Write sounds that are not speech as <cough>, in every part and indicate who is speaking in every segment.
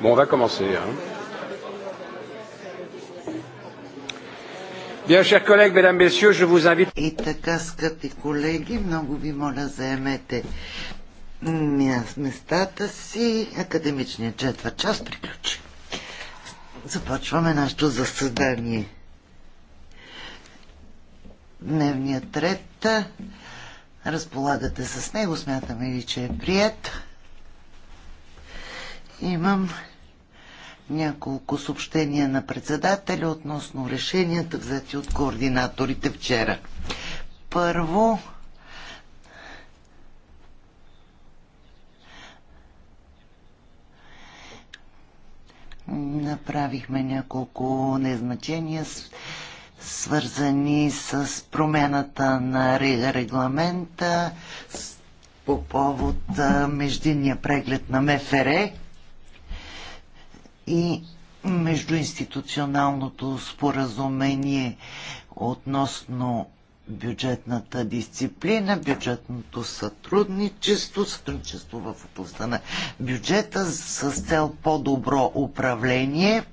Speaker 1: Bon, on va commencer. Hein. Bien, chers collègues, mesdames, messieurs, je vous invite. И така, скъпи колеги, много ви моля, заемете местата си. Академичният четвърт час приключи. Започваме нашето заседание. Дневният ред. Разполагате с него. Смятаме ли, че е прият. Имам няколко съобщения на председателя относно решенията, взети от координаторите вчера. Първо, направихме няколко незначения, свързани с промяната на регламента по повод междинния преглед на МФР и междуинституционалното споразумение относно бюджетната дисциплина, бюджетното сътрудничество, сътрудничество в областта на бюджета с цел по-добро управление,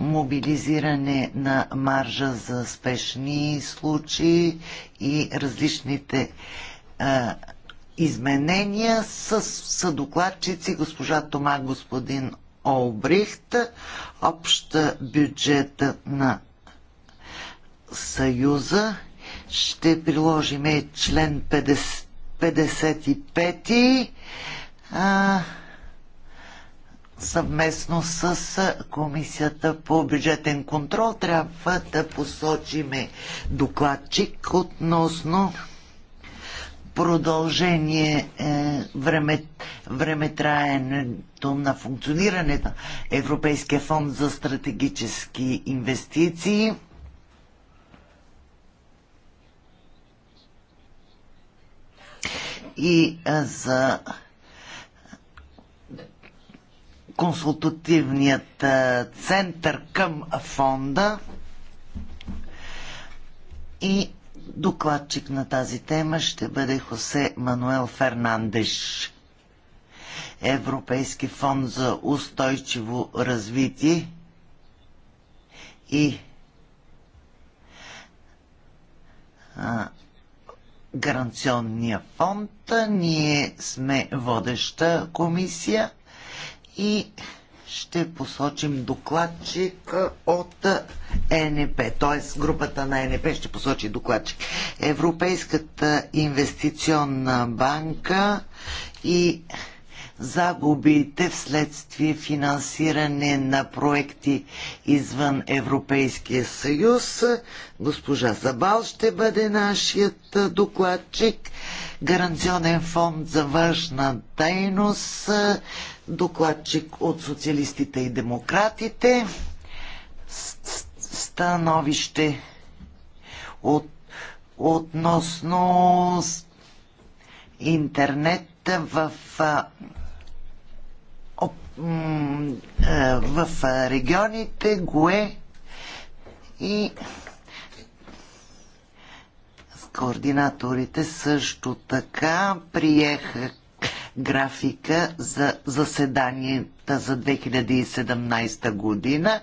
Speaker 1: мобилизиране на маржа за спешни случаи и различните а, изменения с съдокладчици госпожа Тома, господин Олбрихт, общ бюджет на Съюза. Ще приложим член 50, 55 а, съвместно с Комисията по бюджетен контрол. Трябва да посочиме докладчик относно продължение е, време, времетраенето на функционирането Европейския фонд за стратегически инвестиции. и е, за консултативният е, център към фонда и Докладчик на тази тема ще бъде Хосе Мануел Фернандеш. Европейски фонд за устойчиво развитие и а, гаранционния фонд. Ние сме водеща комисия и ще посочим докладчик от ЕНП, т.е. групата на ЕНП ще посочи докладчик. Европейската инвестиционна банка и загубите вследствие финансиране на проекти извън Европейския съюз. Госпожа Забал ще бъде нашият докладчик. Гаранционен фонд за важна дейност. Докладчик от социалистите и демократите. Становище от, относно интернет в е, в е, регионите, ГОЕ и координаторите също така приеха графика за заседанията за 2017 година,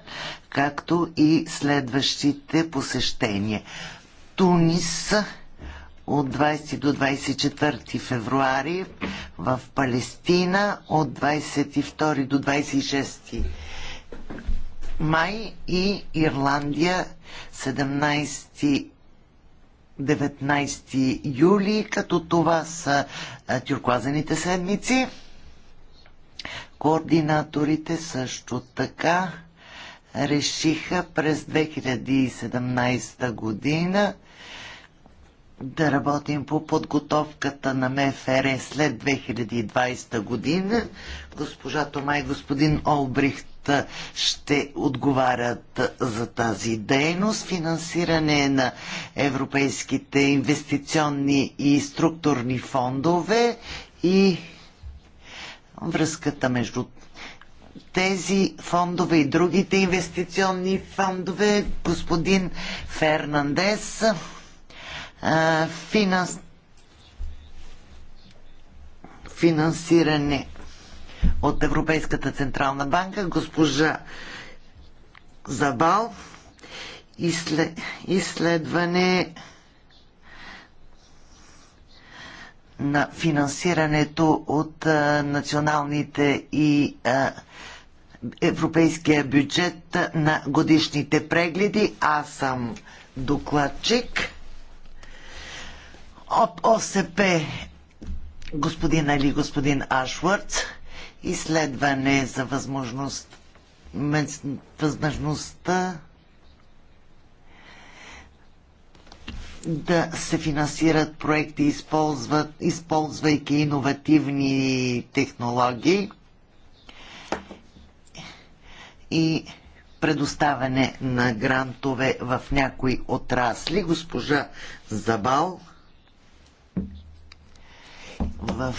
Speaker 1: както и следващите посещения. Тунис от 20 до 24 февруари в Палестина, от 22 до 26 май и Ирландия 17 19 юли, като това са тюркуазените седмици. Координаторите също така решиха през 2017 година да работим по подготовката на МФР след 2020 година. Госпожа Тома и господин Олбрихт ще отговарят за тази дейност. Финансиране на европейските инвестиционни и структурни фондове и връзката между тези фондове и другите инвестиционни фондове. Господин Фернандес финанс... финансиране от Европейската Централна банка, госпожа Забал, изслед... изследване на финансирането от а, националните и а, европейския бюджет на годишните прегледи. Аз съм докладчик. От ОСП господин Али, господин Ашвард, изследване за възможност, възможността да се финансират проекти, използват, използвайки иновативни технологии и предоставяне на грантове в някои отрасли. Госпожа Забал в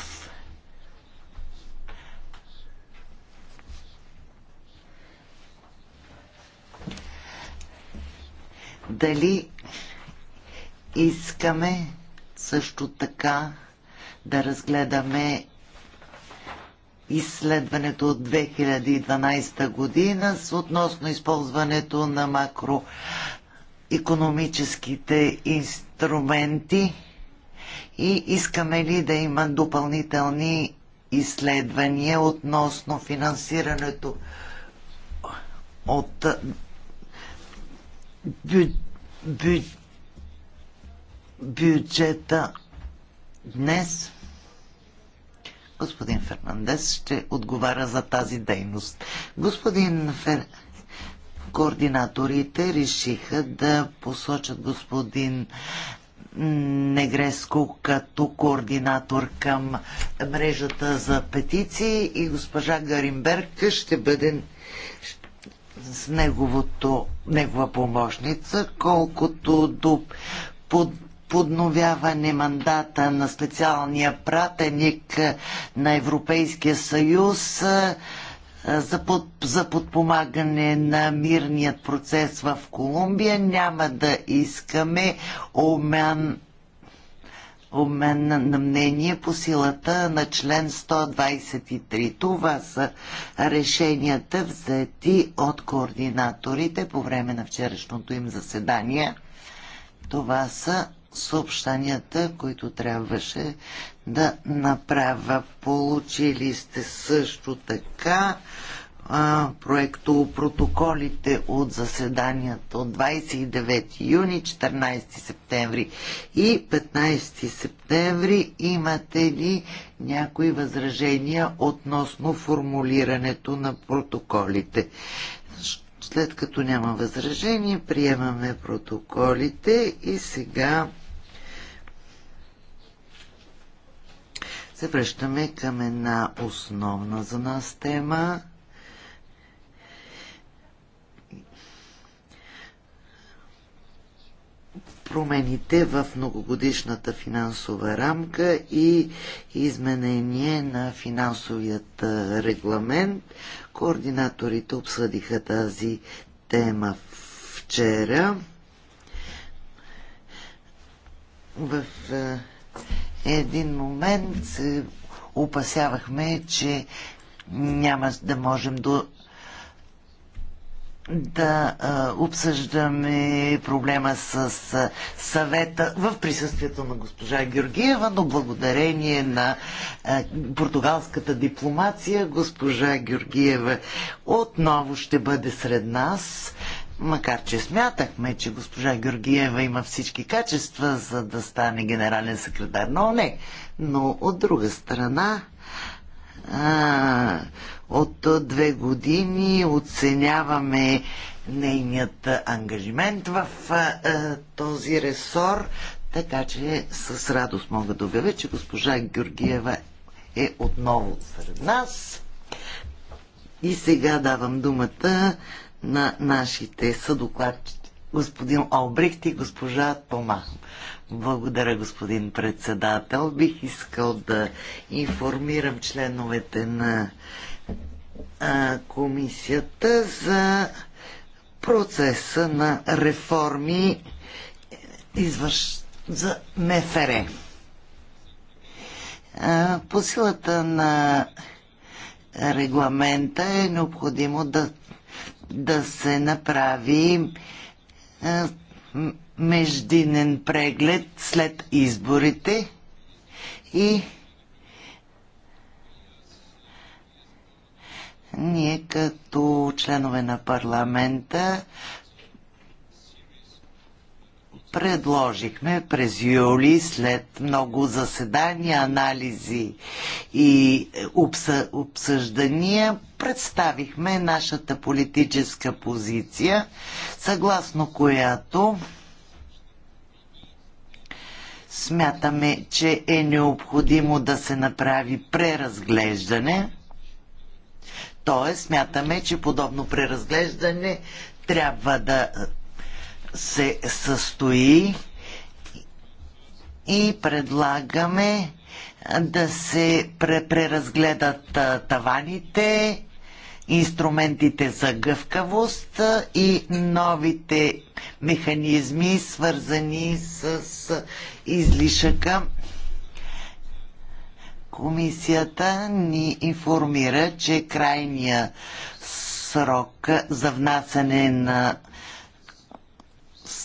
Speaker 1: дали искаме също така да разгледаме изследването от 2012 година с относно използването на макроекономическите инструменти и искаме ли да има допълнителни изследвания относно финансирането от бю, бю, бюджета днес. Господин Фернандес ще отговаря за тази дейност. Господин Фер... Координаторите решиха да посочат господин Негреско като координатор към мрежата за петиции и госпожа Гаримберг ще бъде с неговото, негова помощница, колкото до под, подновяване мандата на специалния пратеник на Европейския съюз за, под, за подпомагане на мирният процес в Колумбия. Няма да искаме обмен обмен на мнение по силата на член 123. Това са решенията взети от координаторите по време на вчерашното им заседание. Това са съобщанията, които трябваше да направя. Получили сте също така проекто протоколите от заседанията от 29 юни, 14 септември и 15 септември. Имате ли някои възражения относно формулирането на протоколите? След като няма възражение, приемаме протоколите и сега се връщаме към една основна за нас тема. промените в многогодишната финансова рамка и изменение на финансовият регламент. Координаторите обсъдиха тази тема вчера. В един момент се опасявахме, че няма да можем до да а, обсъждаме проблема с, а, съвета в присъствието на госпожа Георгиева, но благодарение на а, португалската дипломация госпожа Георгиева отново ще бъде сред нас Макар, че смятахме, че госпожа Георгиева има всички качества, за да стане генерален секретар на ОНЕ, но от друга страна а, от две години оценяваме нейният ангажимент в а, този ресор, така че с радост мога да обявя, че госпожа Георгиева е отново сред нас. И сега давам думата на нашите съдокладчици господин Олбрихт и госпожа Тома. Благодаря, господин председател. Бих искал да информирам членовете на а, комисията за процеса на реформи извърш... за МФР. А, по силата на регламента е необходимо да да се направи е, междинен преглед след изборите и ние като членове на парламента предложихме през юли след много заседания, анализи и обсъждания представихме нашата политическа позиция, съгласно която смятаме, че е необходимо да се направи преразглеждане. Тоест, смятаме, че подобно преразглеждане трябва да се състои и предлагаме да се преразгледат таваните, инструментите за гъвкавост и новите механизми, свързани с излишъка. Комисията ни информира, че крайния срок за внасяне на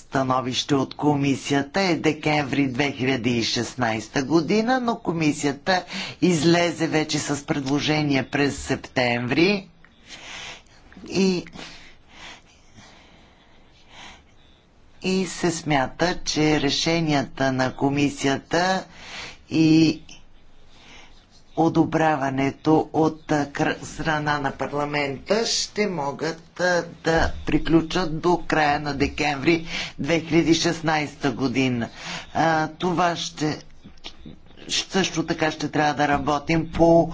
Speaker 1: становище от комисията е декември 2016 година, но комисията излезе вече с предложение през септември и и се смята, че решенията на комисията и одобряването от страна на парламента ще могат да приключат до края на декември 2016 година. Това ще също така ще трябва да работим по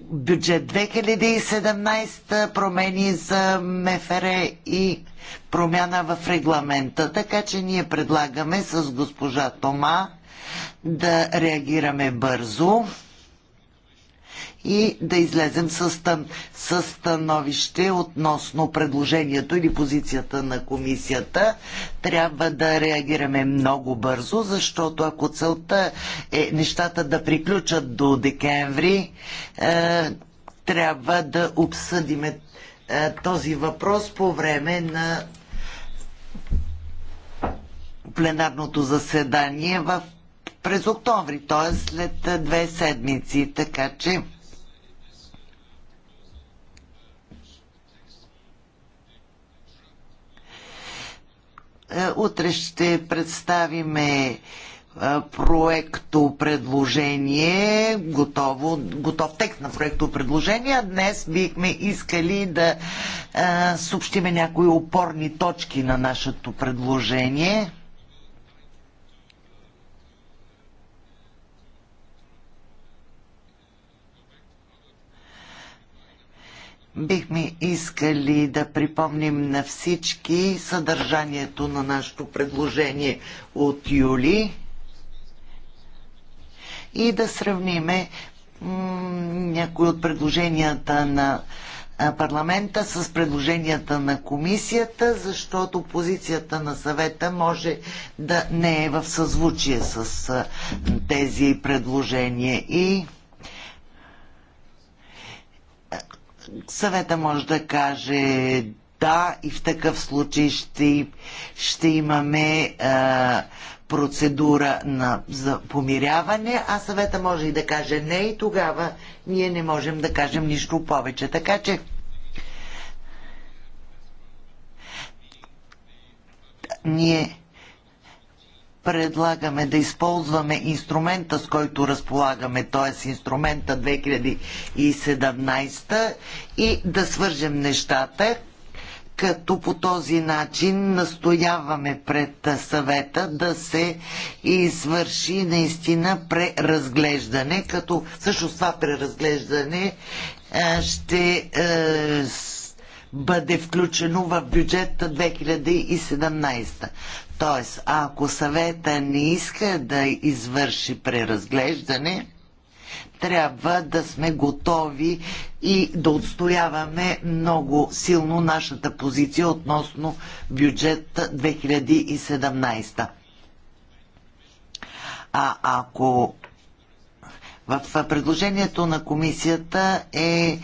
Speaker 1: бюджет 2017, промени за МФР и промяна в регламента. Така че ние предлагаме с госпожа Тома да реагираме бързо и да излезем с становище относно предложението или позицията на комисията. Трябва да реагираме много бързо, защото ако целта е нещата да приключат до декември, е, трябва да обсъдиме е, този въпрос по време на пленарното заседание в през октомври, т.е. след две седмици. Така че Утре ще представиме проекто предложение, готово, готов текст на проекто предложение. днес бихме искали да а, съобщиме някои опорни точки на нашето предложение. Бихме искали да припомним на всички съдържанието на нашето предложение от юли и да сравниме някои от предложенията на парламента с предложенията на комисията, защото позицията на съвета може да не е в съзвучие с тези предложения. И съвета може да каже да и в такъв случай ще, ще имаме а, процедура на, за помиряване, а съвета може и да каже не и тогава ние не можем да кажем нищо повече. Така че ние предлагаме да използваме инструмента, с който разполагаме, т.е. инструмента 2017 и да свържем нещата, като по този начин настояваме пред съвета да се извърши наистина преразглеждане, като всъщност това преразглеждане е, ще е, бъде включено в бюджета 2017. Тоест, ако съвета не иска да извърши преразглеждане, трябва да сме готови и да отстояваме много силно нашата позиция относно бюджет 2017. А ако в предложението на комисията е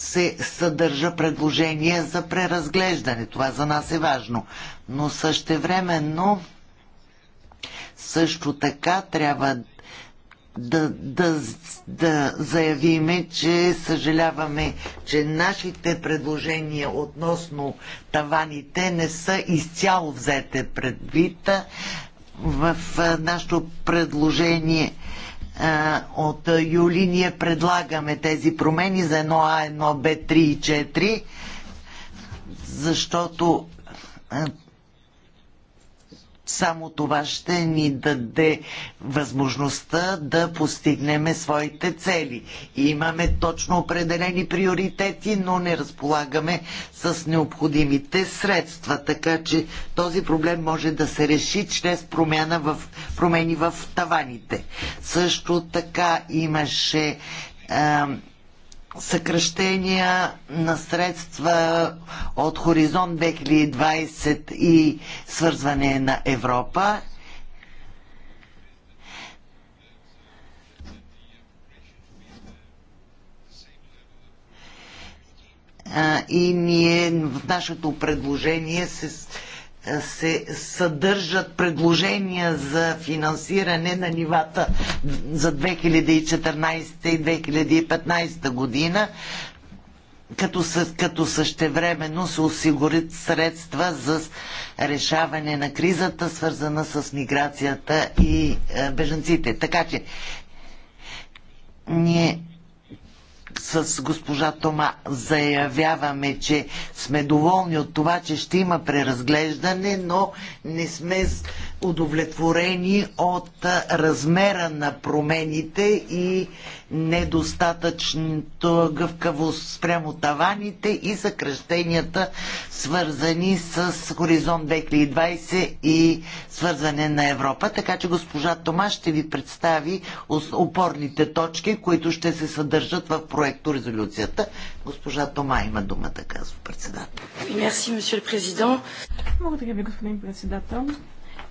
Speaker 1: се съдържа предложение за преразглеждане. Това за нас е важно. Но същевременно също така трябва да, да, да заявиме, че съжаляваме, че нашите предложения относно таваните не са изцяло взете предвид. В нашето предложение е, от юли ние предлагаме тези промени за 1А, 1Б, 3 и 4, защото е, само това ще ни даде възможността да постигнем своите цели. Имаме точно определени приоритети, но не разполагаме с необходимите средства, така че този проблем може да се реши чрез промяна в, промени в таваните. Също така имаше съкръщения на средства от Хоризонт 2020 и свързване на Европа. и ние в нашето предложение се се съдържат предложения за финансиране на нивата за 2014 и 2015 година, като, като същевременно се осигурят средства за решаване на кризата, свързана с миграцията и е, беженците. Така че ние с госпожа Тома заявяваме, че сме доволни от това, че ще има преразглеждане, но не сме удовлетворени от размера на промените и недостатъчното гъвкавост спрямо таваните и съкръщенията, свързани с Хоризонт 2020 и свързане на Европа. Така че госпожа Тома ще ви представи опорните точки, които ще се съдържат в проекто резолюцията. Госпожа Тома има думата, казва председател.
Speaker 2: Мерси, господин президент. Благодаря ви, господин председател.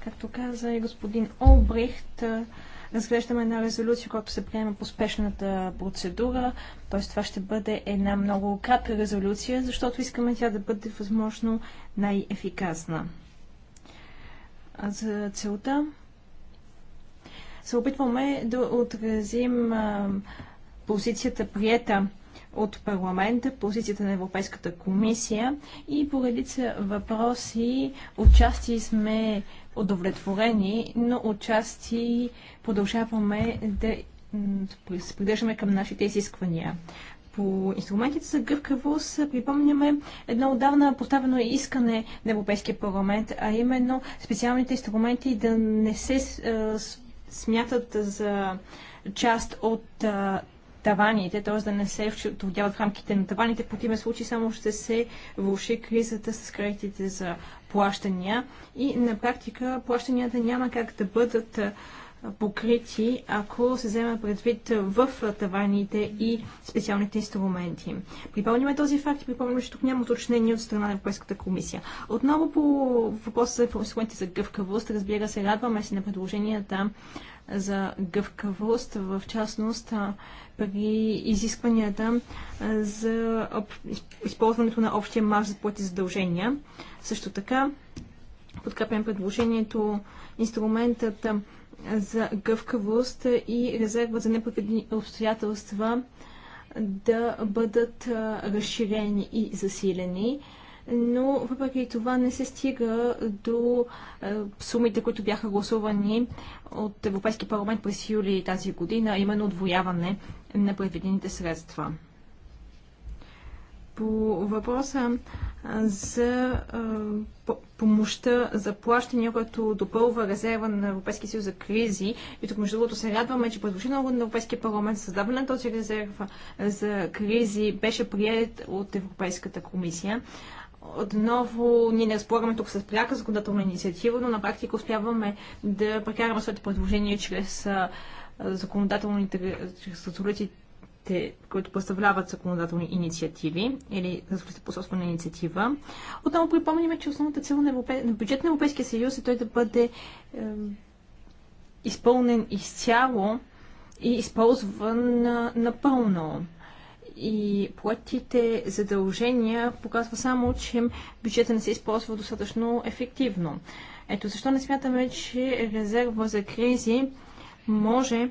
Speaker 2: Както каза и господин Олбрихт, разглеждаме една резолюция, която се приема по спешната процедура. Т.е. това ще бъде една много кратка резолюция, защото искаме тя да бъде възможно най-ефикасна. А за целта се опитваме да отразим позицията приета от парламента, позицията на Европейската комисия и по редица въпроси отчасти сме удовлетворени, но отчасти продължаваме да се придържаме към нашите изисквания. По инструментите за гъвкавост припомняме едно отдавна поставено искане на Европейския парламент, а именно специалните инструменти да не се е, смятат за част от е, таваните, т.е. да не се втовдяват в рамките на таваните. В противен случай само ще се влуши кризата с кредитите за плащания и на практика плащанията няма как да бъдат покрити, ако се вземе предвид в таваните и специалните инструменти. Припомняме този факт и припомняме, че тук няма уточнение от страна на Европейската комисия. Отново по въпроса за инструментите за гъвкавост, разбира се, радваме се на предложенията за гъвкавост, в частност при изискванията за използването на общия марш за плати задължения. Също така подкрепям предложението инструментът за гъвкавост и резерва за непредвидени обстоятелства да бъдат разширени и засилени но въпреки това не се стига до е, сумите, които бяха гласувани от Европейски парламент през юли тази година, именно отвояване на предвидените средства. По въпроса за помощта за плащане, което допълва резерва на Европейския съюз за кризи. И тук, между другото, се радваме, че предложението на Европейския парламент за създаване на този резерв за кризи беше прият от Европейската комисия отново ние не разполагаме тук с пряка законодателна инициатива, но на практика успяваме да прекараме своите предложения чрез законодателните, чрез резолюциите, които представляват законодателни инициативи или резолюция по собствена инициатива. Отново припомняме, че основната цел на, Европе... на бюджет на Европейския съюз е той да бъде е, изпълнен изцяло и използван напълно. На и платите задължения показва само, че бюджета не се използва достатъчно ефективно. Ето защо не смятаме, че резерва за кризи може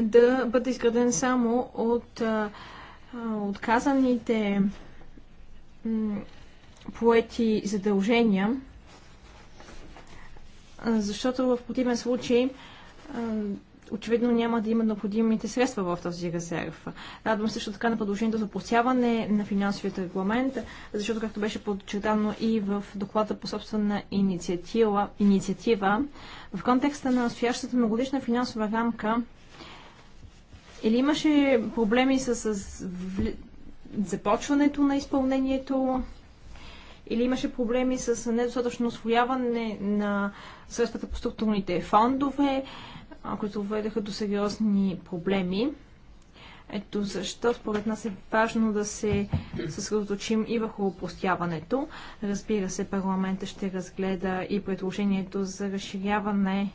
Speaker 2: да бъде изграден само от отказаните поети задължения, защото в противен случай очевидно няма да има необходимите средства в този резерв. Радвам също така на продължението за посяване на финансовият регламент, защото, както беше подчертано и в доклада по собствена инициатива, инициатива в контекста на настоящата многодишна финансова рамка, или имаше проблеми с, с започването на изпълнението, или имаше проблеми с недостатъчно освояване на средствата по структурните фондове, които доведаха до сериозни проблеми. Ето защо според нас е важно да се съсредоточим и върху опростяването. Разбира се, парламента ще разгледа и предложението за разширяване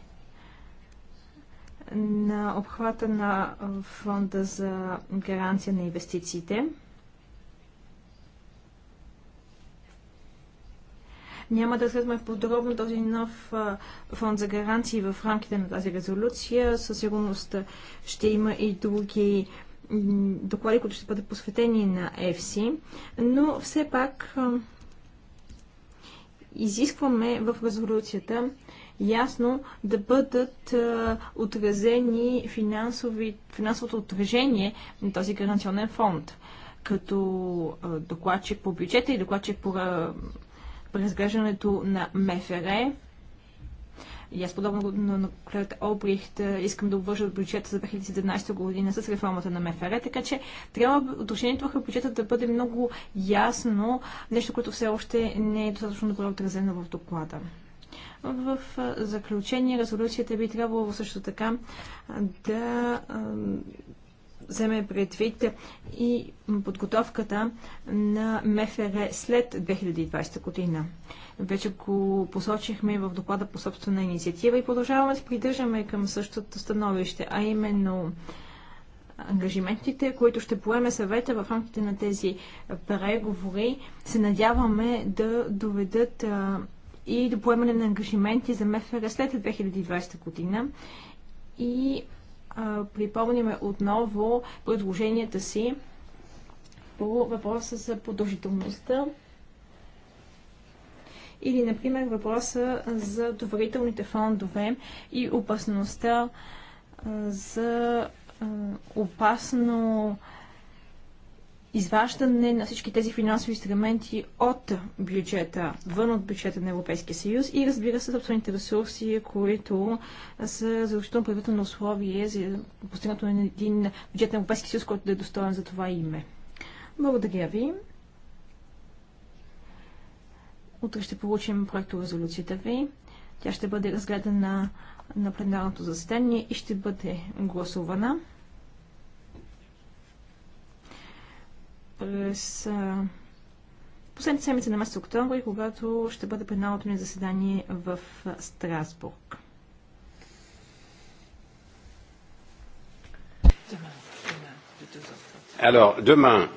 Speaker 2: на обхвата на фонда за гаранция на инвестициите. Няма да разгледаме подробно този нов фонд за гаранции в рамките на тази резолюция. Със сигурност ще има и други доклади, които ще бъдат посветени на ЕФСИ, но все пак изискваме в резолюцията ясно да бъдат отразени финансови, финансовото отражение на този гаранционен фонд. Като докладчик по бюджета и докладчик по разглеждането на МФР. И аз подобно на колегата Обрихт искам да обвържа бюджета за 2017 година с реформата на МФР, така че трябва отношението върху бюджета да бъде много ясно, нещо, което все още не е достатъчно добре отразено в доклада. В заключение, резолюцията би трябвало също така да вземе предвид и подготовката на МФР след 2020 година. Вече го посочихме в доклада по собствена инициатива и продължаваме да се придържаме към същото становище, а именно ангажиментите, които ще поеме съвета в рамките на тези преговори, се надяваме да доведат и до поемане на ангажименти за МФР след 2020 година и припомняме отново предложенията си по въпроса за продължителността или, например, въпроса за доверителните фондове и опасността за опасно изваждане на всички тези финансови инструменти от бюджета, вън от бюджета на Европейския съюз и разбира се собствените ресурси, които са задължително правително условие за постигнато на един бюджет на Европейския съюз, който да е достоен за това име. Благодаря ви. Утре ще получим проекто резолюцията ви. Тя ще бъде разгледана на пленарното заседание и ще бъде гласувана. през последните седмици на месец октомври, когато ще бъде пленалното ни заседание в Страсбург.
Speaker 3: Alors, demain,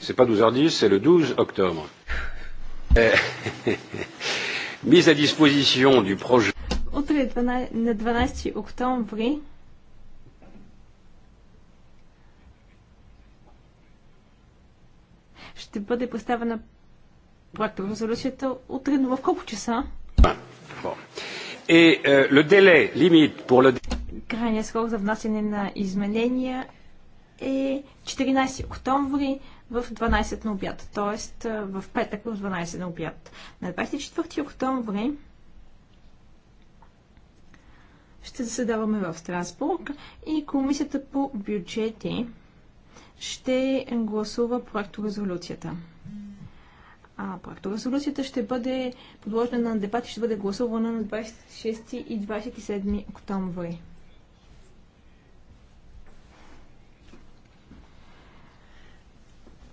Speaker 3: c'est pas 12h10, c'est le 12 octobre. <laughs> Mise à disposition du projet.
Speaker 2: Утре на 12 октомври ще бъде представена проекта в резолюцията утре, но в колко часа? Крайния euh, le délai limite pour le... Крайният срок за внасяне на изменения е 14 октомври в 12 на обяд, т.е. в петък в 12 на обяд. На 24 октомври ще заседаваме в Страсбург и комисията по бюджети ще гласува проекторезолюцията. А проекторезолюцията ще бъде подложена на дебат и ще бъде гласувана на 26 и 27 октомври.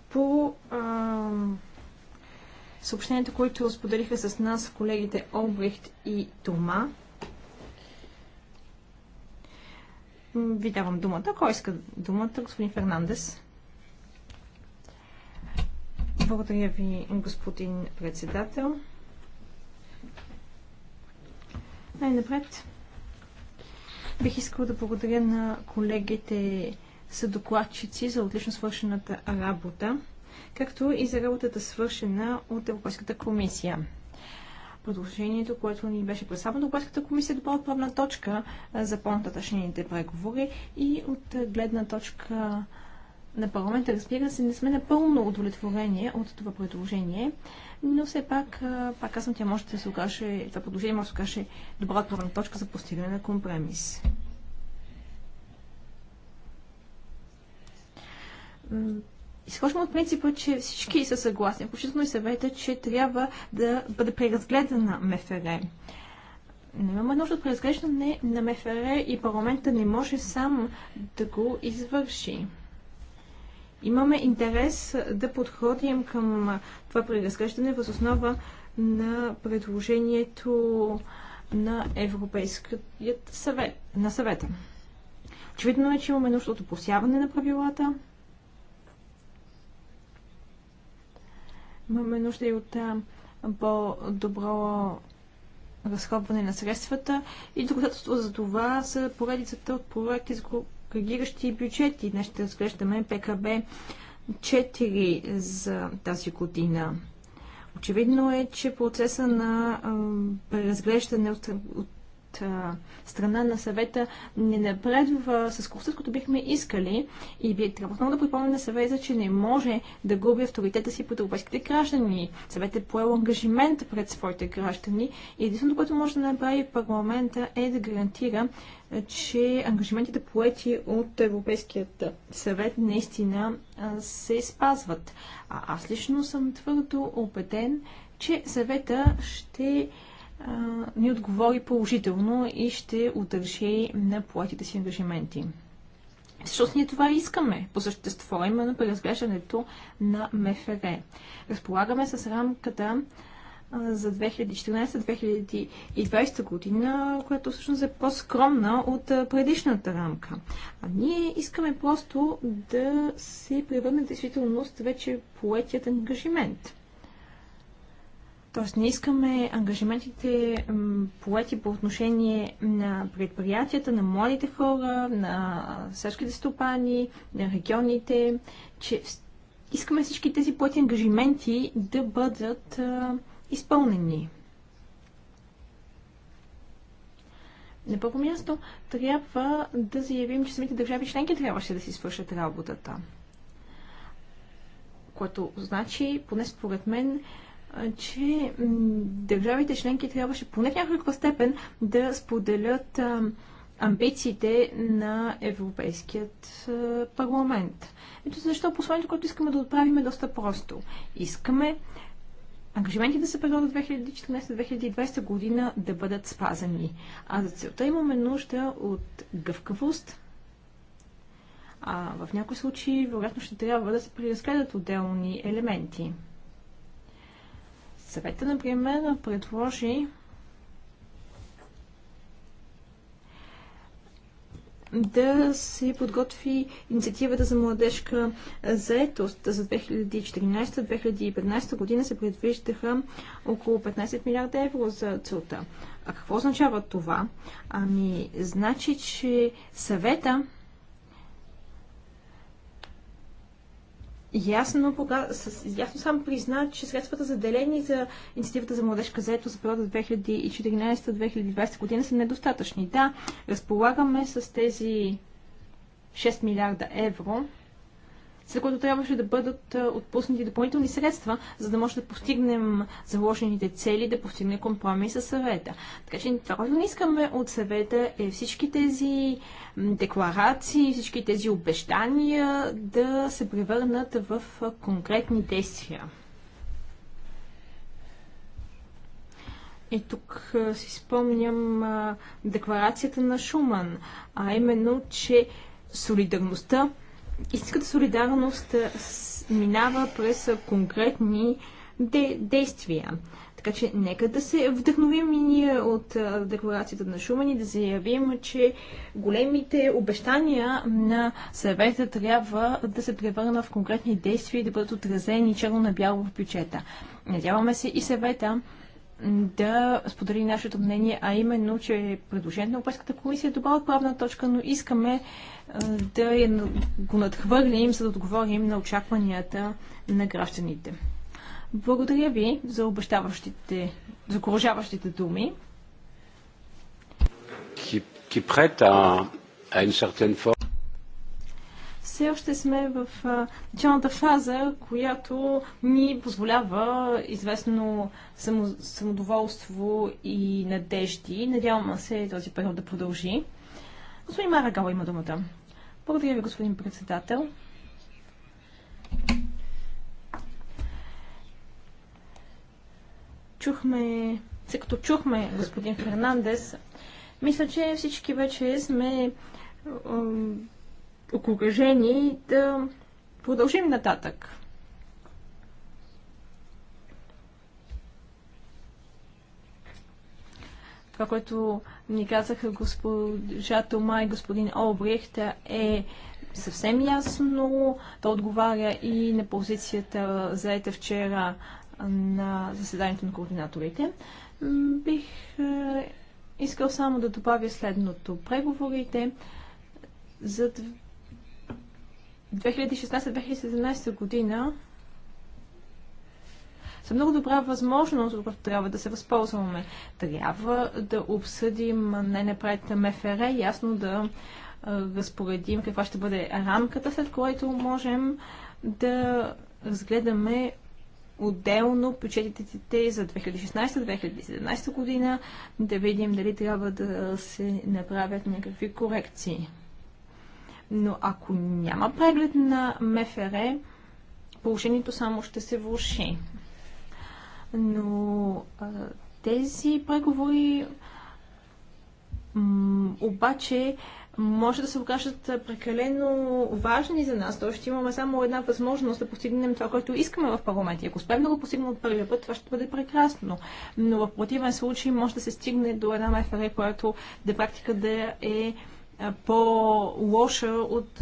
Speaker 2: По а, съобщенията, които споделиха с нас колегите Обрихт и Тома, ви давам думата. Кой иска думата? Господин Фернандес. Благодаря ви, господин председател. Най-напред бих искал да благодаря на колегите съдокладчици за отлично свършената работа, както и за работата свършена от Европейската комисия. Продължението, което ни беше представено, Европейската комисия е добра отправна точка за по-нататъчните преговори и от гледна точка на парламента, разбира се, не сме напълно удовлетворени от това предложение, но все пак, пак казвам, тя може да се окаже, това предложение може да се окаже добра отправна точка за постигане на компромис. Изхождаме от принципа, че всички са съгласни, включително и съвета, че трябва да бъде преразгледана МФР. Но имаме нужда от преразглеждане на МФР и парламента не може сам да го извърши. Имаме интерес да подходим към това преразглеждане въз основа на предложението на Европейският съвет, на съвета. Очевидно е, че имаме нужда от опосяване на правилата, Имаме нужда и от по-добро разходване на средствата и доказателство за това са поредицата от проекти с коригиращи бюджети. Днес ще разглеждаме ПКБ 4 за тази година. Очевидно е, че процеса на преразглеждане от от а, страна на съвета не напредва с курса, като който бихме искали и би трябва отново да припомня на съвета, че не може да губи авторитета си под европейските граждани. Съветът е поел ангажимент пред своите граждани и единственото, което може да направи парламента е да гарантира, че ангажиментите поети от Европейският съвет наистина се спазват. А аз лично съм твърдо убеден, че съвета ще ни отговори положително и ще удържи на платите си ангажименти. Защото ние това искаме по същество, именно при разглеждането на МФР. Разполагаме с рамката за 2014-2020 година, която всъщност е по-скромна от предишната рамка. А ние искаме просто да се превърне действителност вече поетият ангажимент. Тоест не искаме ангажиментите поети по отношение на предприятията, на младите хора, на селските стопани, на регионите, че искаме всички тези поети ангажименти да бъдат а, изпълнени. На първо място трябва да заявим, че самите държави членки трябваше да си свършат работата. Което значи, поне според мен, че държавите членки трябваше поне в някаква степен да споделят амбициите на Европейският парламент. Ето защо посланието, което искаме да отправим е доста просто. Искаме ангажиментите да се предлагат 2014-2020 година да бъдат спазани. А за целта имаме нужда от гъвкавост. А в някои случаи, вероятно, ще трябва да се преразгледат отделни елементи. Съвета, например, предложи да се подготви инициативата за младежка заетост за 2014-2015 година се предвиждаха около 15 милиарда евро за целта. А какво означава това? Ами, значи, че съвета ясно, пога... с... ясно сам призна, че средствата заделени за инициативата за младежка заето за периода 2014-2020 година са недостатъчни. Да, разполагаме с тези 6 милиарда евро, за което трябваше да бъдат отпуснати допълнителни средства, за да може да постигнем заложените цели, да постигнем компромис с съвета. Така че това, което не искаме от съвета е всички тези декларации, всички тези обещания да се превърнат в конкретни действия. И тук си спомням декларацията на Шуман, а именно, че солидарността истинската солидарност минава през конкретни де- действия. Така че нека да се вдъхновим и ние от а, декларацията на Шумен и да заявим, че големите обещания на съвета трябва да се превърнат в конкретни действия и да бъдат отразени черно на бяло в бюджета. Надяваме се и съвета да сподели нашето мнение, а именно, че е предложението на Европейската комисия е добра отправна точка, но искаме да я го надхвърлим, за да отговорим на очакванията на гражданите. Благодаря ви за обещаващите, за окоръжаващите думи.
Speaker 1: Qui, qui prête à,
Speaker 2: все още сме в началната фаза, която ни позволява известно само, самодоволство и надежди. Надявам се този период да продължи. Господин Марагал има думата. Благодаря ви, господин председател. Чухме, след като чухме господин Фернандес, мисля, че всички вече сме окоръжени да продължим нататък. Това, което ни казаха госпожа Тома и господин Олбрехт е съвсем ясно. Да отговаря и на позицията заета вчера на заседанието на координаторите. Бих е, искал само да добавя следното. Преговорите за 2016-2017 година са много добра възможност, от която трябва да се възползваме. Трябва да обсъдим най-напред МФР, ясно да разпоредим каква ще бъде рамката, след което можем да разгледаме отделно бюджетите за 2016-2017 година, да видим дали трябва да се направят някакви корекции. Но ако няма преглед на МФР, положението само ще се влуши. Но тези преговори обаче може да се окажат прекалено важни за нас. Тоест ще имаме само една възможност да постигнем това, което искаме в парламент. И ако успеем да го постигнем от първия път, това ще бъде прекрасно. Но в противен случай може да се стигне до една МФР, която де практика да е по-лоша от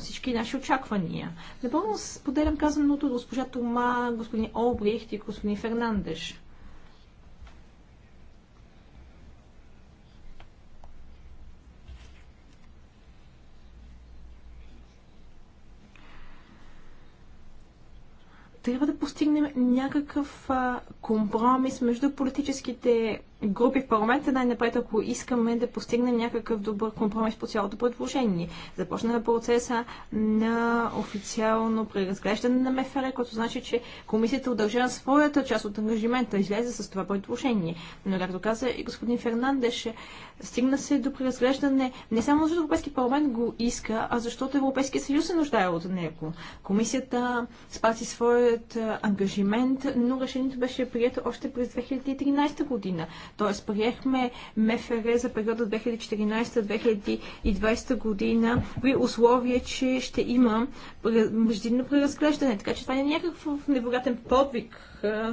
Speaker 2: всички наши очаквания. Напълно споделям казаното от госпожа Тома, господин Олбрихт и господин Фернандеш. трябва да постигнем някакъв а, компромис между политическите групи в парламента най-напред, ако искаме да постигнем някакъв добър компромис по цялото предложение. Започна процеса на официално преразглеждане на МФР, което значи, че комисията удължа своята част от ангажимента, излезе с това предложение. Но, както каза и господин Фернандеш, стигна се до преразглеждане не само защото Европейски парламент го иска, а защото Европейския съюз се нуждае от него. Комисията спаси своят ангажимент, но решението беше прието още през 2013 година. Тоест, приехме МФР за периода 2014-2020 година при условие, че ще има междинно преразглеждане. Така че това не е някакъв невероятен подвиг.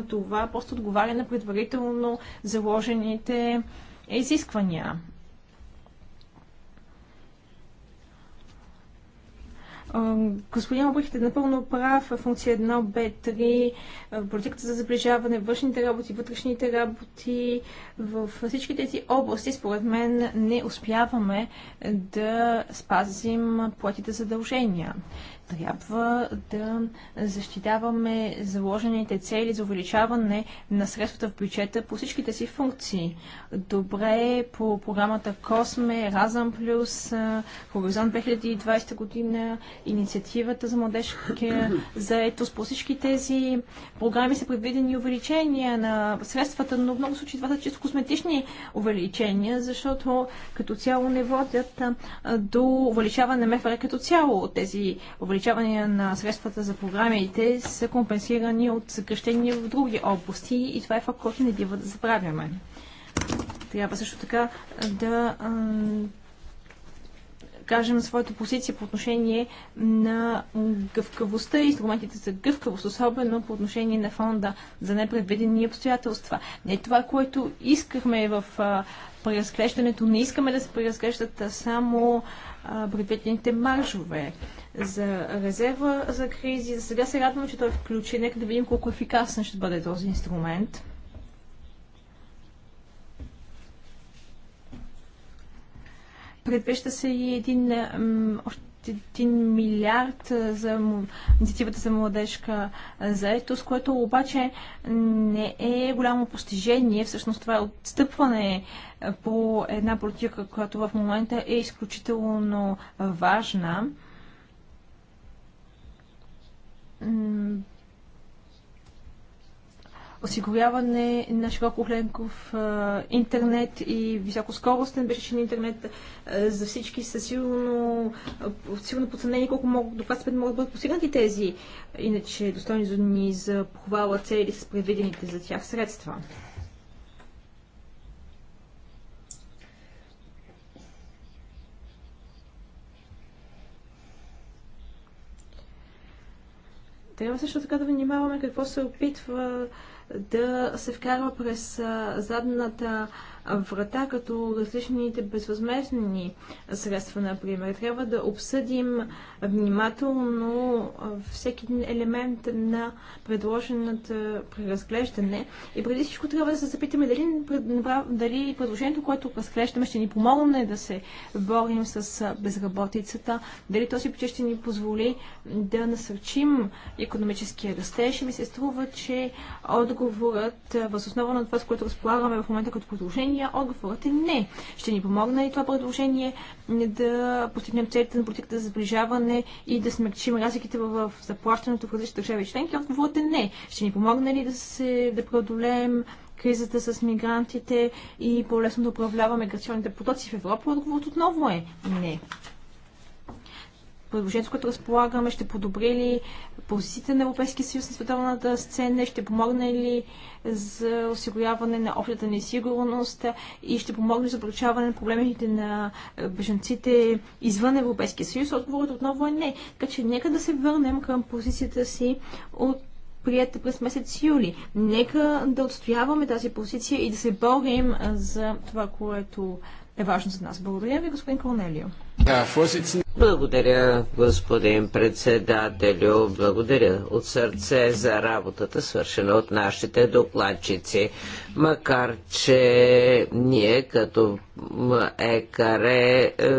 Speaker 2: Това просто отговаря на предварително заложените изисквания. Господин Обрехт е напълно прав. Функция 1, Б3, политиката за заближаване, външните работи, вътрешните работи. В всички тези области, според мен, не успяваме да спазим платите задължения трябва да защитаваме заложените цели за увеличаване на средствата в бюджета по всичките си функции. Добре е по програмата Косме, Разъм Плюс, Хоризонт 2020 година, инициативата за младежки заетост. По всички тези програми са предвидени увеличения на средствата, но в много случаи това са чисто косметични увеличения, защото като цяло не водят до увеличаване на МФР като цяло от тези увеличения увеличаване на средствата за програмите са компенсирани от съкръщения в други области и това е факт, който не бива да забравяме. Трябва също така да кажем своята позиция по отношение на гъвкавостта и инструментите за гъвкавост, особено по отношение на фонда за непредвидени обстоятелства. Не това, което искахме в преразглеждането. Не искаме да се преразглеждат само предвидените маржове за резерва за кризи. За сега се радвам, че той е включен. Нека да видим колко ефикасен ще бъде този инструмент. Предвеща се и един, още един милиард за инициативата за младежка заетост, което обаче не е голямо постижение. Всъщност това е отстъпване е, по една политика, която в момента е изключително важна осигуряване на широкогледков интернет и високоскоростен беше интернет за всички са силно, силно подценени колко могат, до каква могат да бъдат постигнати тези иначе достойни за похвала цели с предвидените за тях средства. Трябва също така да внимаваме какво се опитва да се вкарва през задната врата, като различните безвъзмезни средства, например. Трябва да обсъдим внимателно всеки елемент на предложената преразглеждане. И преди всичко трябва да се запитаме дали, дали предложението, което разглеждаме, ще ни помогне да се борим с безработицата, дали този бюджет ще ни позволи да насърчим економическия растеж. Ми се струва, че от отговорът, въз основа на това, с което разполагаме в момента като предложение, отговорът е не. Ще ни помогне ли това предложение да постигнем целите на политиката за сближаване и да смекчим разликите в заплащането в различни държави членки? Отговорът е не. Ще ни помогне ли да, се, да преодолеем кризата с мигрантите и по-лесно да управляваме миграционните потоци в Европа? Отговорът отново е не предложението, което разполагаме, ще подобри ли позициите на Европейския съюз на световната сцена, ще помогне ли за осигуряване на общата несигурност и ще помогне за обръчаване на проблемите на бежанците извън Европейския съюз? Отговорът отново е не. Така че нека да се върнем към позицията си от прията през месец юли. Нека да отстояваме тази позиция и да се борим за това, което е важно за нас. Благодаря ви, господин Колонелио.
Speaker 3: Благодаря, господин председателю. Благодаря от сърце за работата, свършена от нашите докладчици. Макар, че ние като екаре е,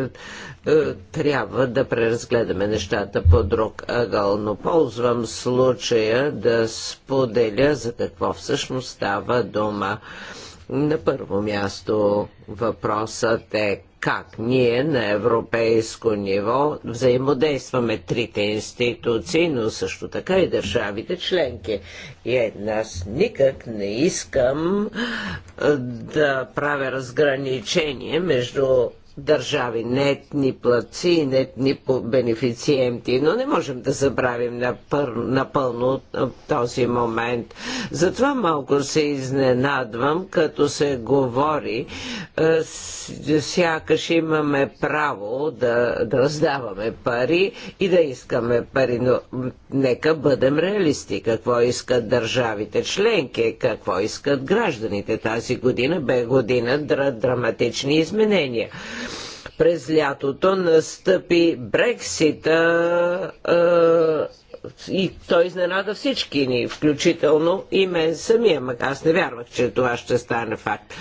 Speaker 3: е, трябва да преразгледаме нещата по друг ъгъл, но ползвам случая да споделя за какво всъщност става дума на първо място въпросът е как ние на европейско ниво взаимодействаме трите институции, но също така и държавите членки. И е, аз никак не искам да правя разграничение между държави, нетни плаци, нетни бенефициенти, но не можем да забравим напълно напълно този момент. Затова малко се изненадвам, като се говори, е, сякаш имаме право да, да раздаваме пари и да искаме пари, но нека бъдем реалисти. Какво искат държавите членки, какво искат гражданите. Тази година бе година драматични изменения. През лятото настъпи Брексита е, и той изненада всички ни, включително и мен самия, макар аз не вярвах, че това ще стане факт.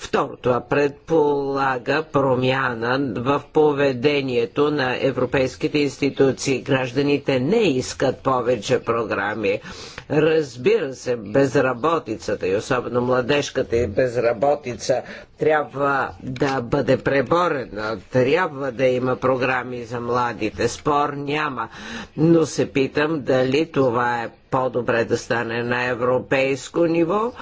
Speaker 3: Второ, това предполага промяна в поведението на европейските институции. Гражданите не искат повече програми. Разбира се, безработицата и особено младежката и безработица трябва да бъде преборена. Трябва да има програми за младите. Спор няма. Но се питам дали това е по-добре да стане на европейско ниво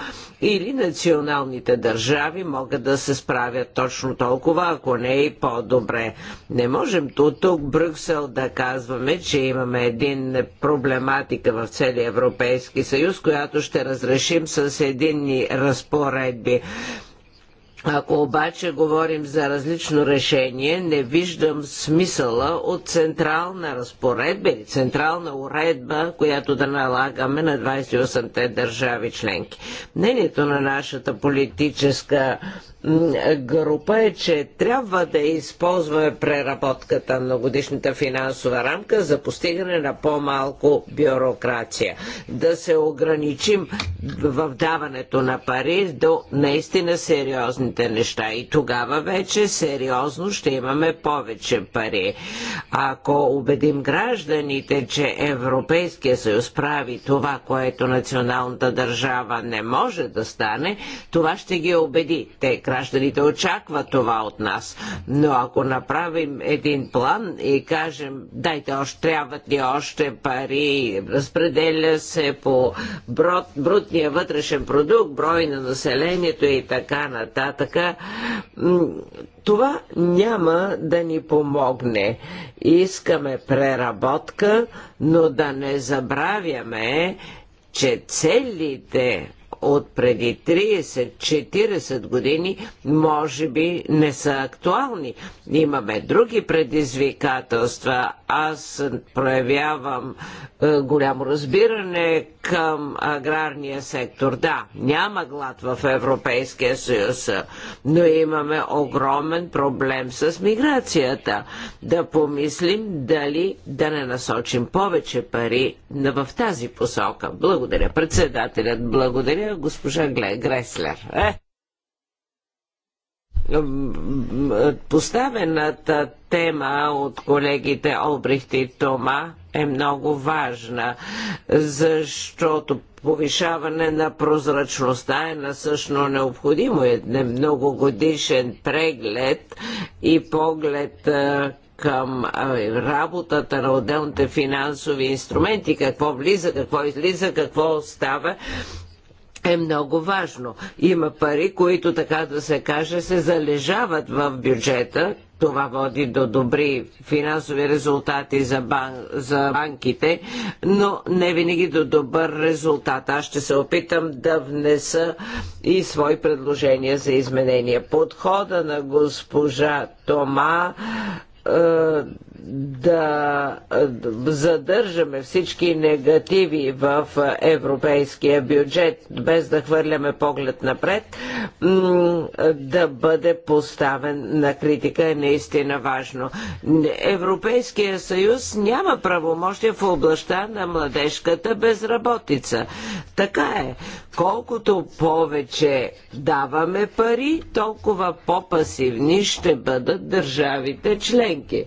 Speaker 3: или националните държави могат да се справят точно толкова, ако не и по-добре. Не можем тук Брюксел да казваме, че имаме един проблематика в целия Европейски съюз, която ще разрешим с единни разпоредби. Ако обаче говорим за различно решение, не виждам смисъла от централна разпоредба или централна уредба, която да налагаме на 28-те държави членки. Мнението на нашата политическа група е, че трябва да използваме преработката на годишната финансова рамка за постигане на по-малко бюрокрация. Да се ограничим в даването на пари до наистина сериозни важните неща. И тогава вече сериозно ще имаме повече пари. Ако убедим гражданите, че Европейския съюз прави това, което националната държава не може да стане, това ще ги убеди. Те, гражданите, очакват това от нас. Но ако направим един план и кажем, дайте още, трябват ни още пари, разпределя се по брутния вътрешен продукт, брой на населението и така нататък, нататък, това няма да ни помогне. Искаме преработка, но да не забравяме, че целите от преди 30-40 години може би не са актуални. Имаме други предизвикателства. Аз проявявам е, голямо разбиране към аграрния сектор. Да, няма глад в Европейския съюз, но имаме огромен проблем с миграцията. Да помислим дали да не насочим повече пари в тази посока. Благодаря. Председателят, благодаря госпожа Греслер. Е поставената тема от колегите Обрихт и Тома е много важна, защото повишаване на прозрачността е насъщно необходимо. Е, е многогодишен преглед и поглед е, към работата на отделните финансови инструменти, какво влиза, какво излиза, какво остава е много важно. Има пари, които, така да се каже, се залежават в бюджета. Това води до добри финансови резултати за, бан... за банките, но не винаги до добър резултат. Аз ще се опитам да внеса и свои предложения за изменения. Подхода на госпожа Тома е, да е, задържаме всички негативи в европейския бюджет, без да хвърляме поглед напред, да бъде поставен на критика е наистина важно. Европейския съюз няма правомощия в областта на младежката безработица. Така е. Колкото повече даваме пари, толкова по-пасивни ще бъдат държавите члени членки.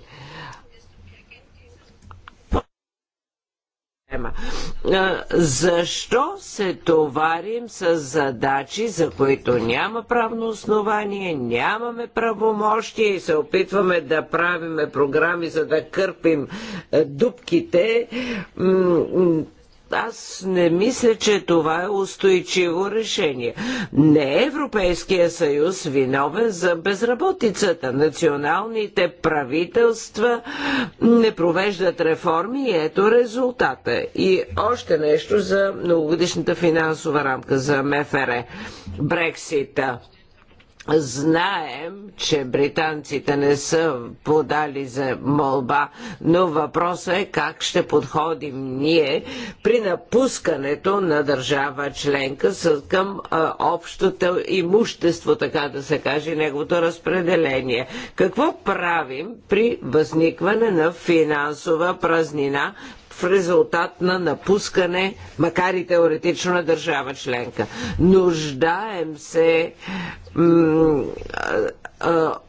Speaker 3: Защо се товарим с задачи, за които няма правно основание, нямаме правомощие и се опитваме да правиме програми, за да кърпим дубките аз не мисля, че това е устойчиво решение. Не Европейския съюз виновен за безработицата. Националните правителства не провеждат реформи и ето резултата. И още нещо за многогодишната финансова рамка за МФР. Брексита. Знаем, че британците не са подали за молба, но въпросът е как ще подходим ние при напускането на държава членка към общото имущество, така да се каже, неговото разпределение. Какво правим при възникване на финансова празнина в резултат на напускане, макар и теоретично на държава членка. Нуждаем се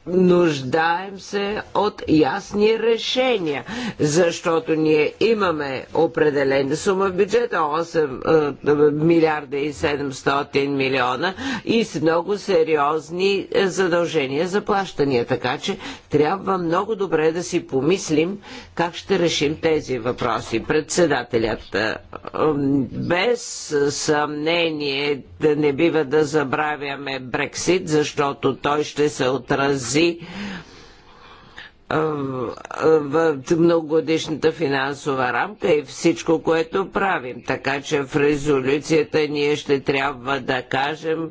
Speaker 3: нуждаем се от ясни решения, защото ние имаме определена сума в бюджета 8 милиарда и 700 милиона и с много сериозни е, задължения за плащания. Така че трябва много добре да си помислим как ще решим тези въпроси. Председателят е, без съмнение да не бива да забравяме Брексит, защото той ще се от отрази в многогодишната финансова рамка и всичко, което правим. Така че в резолюцията ние ще трябва да кажем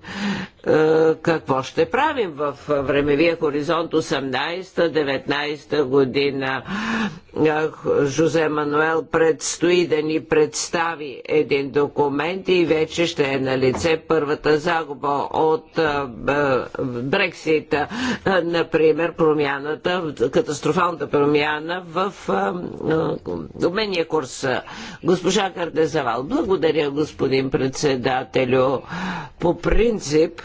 Speaker 3: е, какво ще правим в времевия хоризонт 18-19 година. Е, Жозе Мануел предстои да ни представи един документ и вече ще е на лице първата загуба от е, Брексита. Например, промяната, катастрофалната промяна в обменния курс. Госпожа Кардезавал, благодаря господин председателю. По принцип,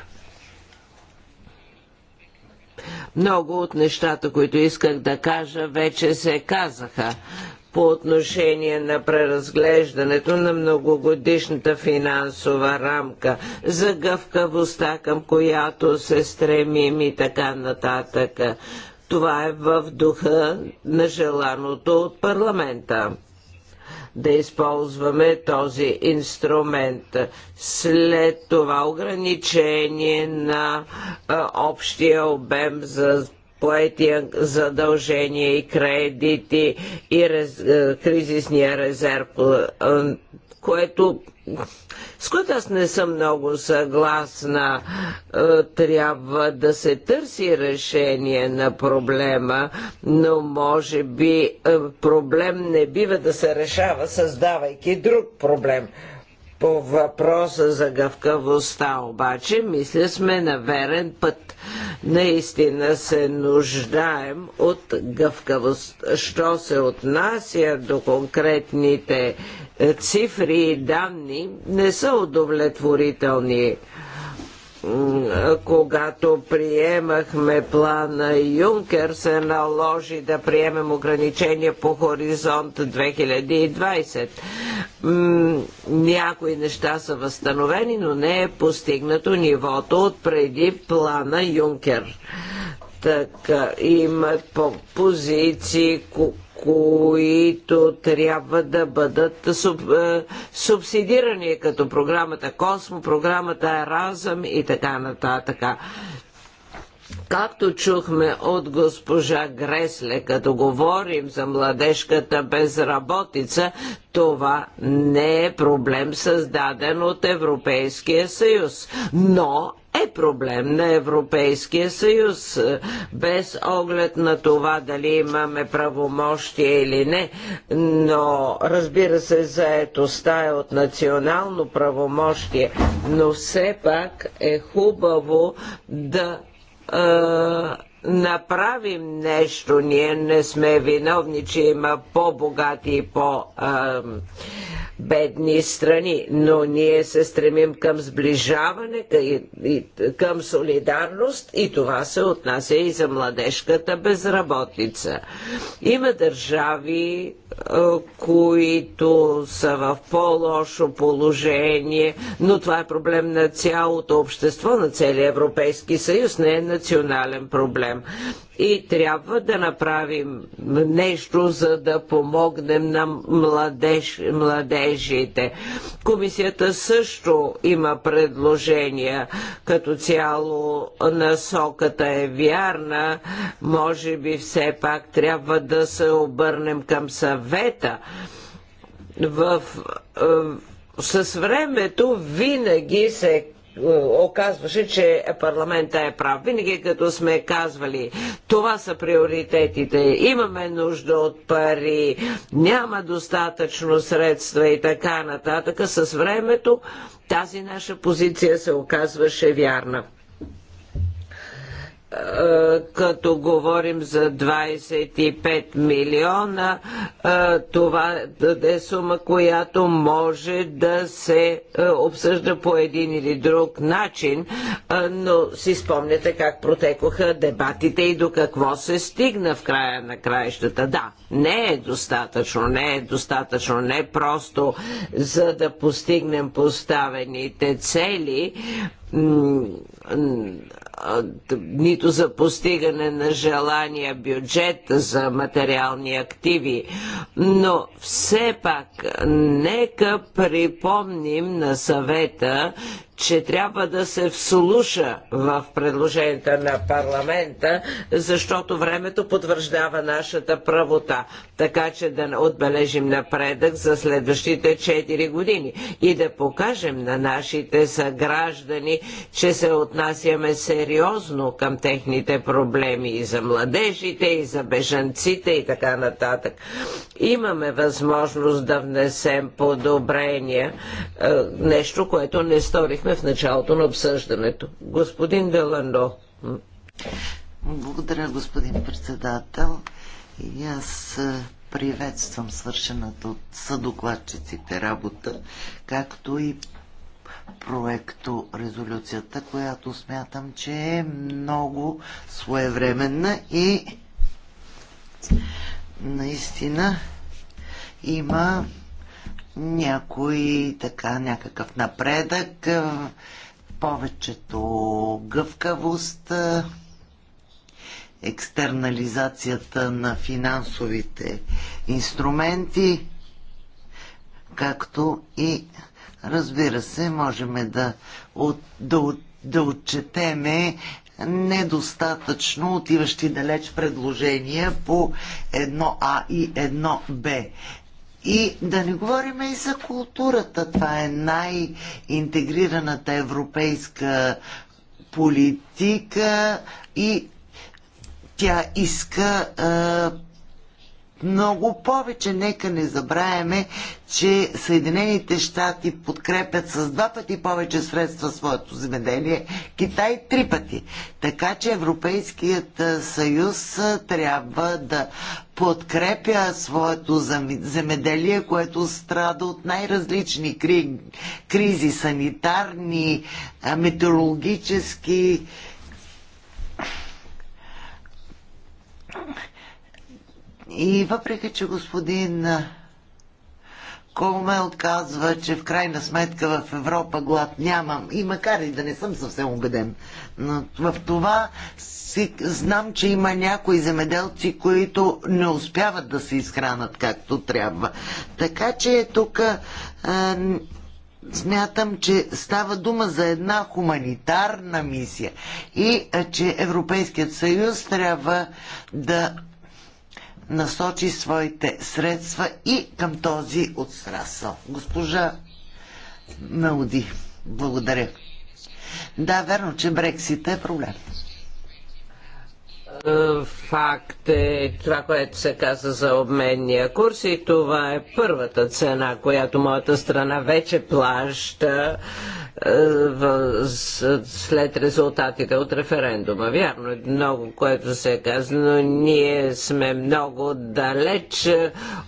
Speaker 3: много от нещата, които исках да кажа, вече се казаха по отношение на преразглеждането на многогодишната финансова рамка, за гъвкавостта, към която се стремим и така нататък. Това е в духа на желаното от парламента да използваме този инструмент. След това ограничение на а, общия обем за поети задължения и кредити и рез, кризисния резерв което, с което аз не съм много съгласна. Е, трябва да се търси решение на проблема, но може би е, проблем не бива да се решава, създавайки друг проблем. По въпроса за гъвкавостта обаче, мисля сме на верен път. Наистина се нуждаем от гъвкавост. Що се отнася до конкретните е, цифри и данни, не са удовлетворителни когато приемахме плана Юнкер, се наложи да приемем ограничения по хоризонт 2020. Някои неща са възстановени, но не е постигнато нивото от преди плана Юнкер. Така, имат по позиции, които трябва да бъдат суб, е, субсидирани, като програмата Космо, програмата Еразъм и така нататък. Както чухме от госпожа Гресле, като говорим за младежката безработица, това не е проблем създаден от Европейския съюз, но е проблем на Европейския съюз. Без оглед на това дали имаме правомощие или не, но разбира се, заетостта е от национално правомощие, но все пак е хубаво да а, направим нещо. Ние не сме виновни, че има по-богати и по-бедни страни, но ние се стремим към сближаване, към солидарност и това се отнася и за младежката безработица. Има държави, които са в по-лошо положение, но това е проблем на цялото общество, на целия Европейски съюз, не е национален проблем проблем. И трябва да направим нещо, за да помогнем на младеж, младежите. Комисията също има предложения. Като цяло насоката е вярна. Може би все пак трябва да се обърнем към съвета. В, в е, с времето винаги се оказваше, че парламента е прав. Винаги като сме казвали, това са приоритетите, имаме нужда от пари, няма достатъчно средства и така нататък, с времето тази наша позиция се оказваше вярна. Е, като говорим за 25 милиона, е, това е сума, която може да се е, обсъжда по един или друг начин, но си спомняте как протекоха дебатите и до какво се стигна в края на краищата. Да, не е достатъчно, не е достатъчно, не просто за да постигнем поставените цели, нито за постигане на желания бюджет за материални активи. Но все пак, нека припомним на съвета, че трябва да се вслуша в предложенията на парламента, защото времето потвърждава нашата правота, така че да отбележим напредък за следващите 4 години и да покажем на нашите съграждани, че се отнасяме сериозно към техните проблеми и за младежите, и за бежанците и така нататък. Имаме възможност да внесем подобрения, е, нещо, което не сторихме в началото на обсъждането. Господин Деландо.
Speaker 1: Благодаря, господин председател. И аз е, приветствам свършената от съдокладчиците работа, както и проекто резолюцията, която смятам, че е много своевременна и наистина има някой така някакъв напредък, повечето гъвкавост, екстернализацията на финансовите инструменти, както и разбира се, можем да, от, да, да отчетеме недостатъчно отиващи далеч предложения по едно а и едно б и да не говорим и за културата. Това е най-интегрираната европейска политика и тя иска много повече. Нека не забравяме, че Съединените щати подкрепят с два пъти повече средства своето земеделие, Китай три пъти. Така че Европейският съюз трябва да подкрепя своето земеделие, което страда от най-различни кри... кризи санитарни, метеорологически. И въпреки, че господин Колмел казва, че в крайна сметка в Европа глад нямам. И макар и да не съм съвсем убеден. Но в това си, знам, че има някои земеделци, които не успяват да се изхранат както трябва. Така че тук е, смятам, че става дума за една хуманитарна мисия и е, че Европейският съюз трябва да насочи своите средства и към този отрасъл. Госпожа Мелоди, благодаря. Да, верно, че Брексит е проблем.
Speaker 3: Е, факт е това, което се каза за обменния курс и това е първата цена, която моята страна вече плаща е, след резултатите от референдума. Вярно е много, което се е казано. Ние сме много далеч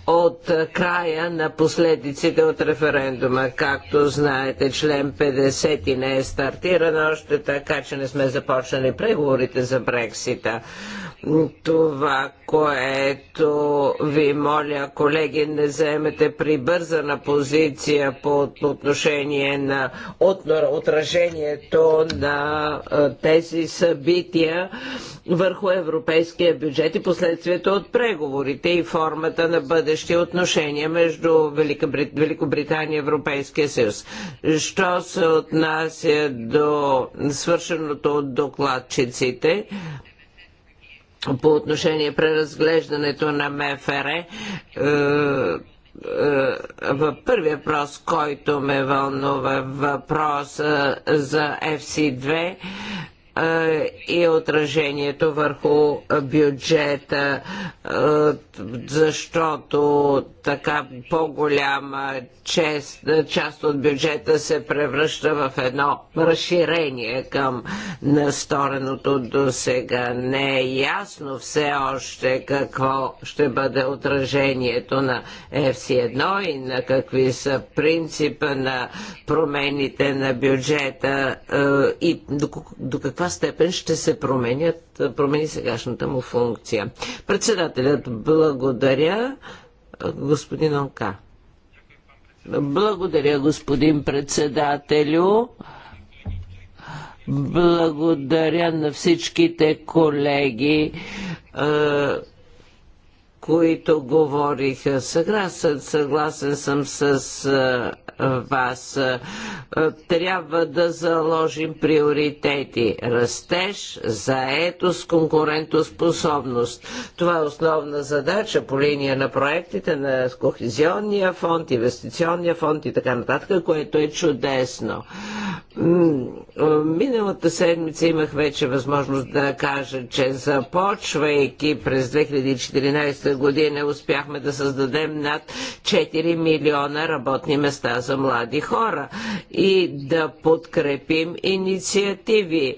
Speaker 3: от края на последиците от референдума. Както знаете, член 50 не е стартиран още, така че не сме започнали преговорите за Брексита. Това, което ви моля, колеги, не заемете прибързана позиция по отношение на отражението на тези събития върху европейския бюджет и последствието от преговорите и формата на бъдещи отношения между Великобритания и Европейския съюз. Що се отнася до свършеното от докладчиците, по отношение преразглеждането на МФР, е, е, първия въпрос, който ме вълнува, въпрос за FC2, и отражението върху бюджета, защото така по-голяма част от бюджета се превръща в едно разширение към настореното до сега. Не е ясно все още какво ще бъде отражението на FC1 и на какви са принципа на промените на бюджета и до, какво каква степен ще се променят, промени сегашната му функция. Председателят благодаря господин Онка. Благодаря, господин председателю. Благодаря на всичките колеги е, които говориха. Съгласен, съгласен съм с вас. Трябва да заложим приоритети. Растеж, заетост, конкурентоспособност. Това е основна задача по линия на проектите на Кохезионния фонд, Инвестиционния фонд и така нататък, което е чудесно. Миналата седмица имах вече възможност да кажа, че започвайки през 2014 година успяхме да създадем над 4 милиона работни места за млади хора и да подкрепим инициативи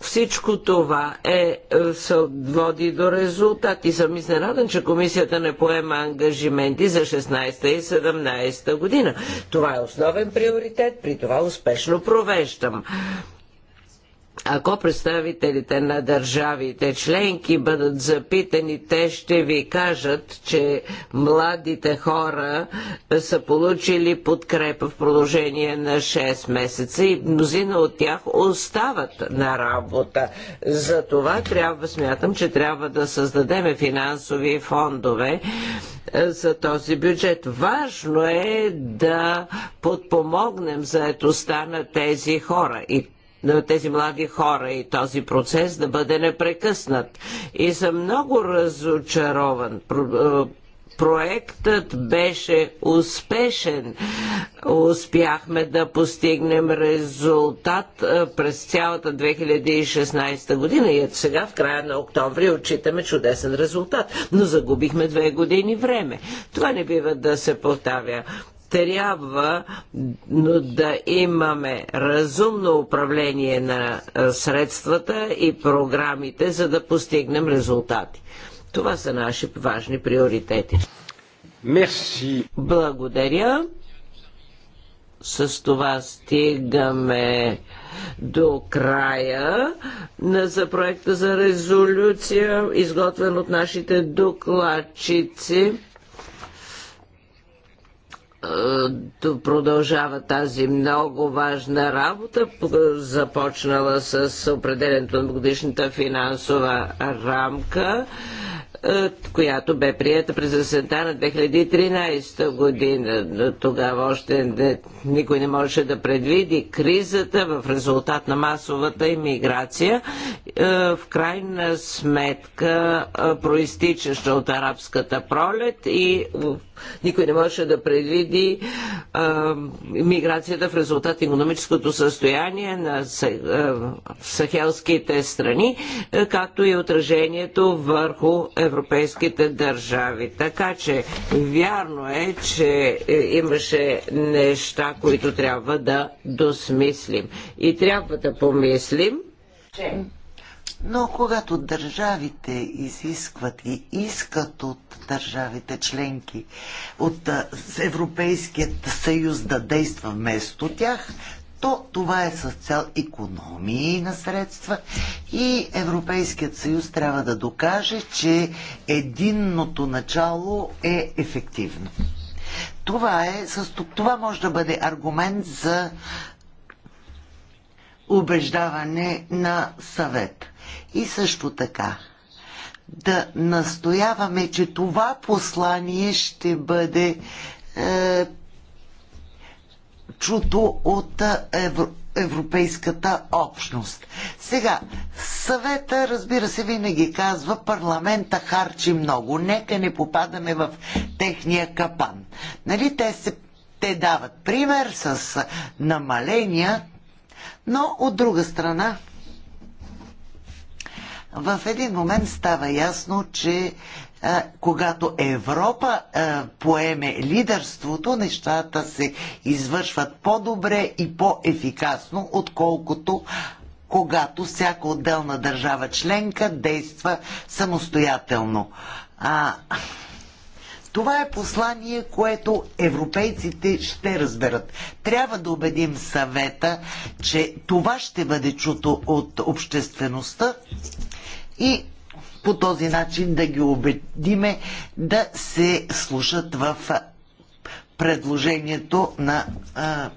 Speaker 3: всичко това е, се води до резултат и съм изненадан, че комисията не поема ангажименти за 16 и 17 година. Това е основен приоритет, при това успешно провеждам. Ако представителите на държавите членки бъдат запитани, те ще ви кажат, че младите хора са получили подкрепа в продължение на 6 месеца и мнозина от тях остават на работа. За това трябва, смятам, че трябва да създадем финансови фондове е, за този бюджет. Важно е да подпомогнем заетостта на тези хора и на тези млади хора и този процес да бъде непрекъснат. И съм много разочарован е, проектът беше успешен. Успяхме да постигнем резултат е, през цялата 2016 година и сега в края на октомври отчитаме чудесен резултат, но загубихме две години време. Това не бива да се повтаря трябва да имаме разумно управление на средствата и програмите, за да постигнем резултати. Това са наши важни приоритети. Мерси. Благодаря. С това стигаме до края за проекта за резолюция, изготвен от нашите докладчици. Е, продължава тази много важна работа, започнала с определенето на годишната финансова рамка, е, която бе прията през есента на 2013 година. Е, тогава още не, никой не можеше да предвиди кризата в резултат на масовата иммиграция, в крайна сметка проистичаща от арабската пролет и никой не можеше да предвиди миграцията в резултат на економическото състояние на сахелските страни, както и отражението върху европейските държави. Така че вярно е, че е, имаше неща, които трябва да досмислим. И трябва да помислим,
Speaker 2: че
Speaker 1: но когато държавите изискват и искат от държавите членки, от Европейският съюз да действа вместо тях, то това е с цел економии на средства и Европейският съюз трябва да докаже, че единното начало е ефективно. Това, е, с, това може да бъде аргумент за убеждаване на съвета. И също така да настояваме, че това послание ще бъде е, чуто от е, евро, Европейската общност. Сега, съвета, разбира се, винаги казва, парламента харчи много. Нека не попадаме в техния капан. Нали, те, се, те дават пример с намаления, но от друга страна в един момент става ясно, че а, когато Европа а, поеме лидерството, нещата се извършват по-добре и по-ефикасно, отколкото когато всяка отделна държава членка действа самостоятелно. А, това е послание, което европейците ще разберат. Трябва да убедим съвета, че това ще бъде чуто от обществеността и по този начин да ги убедиме да се слушат в предложението на а,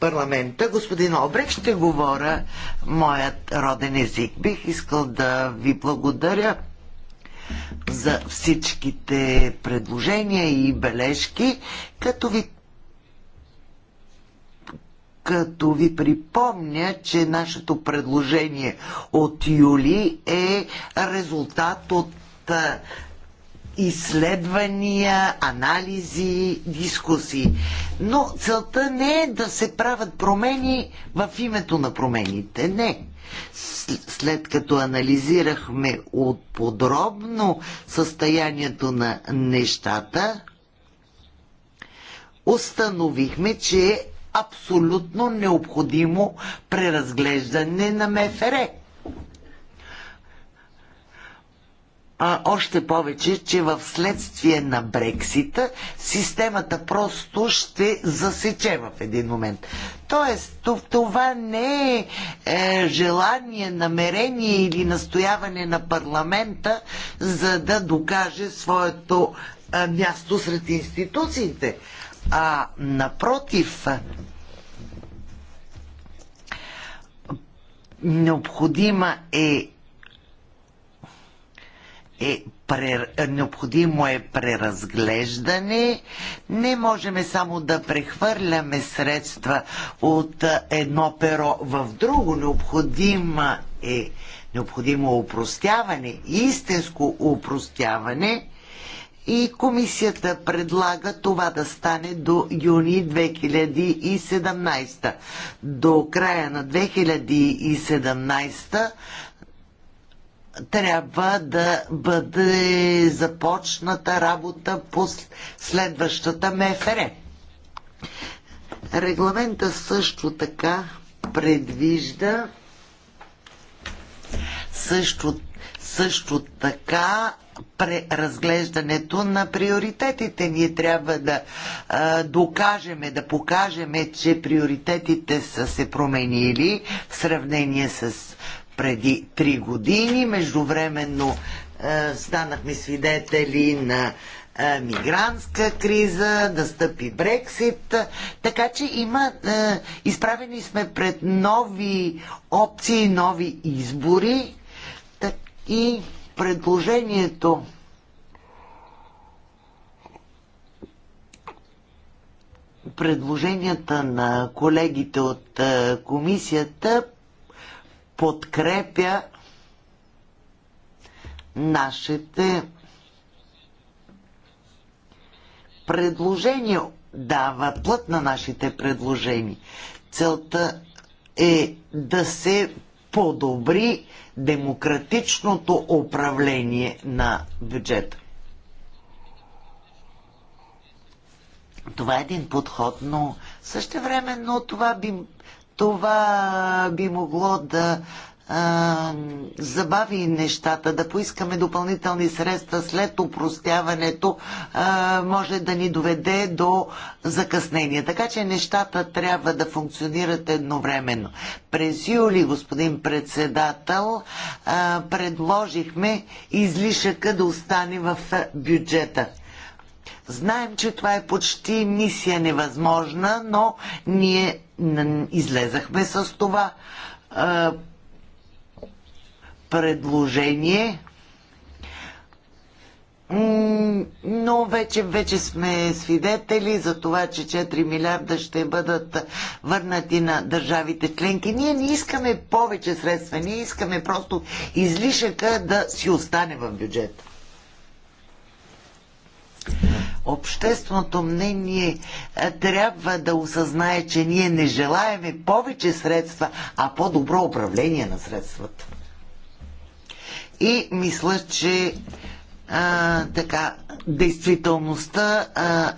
Speaker 1: парламента. Господин Обрек, ще говоря моят роден език. Бих искал да ви благодаря за всичките предложения и бележки, като ви като ви припомня, че нашето предложение от юли е резултат от изследвания, анализи, дискусии. Но целта не е да се правят промени в името на промените. Не. След като анализирахме от подробно състоянието на нещата, установихме, че е абсолютно необходимо преразглеждане на МФР. А, още повече, че в следствие на Брексита системата просто ще засече в един момент. Тоест, това не е, е желание, намерение или настояване на парламента, за да докаже своето е, място сред институциите. А напротив, необходима е е прер... необходимо е преразглеждане. Не можем само да прехвърляме средства от едно перо в друго. Необходимо е необходимо упростяване, истинско упростяване и комисията предлага това да стане до юни 2017. До края на 2017 трябва да бъде започната работа по следващата МФР. Регламента също така предвижда също, също така преразглеждането на приоритетите. Ние трябва да а, докажеме, да покажеме, че приоритетите са се променили в сравнение с преди 3 години. Междувременно е, станахме свидетели на е, мигрантска криза, настъпи да Брексит. Така че има, е, изправени сме пред нови опции, нови избори. Так, и предложението предложенията на колегите от е, комисията подкрепя нашите предложения, дава плът на нашите предложения. Целта е да се подобри демократичното управление на бюджета. Това е един подход, но същевременно това би това би могло да а, забави нещата, да поискаме допълнителни средства след упростяването, а, може да ни доведе до закъснение. Така че нещата трябва да функционират едновременно. През юли, господин председател, а, предложихме излишъка да остане в бюджета. Знаем, че това е почти мисия невъзможна, но ние излезахме с това предложение. Но вече, вече сме свидетели за това, че 4 милиарда ще бъдат върнати на държавите членки. Ние не искаме повече средства, ние искаме просто излишъка да си остане в бюджета общественото мнение е, трябва да осъзнае, че ние не желаеме повече средства, а по-добро управление на средствата. И мисля, че а, е, така, действителността а, е,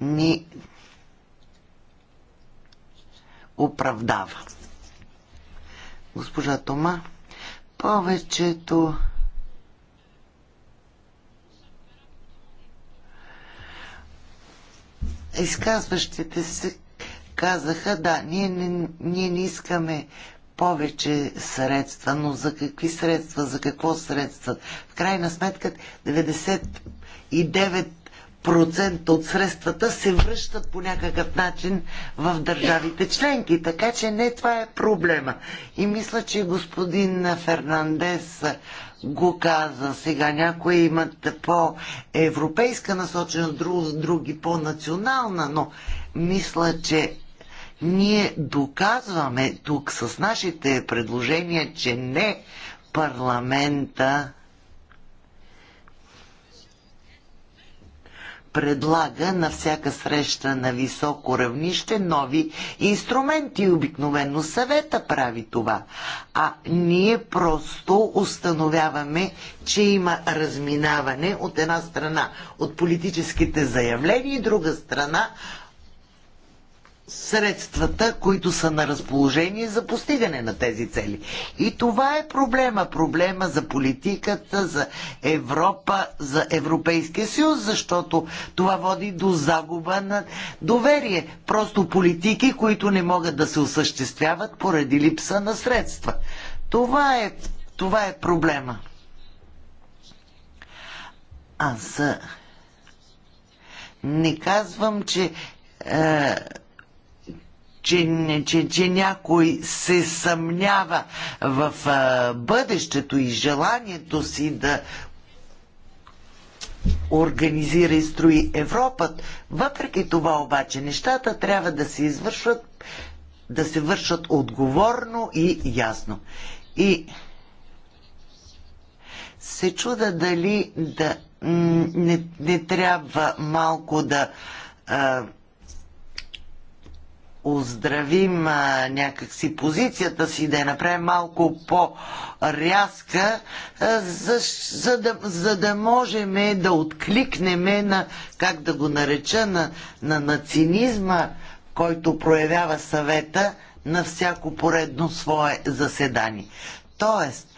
Speaker 1: ни оправдава. Госпожа Тома, повечето изказващите се казаха, да, ние не, ние не искаме повече средства, но за какви средства, за какво средства? В крайна сметка 99% от средствата се връщат по някакъв начин в държавите членки, така че не това е проблема. И мисля, че господин Фернандес го каза сега. Някои имат по-европейска насоченост, други по-национална, но мисля, че ние доказваме тук с нашите предложения, че не парламента предлага на всяка среща на високо равнище нови инструменти. Обикновено съвета прави това. А ние просто установяваме, че има разминаване от една страна от политическите заявления и друга страна средствата, които са на разположение за постигане на тези цели. И това е проблема. Проблема за политиката, за Европа, за Европейския съюз, защото това води до загуба на доверие. Просто политики, които не могат да се осъществяват поради липса на средства. Това е, това е проблема. Аз не казвам, че е, че, че, че някой се съмнява в а, бъдещето и желанието си да организира и строи Европа. Въпреки това обаче нещата трябва да се извършват, да се вършат отговорно и ясно. И се чуда дали да не, не трябва малко да а, оздравим а, някакси позицията си, да я направим малко по-рязка, за, за, да, за да можем да откликнем на, как да го нареча, на, на, на цинизма, който проявява съвета на всяко поредно свое заседание. Тоест,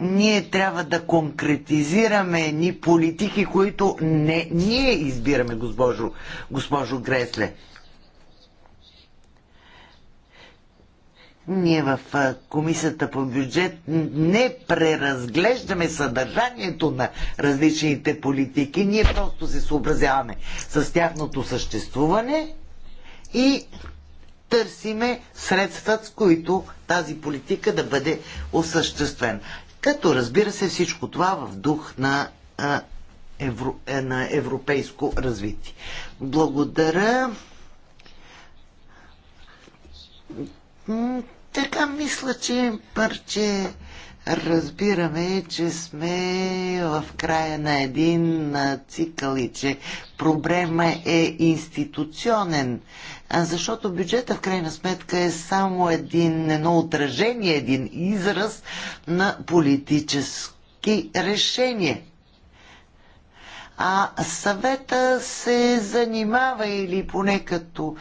Speaker 1: ние трябва да конкретизираме ни политики, които не ние избираме, госпожо, госпожо Гресле. Ние в комисията по бюджет не преразглеждаме съдържанието на различните политики. Ние просто се съобразяваме с тяхното съществуване и търсиме средства, с които тази политика да бъде осъществена. Като разбира се всичко това в дух на, евро, е, на европейско развитие. Благодаря така мисля, че парче разбираме, че сме в края на един цикъл и че проблема е институционен, защото бюджета в крайна сметка е само един, едно отражение, един израз на политически решения а съвета се занимава или поне като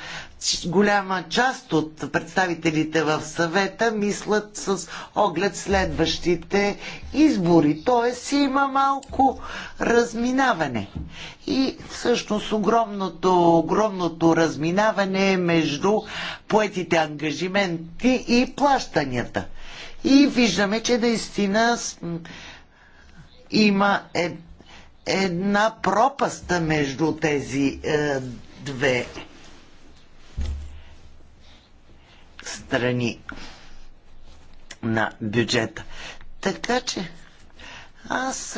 Speaker 1: голяма част от представителите в съвета мислят с оглед следващите избори. Т.е. има малко разминаване. И всъщност огромното, огромното разминаване е между поетите ангажименти и плащанията. И виждаме, че наистина има е една пропаста между тези е, две страни на бюджета. Така че аз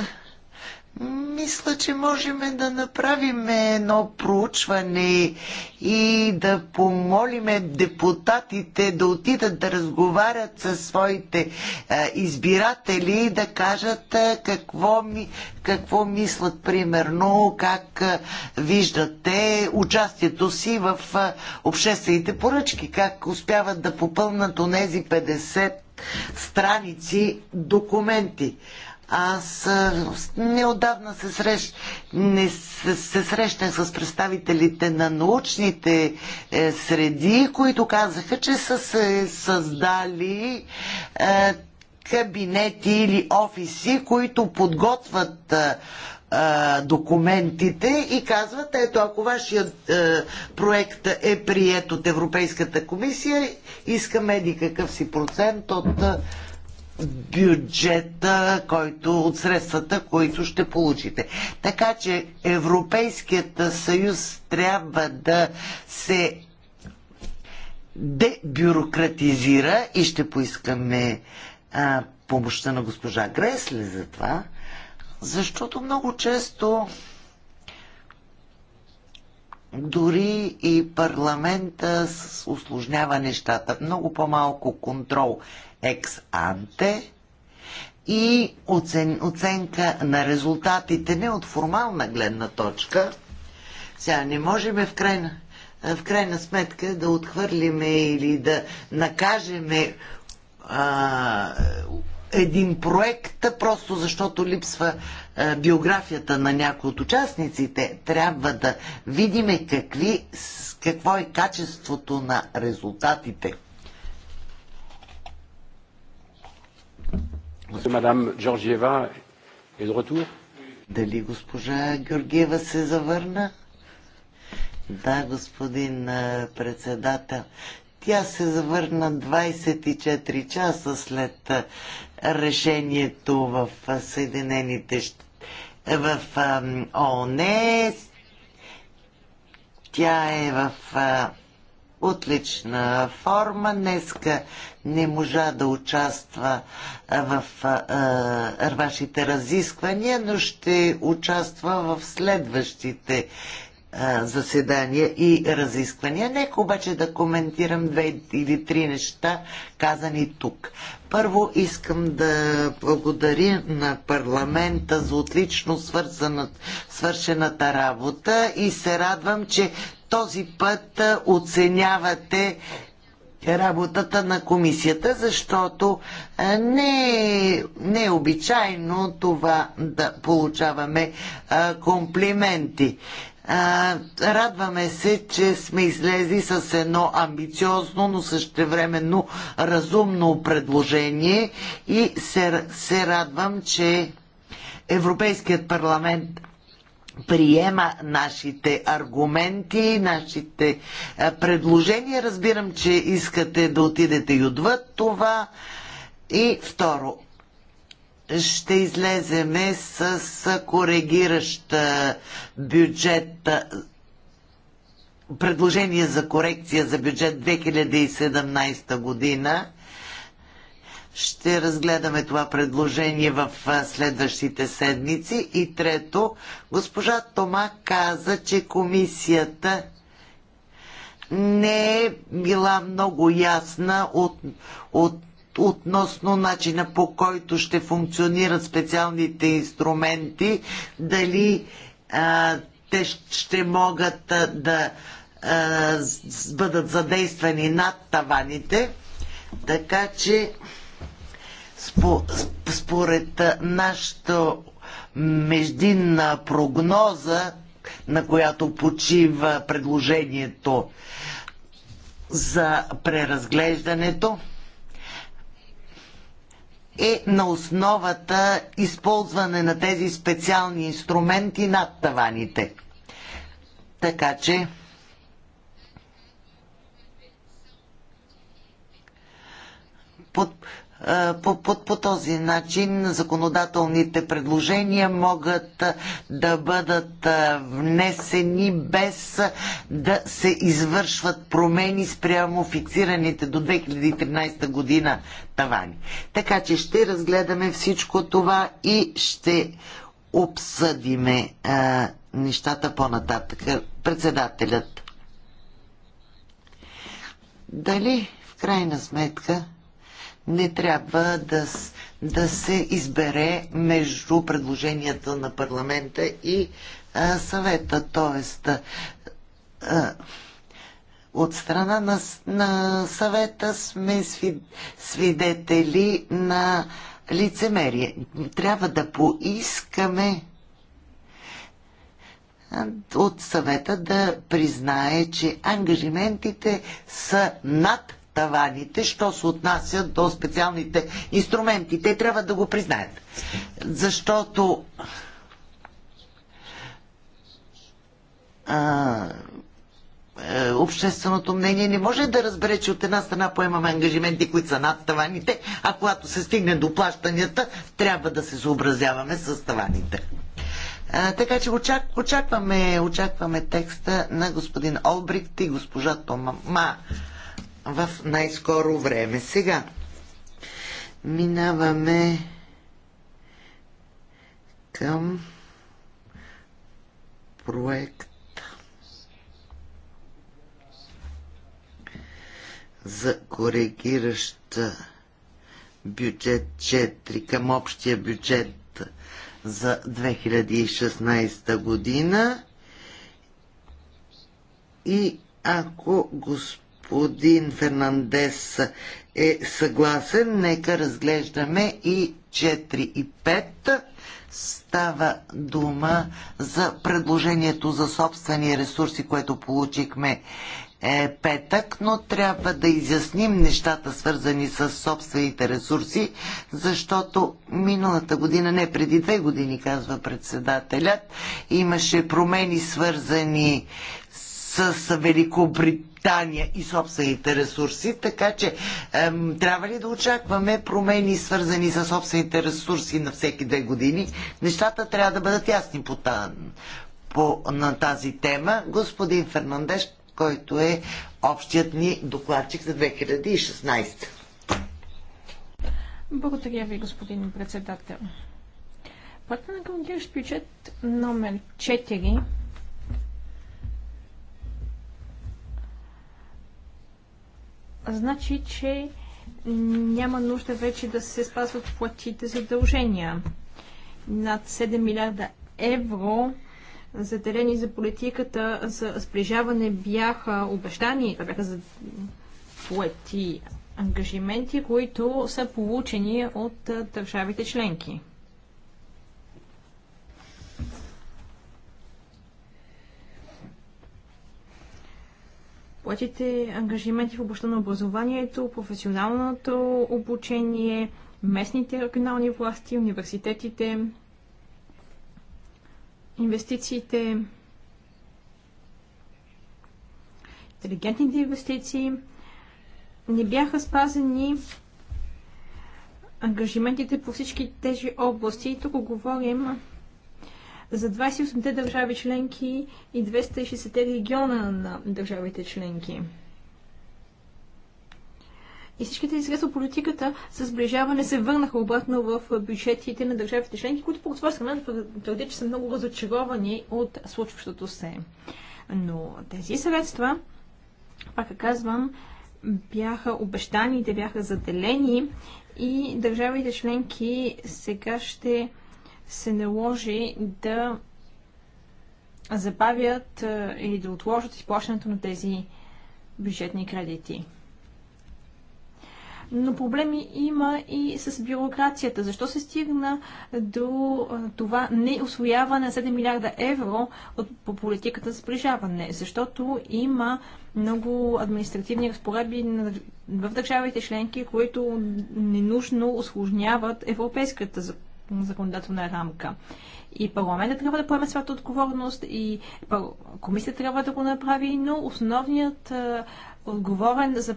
Speaker 1: мисля, че можем да направим едно проучване и да помолим депутатите да отидат да разговарят със своите избиратели и да кажат какво, ми, какво мислят примерно, как виждате участието си в обществените поръчки, как успяват да попълнат онези 50 страници документи. Аз неодавна се, срещ, не, се, се срещнах с представителите на научните е, среди, които казаха, че са се създали е, кабинети или офиси, които подготвят е, е документите и казват, ето ако вашият е, проект е прият от Европейската комисия, искаме еди какъв си процент от е, бюджета, който от средствата, които ще получите. Така че Европейският съюз трябва да се дебюрократизира и ще поискаме а, помощта на госпожа Гресли за това, защото много често дори и парламента усложнява нещата. Много по-малко контрол екс-анте и оцен, оценка на резултатите не от формална гледна точка. Сега не можем в крайна, в крайна сметка да отхвърлиме или да накажеме един проект, просто защото липсва а, биографията на някои от участниците. Трябва да видиме какви, какво е качеството на резултатите. Мадам Джорджиева е de Дали госпожа Георгиева се завърна? Да, господин председател. Тя се завърна 24 часа след решението в Съединените в ООН. Тя е в отлична форма. Днеска не можа да участва в вашите разисквания, но ще участва в следващите заседания и разисквания. Нека обаче да коментирам две или три неща, казани тук. Първо искам да благодаря на парламента за отлично свършената работа и се радвам, че този път оценявате работата на комисията, защото не е, не е обичайно това да получаваме а, комплименти. А, радваме се, че сме излезли с едно амбициозно, но същевременно разумно предложение и се, се радвам, че Европейският парламент приема нашите аргументи, нашите е, предложения. Разбирам, че искате да отидете и отвъд това. И второ, ще излеземе с коригиращ е, бюджет е, предложение за корекция за бюджет 2017 година ще разгледаме това предложение в следващите седмици. И трето, госпожа Тома каза, че комисията не е била много ясна от, от, относно начина по който ще функционират специалните инструменти, дали а, те ще могат а, да а, бъдат задействани над таваните. Така че според нашата междинна прогноза, на която почива предложението за преразглеждането, е на основата използване на тези специални инструменти над таваните. Така че под, е, по, по, по този начин законодателните предложения могат е, да бъдат е, внесени без да се извършват промени спрямо фиксираните до 2013 година тавани. Така че ще разгледаме всичко това и ще обсъдиме а, нещата по-нататък. Председателят. Дали в крайна сметка не трябва да, да се избере между предложенията на парламента и а, съвета. Тоест, а, от страна на, на съвета сме свидетели на лицемерие. Трябва да поискаме от съвета да признае, че ангажиментите са над таваните, що се отнася до специалните инструменти. Те трябва да го признаят. Защото а, е, общественото мнение не може да разбере, че от една страна поемаме ангажименти, които са над таваните, а когато се стигне до плащанията, трябва да се съобразяваме с таваните. А, така че очак, очакваме, очакваме текста на господин Олбрикт и госпожа Тома в най-скоро време. Сега минаваме към проект за коригираща бюджет 4 към общия бюджет за 2016 година и ако господин господин Фернандес е съгласен, нека разглеждаме и 4 и 5. Става дума за предложението за собствени ресурси, което получихме е петък, но трябва да изясним нещата свързани с собствените ресурси, защото миналата година, не преди две години, казва председателят, имаше промени свързани с Великобритания и собствените ресурси, така че ем, трябва ли да очакваме промени свързани с собствените ресурси на всеки две години? Нещата трябва да бъдат ясни по, та, по на тази тема. Господин Фернандеш, който е общият ни докладчик за 2016.
Speaker 2: Благодаря ви, господин председател. Проектът на коригиращ бюджет номер 4 значи, че няма нужда вече да се спазват платите задължения. Над 7 милиарда евро заделени за политиката за сближаване бяха обещани, бяха за плати ангажименти, които са получени от държавите членки. поетите ангажименти в областта на образованието, професионалното обучение, местните регионални власти, университетите, инвестициите, интелигентните инвестиции, не бяха спазени ангажиментите по всички тези области. тук говорим за 28-те държави членки и 260-те региона на държавите членки. И всичките средства политиката за сближаване се върнаха обратно в бюджетите на държавите членки, които по това страна твърдят, че са много разочаровани от случващото се. Но тези средства, пак казвам, бяха обещани, те бяха заделени и държавите членки сега ще се наложи да забавят е, или да отложат изплащането на тези бюджетни кредити. Но проблеми има и с бюрокрацията. Защо се стигна до е, това не освояване на 7 милиарда евро от, по политиката за сближаване? Защото има много административни разпоредби в държавите членки, които ненужно осложняват европейската законодателна рамка. И парламентът трябва да поеме своята отговорност, и комисията трябва да го направи, но основният отговорен за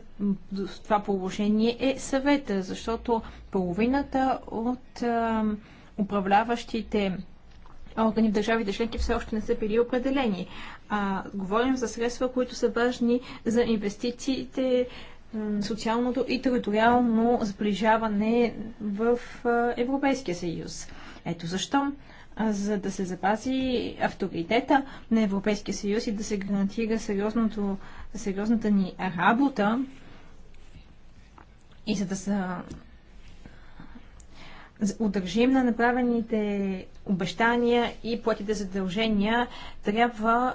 Speaker 2: това положение е съвета, защото половината от управляващите органи в държавите членки все още не са били определени. А, говорим за средства, които са важни за инвестициите, социалното и териториално сближаване в Европейския съюз. Ето защо за да се запази авторитета на Европейския съюз и да се гарантира сериозното, сериозната ни работа и за да се удържим на направените обещания и платите задължения, трябва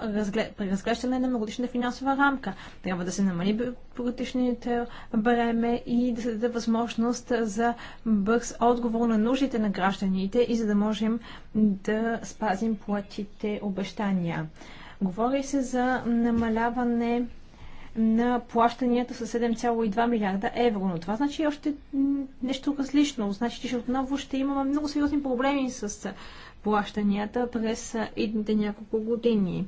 Speaker 2: разглеждане на многодишна финансова рамка. Трябва да се намали политичните бреме и да се даде възможност за бърз отговор на нуждите на гражданите и за да можем да спазим платите обещания. Говори се за намаляване на плащанията с 7,2 милиарда евро. Но това значи още нещо различно. Значи, че отново ще имаме много сериозни проблеми с плащанията през едните няколко години.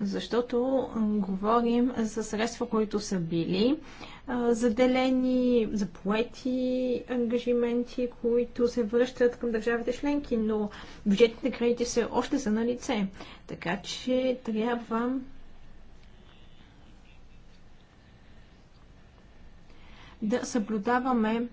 Speaker 2: Защото говорим за средства, които са били заделени, за поети ангажименти, които се връщат към държавите членки, но бюджетните кредити все още са на лице. Така че трябва да съблюдаваме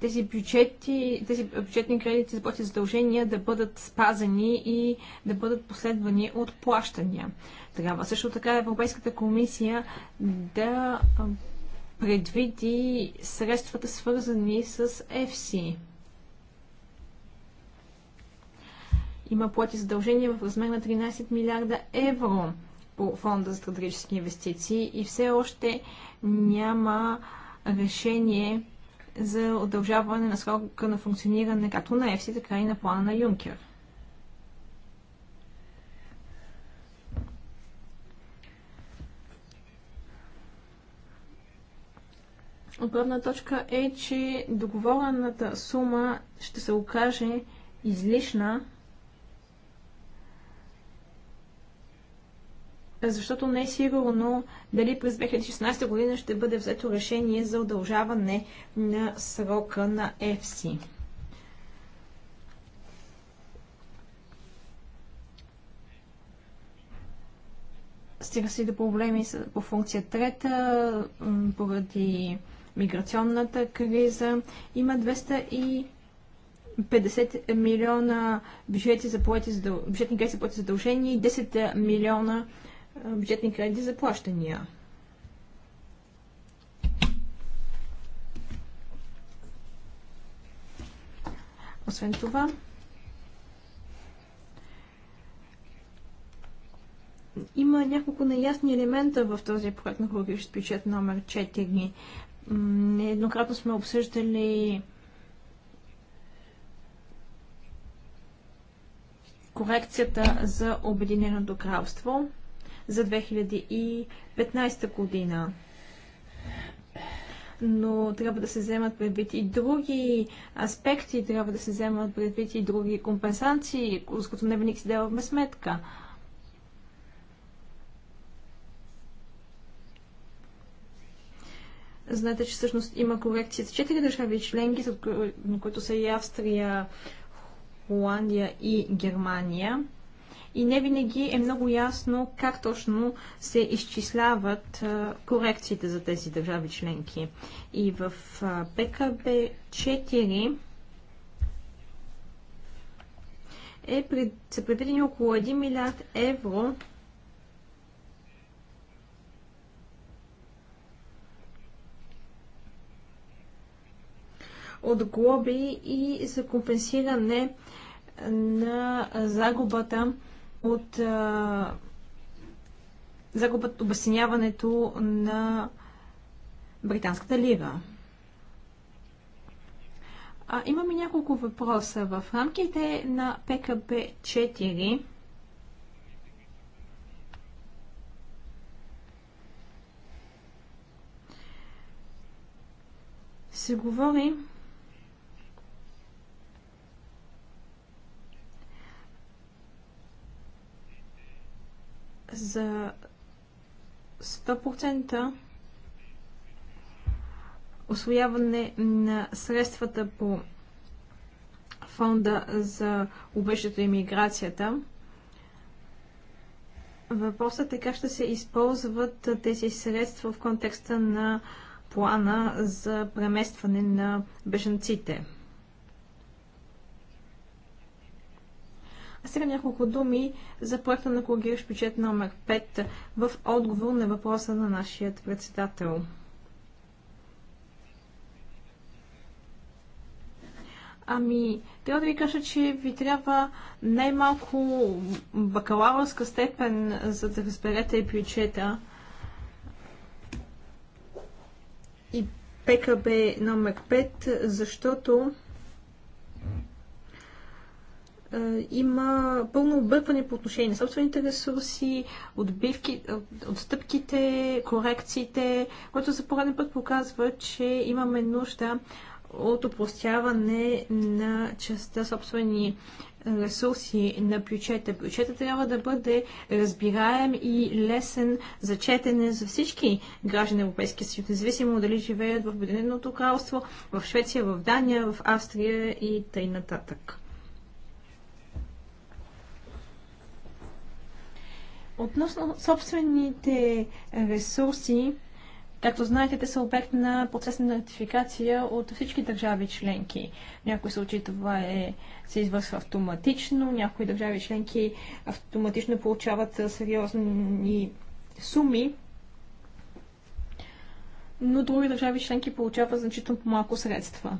Speaker 2: тези бюджети, тези бюджетни кредити за задължения да бъдат спазени и да бъдат последвани от плащания. Трябва също така Европейската комисия да предвиди средствата свързани с ЕФСИ. Има плати задължения в размер на 13 милиарда евро по фонда за стратегически инвестиции и все още няма решение за удължаване на срока на функциониране както на ЕФСИ, така и на плана на Юнкер. Отправна точка е, че договорената сума ще се окаже излишна защото не е сигурно дали през 2016 година ще бъде взето решение за удължаване на срока на ЕФСИ. Стига се до проблеми по функция трета, поради миграционната криза. Има 250 милиона бюджети бюджетни грешки за поети задължения и 10 милиона бюджетни кредити за плащания. Освен това, има няколко неясни елемента в този проект на хирургичен бюджет номер 4. Нееднократно сме обсъждали корекцията за Обединеното кралство за 2015 година. Но трябва да се вземат предвид и други аспекти, трябва да се вземат предвид и други компенсации, с които не винаги си даваме сметка. Знаете, че всъщност има корекция с четири държави членки, на които са и Австрия, Холандия и Германия и не винаги е много ясно как точно се изчисляват корекциите за тези държави членки. И в ПКБ 4 е пред, са предвидени около 1 милиард евро от глоби и за компенсиране на загубата от а, загубът, обясняването на британската лира. А, имаме няколко въпроса. В рамките на ПКБ 4 се говори за 100% освояване на средствата по фонда за обещата и миграцията. Въпросът е как ще се използват тези средства в контекста на плана за преместване на бежанците. А сега няколко думи за проекта на кологиращ бюджет номер 5 в отговор на въпроса на нашия председател. Ами, трябва да ви кажа, че ви трябва най-малко бакалавърска степен, за да разберете бюджета. И ПКБ номер 5, защото е, има пълно объркване по отношение на собствените ресурси, отбивки, отстъпките, корекциите, което за пореден път показва, че имаме нужда от опростяване на частта собствени ресурси на бюджета. Бюджета трябва да бъде разбираем и лесен за четене за всички граждани на Европейския съюз, независимо дали живеят в Обединеното кралство, в Швеция, в Дания, в Австрия и т.н. нататък. Относно собствените ресурси, Както знаете, те са обект на процес на ратификация от всички държави членки. В някои случаи това е, се извършва автоматично, някои държави членки автоматично получават сериозни суми, но други държави членки получават значително по-малко средства.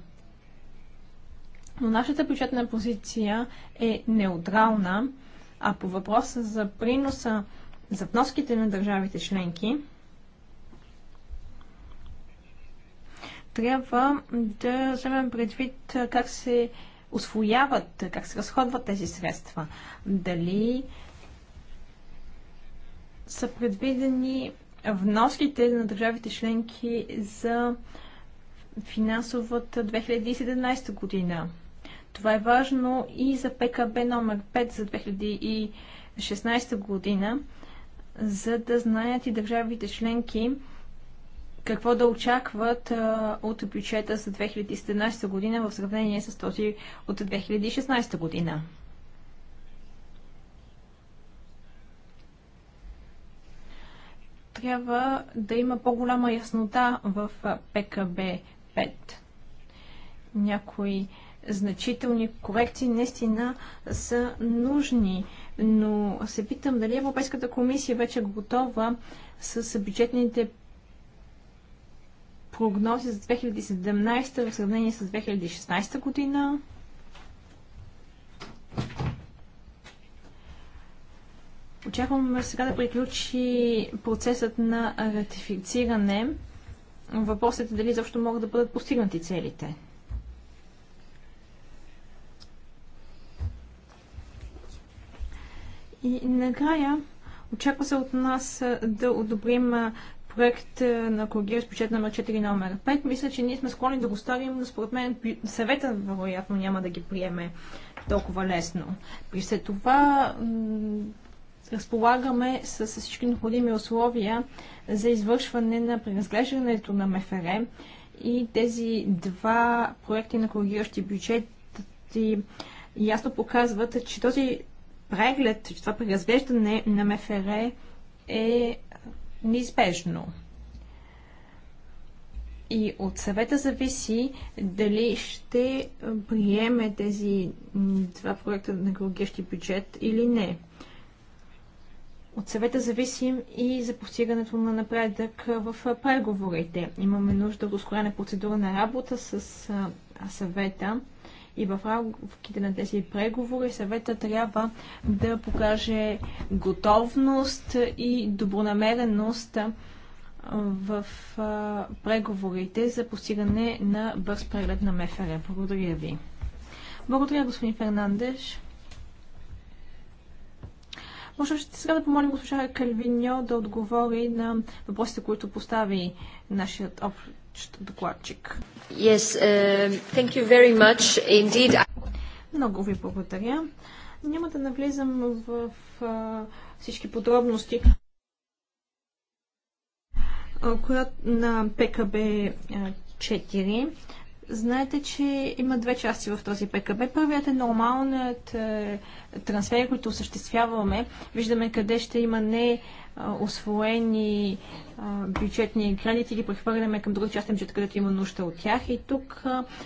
Speaker 2: Но нашата бюджетна позиция е неутрална а по въпроса за приноса, за вноските на държавите членки, трябва да вземем предвид как се освояват, как се разходват тези средства. Дали са предвидени вноските на държавите членки за финансовата 2017 година. Това е важно и за ПКБ номер 5 за 2016 година, за да знаят и държавите членки какво да очакват а, от бюджета за 2017 година в сравнение с този от 2016 година. Трябва да има по-голяма яснота в ПКБ 5. Някои значителни корекции наистина са нужни, но се питам дали Европейската комисия вече е готова с бюджетните прогнози за 2017 в сравнение с 2016 година. Очакваме сега да приключи процесът на ратифициране. Въпросът е дали защо могат да бъдат постигнати целите. И накрая очаква се от нас да одобрим проект на с бюджет номер 4 номер 5. Мисля, че ние сме склонни да го ставим, но според мен съвета вероятно няма да ги приеме толкова лесно. При след това разполагаме с всички необходими условия за извършване на преразглеждането на МФР и тези два проекти на коригиращи бюджети ясно показват, че този преглед, че това преразглеждане на МФР е неизбежно. И от съвета зависи дали ще приеме тези два проекта на георгиещи бюджет или не. От съвета зависим и за постигането на напредък в преговорите. Имаме нужда от ускорена процедура на работа с съвета и в рамките на тези преговори съвета трябва да покаже готовност и добронамереност в преговорите за постигане на бърз преглед на МФР. Благодаря ви. Благодаря, господин Фернандеш. Може ще сега да помолим госпожа Кальвиньо да отговори на въпросите, които постави нашият общ докладчик. Yes, uh, thank you very much indeed. Много ви благодаря. Няма да навлизам в, в всички подробности на ПКБ 4. Знаете, че има две части в този ПКБ. Първият е нормалният е, трансфер, който осъществяваме. Виждаме къде ще има не е, освоени е, бюджетни кредити или прехвърляме към друга част на бюджет, където има нужда от тях. И тук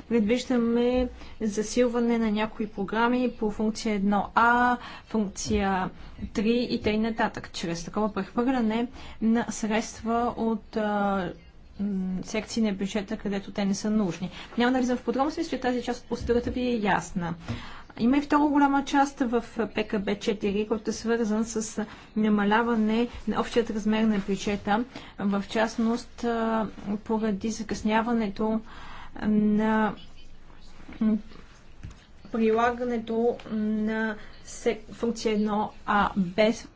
Speaker 2: предвиждаме засилване на някои програми по функция 1А, функция 3 и т.н. нататък. Чрез такова прехвърляне на средства от секции на бюджета, където те не са нужни. Няма да влизам в подробности, че тази част от процедурата ви е ясна. Има и втора голяма част в ПКБ 4, който е свързан с намаляване на общият размер на бюджета, в частност поради закъсняването на прилагането на функция 1А без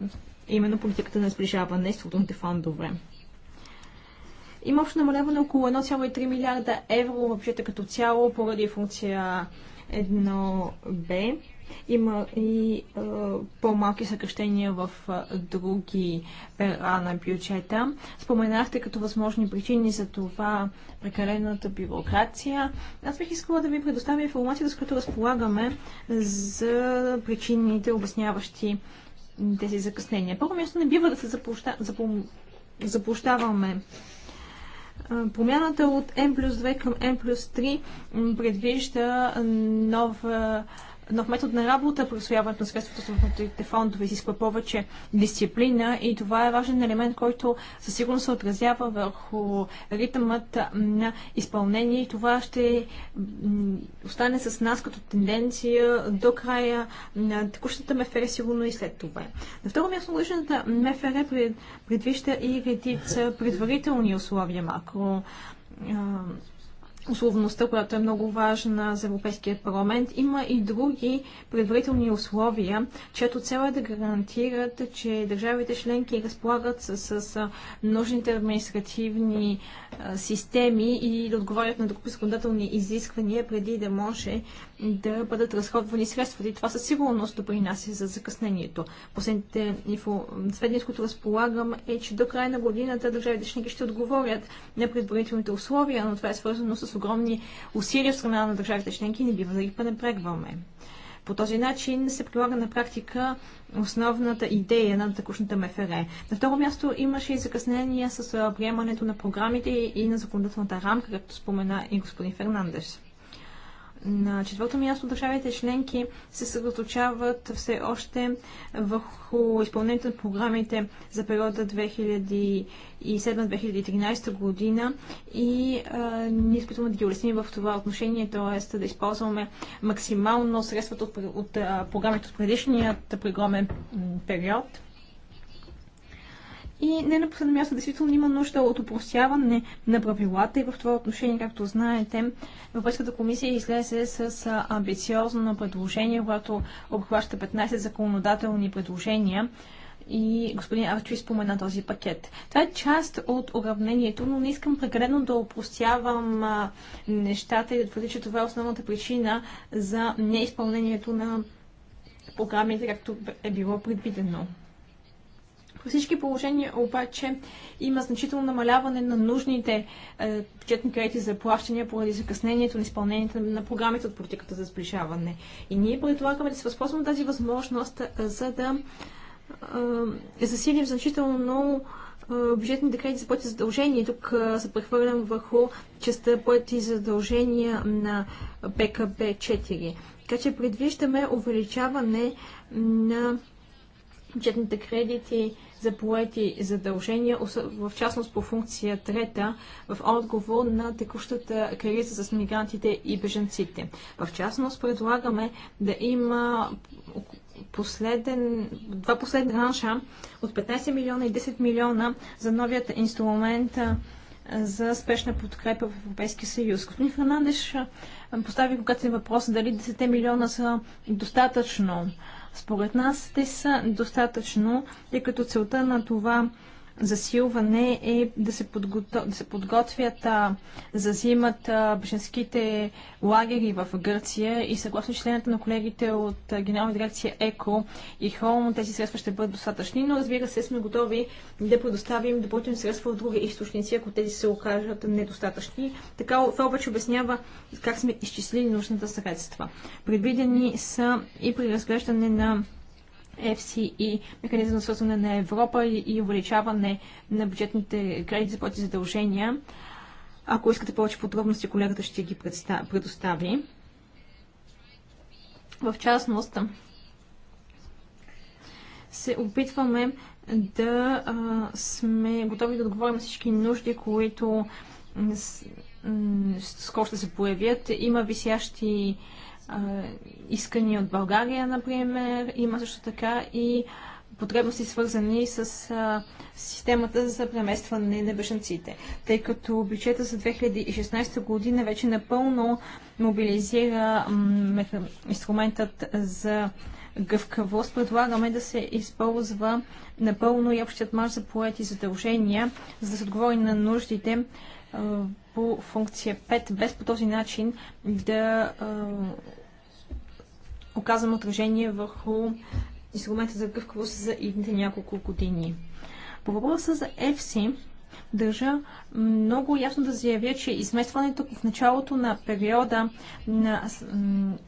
Speaker 2: именно политиката на сближаване с фондове. Има общо намаляване около 1,3 милиарда евро въобщето като цяло поради функция 1Б. Има и е, по-малки съкръщения в е, други пера на бюджета. Споменахте като възможни причини за това прекалената бюрокрация. Аз бих искала да ви предоставя информацията, с която разполагаме за причините, обясняващи тези закъснения. Първо място не бива да се заплоща, запом... Промяната от N плюс 2 към N плюс 3 предвижда нова нов метод на работа просвояването на средствата от фондове изисква повече дисциплина и това е важен елемент, който със сигурност се отразява върху ритъмът на изпълнение и това ще остане с нас като тенденция до края на текущата МФР, сигурно и след това. На второ място, лъжната МФР предвижда и редица предварителни условия макро условността, която е много важна за Европейския парламент, има и други предварителни условия, чието цел е да гарантират, че държавите членки разполагат с, с, нужните административни системи и да отговарят на други законодателни изисквания, преди да може да бъдат разходвани средства. И това със сигурност допринася за закъснението. Последните сведения, с които разполагам, е, че до края на годината държавите членки ще отговорят на предварителните условия, но това е свързано с огромни усилия от страна на държавите членки и не бива да ги пренебрегваме. По този начин се прилага на практика основната идея на текущата МФР. На второ място имаше и закъснения с приемането на програмите и на законодателната рамка, както спомена и господин Фернандес. На четвърто място държавите членки се съсредоточават все още върху изпълнението на програмите за периода 2007-2013 година и а, ние искаме да ги улесним в това отношение, т.е. да използваме максимално средствата от, от, от програмите от предишният програмен период и не на последно място, действително има нужда от упростяване на правилата и в това отношение, както знаете, Европейската комисия излезе с амбициозно предложение, което обхваща 15 законодателни предложения и господин Арчуи спомена този пакет. Това е част от уравнението, но не искам прекалено да опростявам нещата и да твърди, че това е основната причина за неизпълнението на програмите, както е било предвидено. При всички положения обаче има значително намаляване на нужните е, бюджетни кредити за плащания поради закъснението на изпълнението на програмите от политиката за сближаване. И ние предлагаме да се възползваме тази възможност, е, за да е, засилим значително бюджетните кредити за поети задължения. Тук се прехвърлям върху частта поети задължения на БКБ 4. Така че предвиждаме увеличаване на бюджетните кредити за поети задължения, в частност по функция трета, в отговор на текущата криза с мигрантите и беженците. В частност предлагаме да има последен, два последни ранша от 15 милиона и 10 милиона за новият инструмент за спешна подкрепа в Европейския съюз. Господин Фернандеш постави когато въпрос дали 10 милиона са достатъчно според нас те са достатъчно, тъй като целта на това засилване е да се, подго... да се подготвят а, за зимата беженските лагери в Гърция и съгласно членето на колегите от Генерална дирекция ЕКО и ХОМ тези средства ще бъдат достатъчни, но разбира се сме готови да предоставим допълнителни средства от други източници, ако тези се окажат недостатъчни. Така това обаче обяснява как сме изчислили нужната средства. Предвидени са и при разглеждане на ЕФСИ и e, механизъм на свързване на Европа и, и увеличаване на бюджетните кредити за плати задължения. Ако искате повече подробности, колегата ще ги предостави. В частност, се опитваме да а, сме готови да отговорим на всички нужди, които скоро ще се появят. Има висящи искани от България, например. Има също така и потребности, свързани с а, системата за преместване на бежанците, тъй като бюджета за 2016 година вече напълно мобилизира инструментът за гъвкавост. Предлагаме да се използва напълно и общият марш за поети задължения, за да се отговори на нуждите а, по функция 5, без по този начин да а, оказвам отражение върху инструмента за гъвкавост за идните няколко години. По въпроса за EFSI, държа много ясно да заявя, че изместването в началото на периода на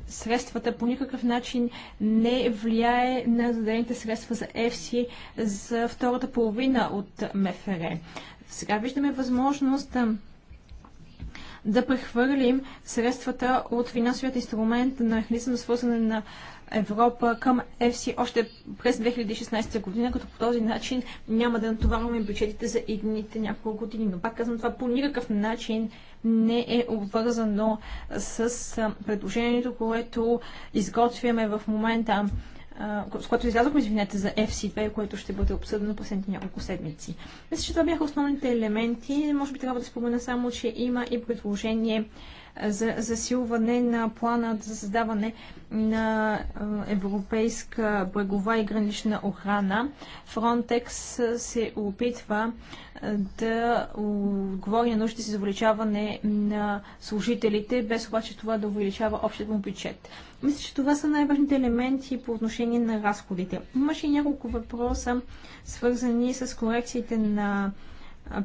Speaker 2: средствата по никакъв начин не влияе на зададените средства за ЕФСИ за втората половина от МФР. Сега виждаме възможност да да прехвърлим средствата от финансовият инструмент на механизъм за свързване на Европа към ЕФСИ още през 2016 година, като по този начин няма да натоварваме бюджетите за идните няколко години. Но пак казвам, това по никакъв начин не е обвързано с предложението, което изготвяме в момента с което излязохме, извинете, за FC2, което ще бъде обсъдено последните няколко седмици. Мисля, че това бяха основните елементи. Може би трябва да спомена само, че има и предложение за засилване на плана за създаване на европейска брегова и гранична охрана. Frontex се опитва да отговори на нуждите си за увеличаване на служителите, без обаче това да увеличава общият му бюджет. Мисля, че това са най-важните елементи по отношение на разходите. Имаше и няколко въпроса, свързани с корекциите на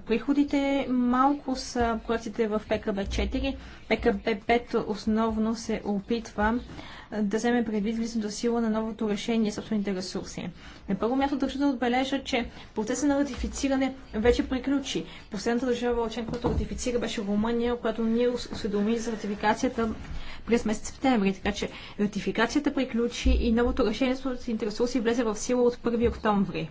Speaker 2: Приходите малко са проектите в ПКБ-4. ПКБ-5 основно се опитва да вземе предвид влизането сила на новото решение собствените ресурси. На първо място държа да отбележа, че процесът на ратифициране вече приключи. Последната държава, член, която ратифицира, беше Румъния, която ние осведоми за ратификацията през месец септември. Така че ратификацията приключи и новото решение собствените ресурси влезе в сила от 1 октомври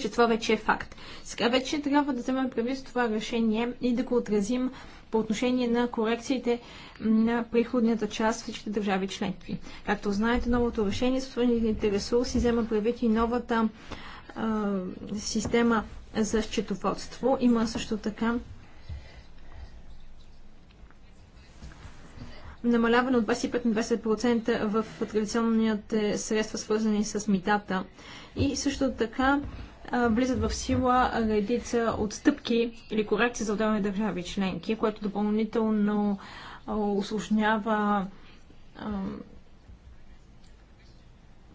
Speaker 2: че това вече е факт. Сега вече трябва да вземем предвид това решение и да го отразим по отношение на корекциите на приходната част в всичките държави членки. Както знаете, новото решение с отворените ресурси взема предвид и новата а, система за счетоводство. Има също така намаляване от 25 на 20% в традиционните средства, свързани с митата. И също така влизат в сила редица отстъпки или корекции за отделни държави членки, което допълнително осложнява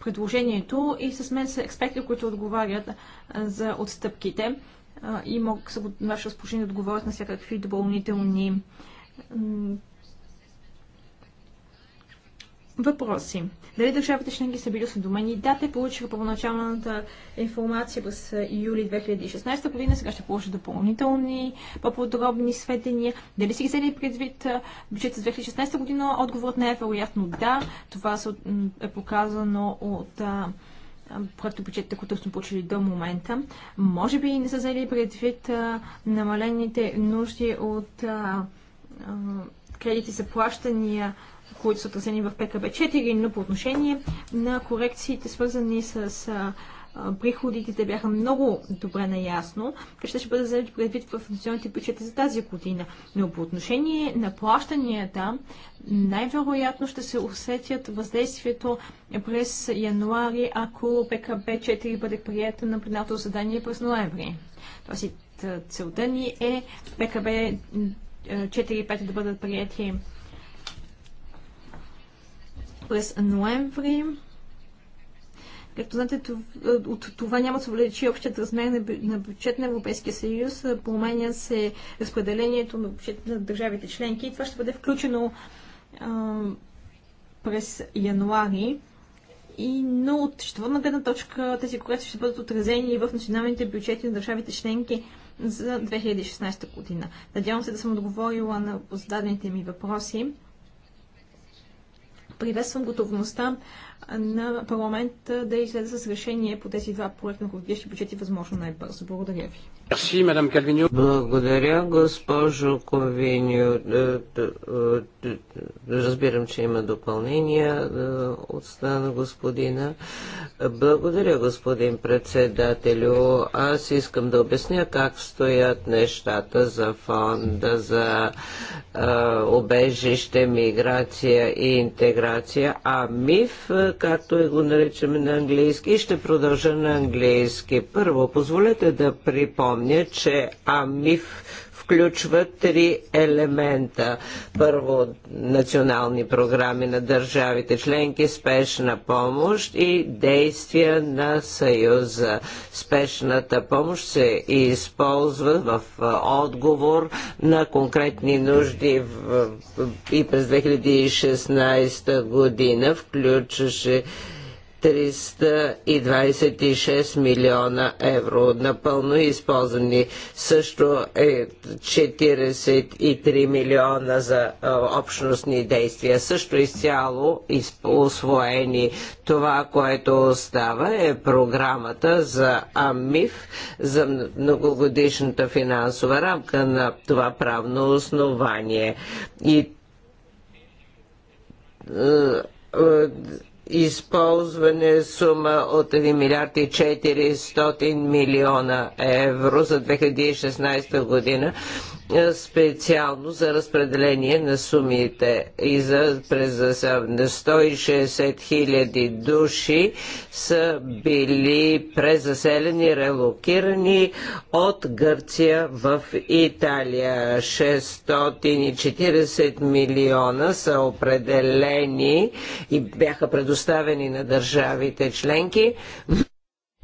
Speaker 2: предложението и с мен са експерти, които отговарят за отстъпките и могат ваше разположение да отговорят на всякакви допълнителни въпроси. Дали държавите членки са били осведомени? Да, те получиха първоначалната информация през юли 2016 година. Сега ще получат допълнителни, по-подробни сведения. Дали си ги взели предвид бюджета за 2016 година? Отговорът не е вероятно да. Това е показано от бюджетите, които сме получили до момента. Може би не са взели предвид намалените нужди от кредити за плащания които са отразени в ПКБ 4, но по отношение на корекциите, свързани с приходите, те бяха много добре наясно, че ще, ще бъдат заедно предвид в националните бюджети за тази година. Но по отношение на плащанията, най-вероятно ще се усетят въздействието през януари, ако ПКБ 4 бъде прията на пленарното задание през ноември. Тоест целта ни е ПКБ 4 и 5 да бъдат прияти през ноември. Както знаете, от това няма да се увеличи общият размер на бюджет на Европейския съюз. Променя се разпределението на бюджет на държавите членки и това ще бъде включено през януари. И, но от счетоводна гледна точка тези корекции ще бъдат отразени и в националните бюджети на държавите членки за 2016 година. Надявам се да съм отговорила на зададените ми въпроси. Приветствам готовността на парламент да излезе с решение по тези два проекта на коригиращи бюджети възможно най-бързо. Благодаря ви.
Speaker 3: Merci, Благодаря, госпожо Ковиньо. Е, е, е, разбирам, че има допълнения от страна на господина. Благодаря, господин председателю. Аз искам да обясня как стоят нещата за фонда за обежище, миграция и интеграция, а МИФ както го наричаме на английски. И ще продължа на английски. Първо, позволете да припомня, че АМИФ включва три елемента. Първо, национални програми на държавите членки, спешна помощ и действия на Съюза. Спешната помощ се използва в отговор на конкретни нужди и през 2016 година включваше 326 милиона евро напълно използвани. Също е 43 милиона за общностни действия. Също изцяло освоени. Това, което остава е програмата за АМИФ, за многогодишната финансова рамка на това правно основание. И използване сума от 1 милиард и 400 милиона евро за 2016 година е, специално за разпределение на сумите и за през 160 хиляди души са били презаселени, релокирани от Гърция в Италия. 640 милиона са определени и бяха предоставени на държавите членки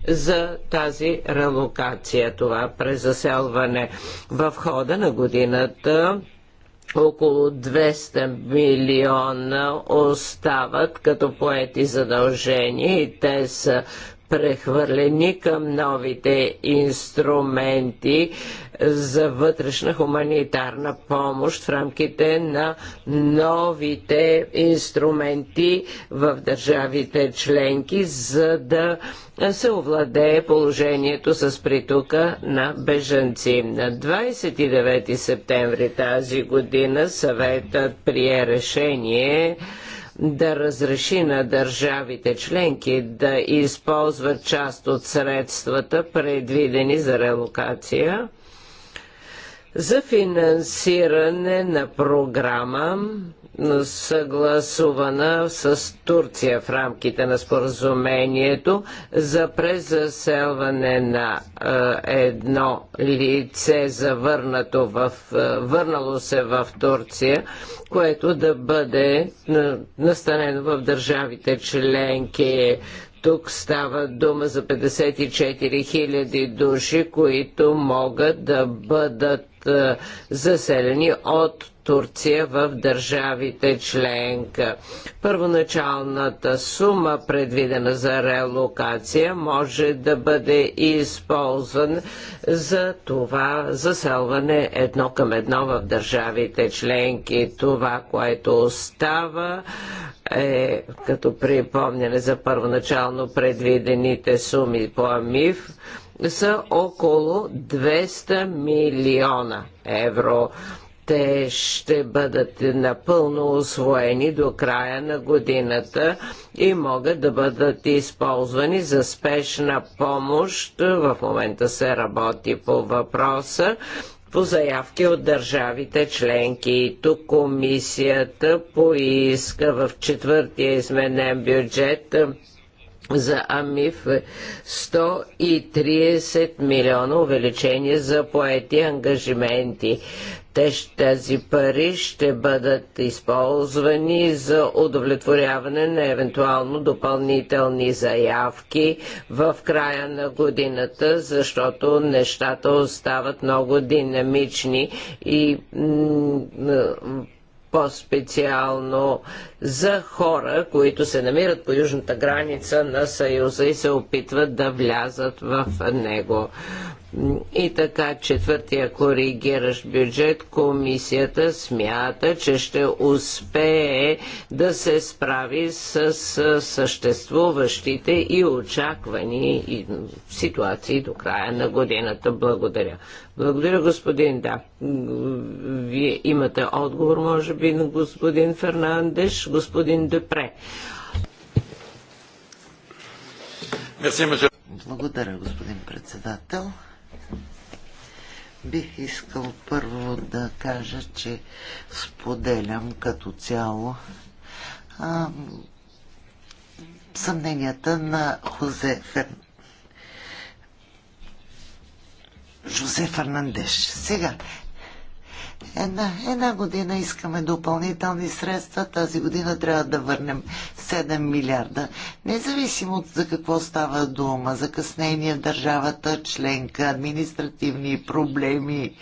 Speaker 3: за тази релокация, това презаселване. В хода на годината около 200 милиона остават като поети задължения и те са прехвърлени към новите инструменти за вътрешна хуманитарна помощ в рамките на новите инструменти в държавите членки, за да се овладее положението с притока на бежанци. На 29 септември тази година съветът прие решение да разреши на държавите членки да използват част от средствата, предвидени за релокация, за финансиране на програма съгласувана с Турция в рамките на споразумението за презаселване на е, едно лице завърнато в, е, върнало се в Турция, което да бъде е, настанено в държавите членки. Тук става дума за 54 000 души, които могат да бъдат заселени от Турция в държавите членка. Първоначалната сума, предвидена за релокация, може да бъде използван за това заселване едно към едно в държавите членки. Това, което остава, е като припомняне за първоначално предвидените суми по АМИФ, са около 200 милиона евро те ще бъдат напълно освоени до края на годината и могат да бъдат използвани за спешна помощ. В момента се работи по въпроса по заявки от държавите членки. И тук комисията поиска в четвъртия изменен бюджет за АМИФ 130 е милиона увеличение за поети ангажименти. тези пари ще бъдат използвани за удовлетворяване на евентуално допълнителни заявки в края на годината, защото нещата остават много динамични и по-специално за хора, които се намират по южната граница на Съюза и се опитват да влязат в него. И така, четвъртия коригиращ бюджет, комисията смята, че ще успее да се справи с съществуващите и очаквани ситуации до края на годината. Благодаря. Благодаря, господин. Да, вие имате отговор, може би, на господин Фернандеш, господин Депре.
Speaker 1: Благодаря, господин председател. Бих искал първо да кажа, че споделям като цяло а, съмненията на Хозе Фер... Жозе Фернандеш. Сега, Една, една година искаме допълнителни средства, тази година трябва да върнем 7 милиарда. Независимо от за какво става дума, закъснение в държавата, членка, административни проблеми,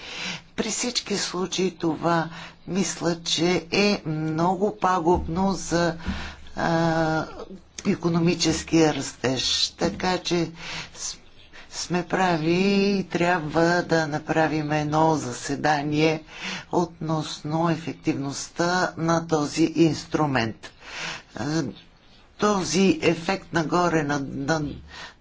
Speaker 1: при всички случаи това мисля, че е много пагубно за а, економическия растеж. Така че сме прави и трябва да направим едно заседание относно ефективността на този инструмент. Този ефект нагоре, на, на,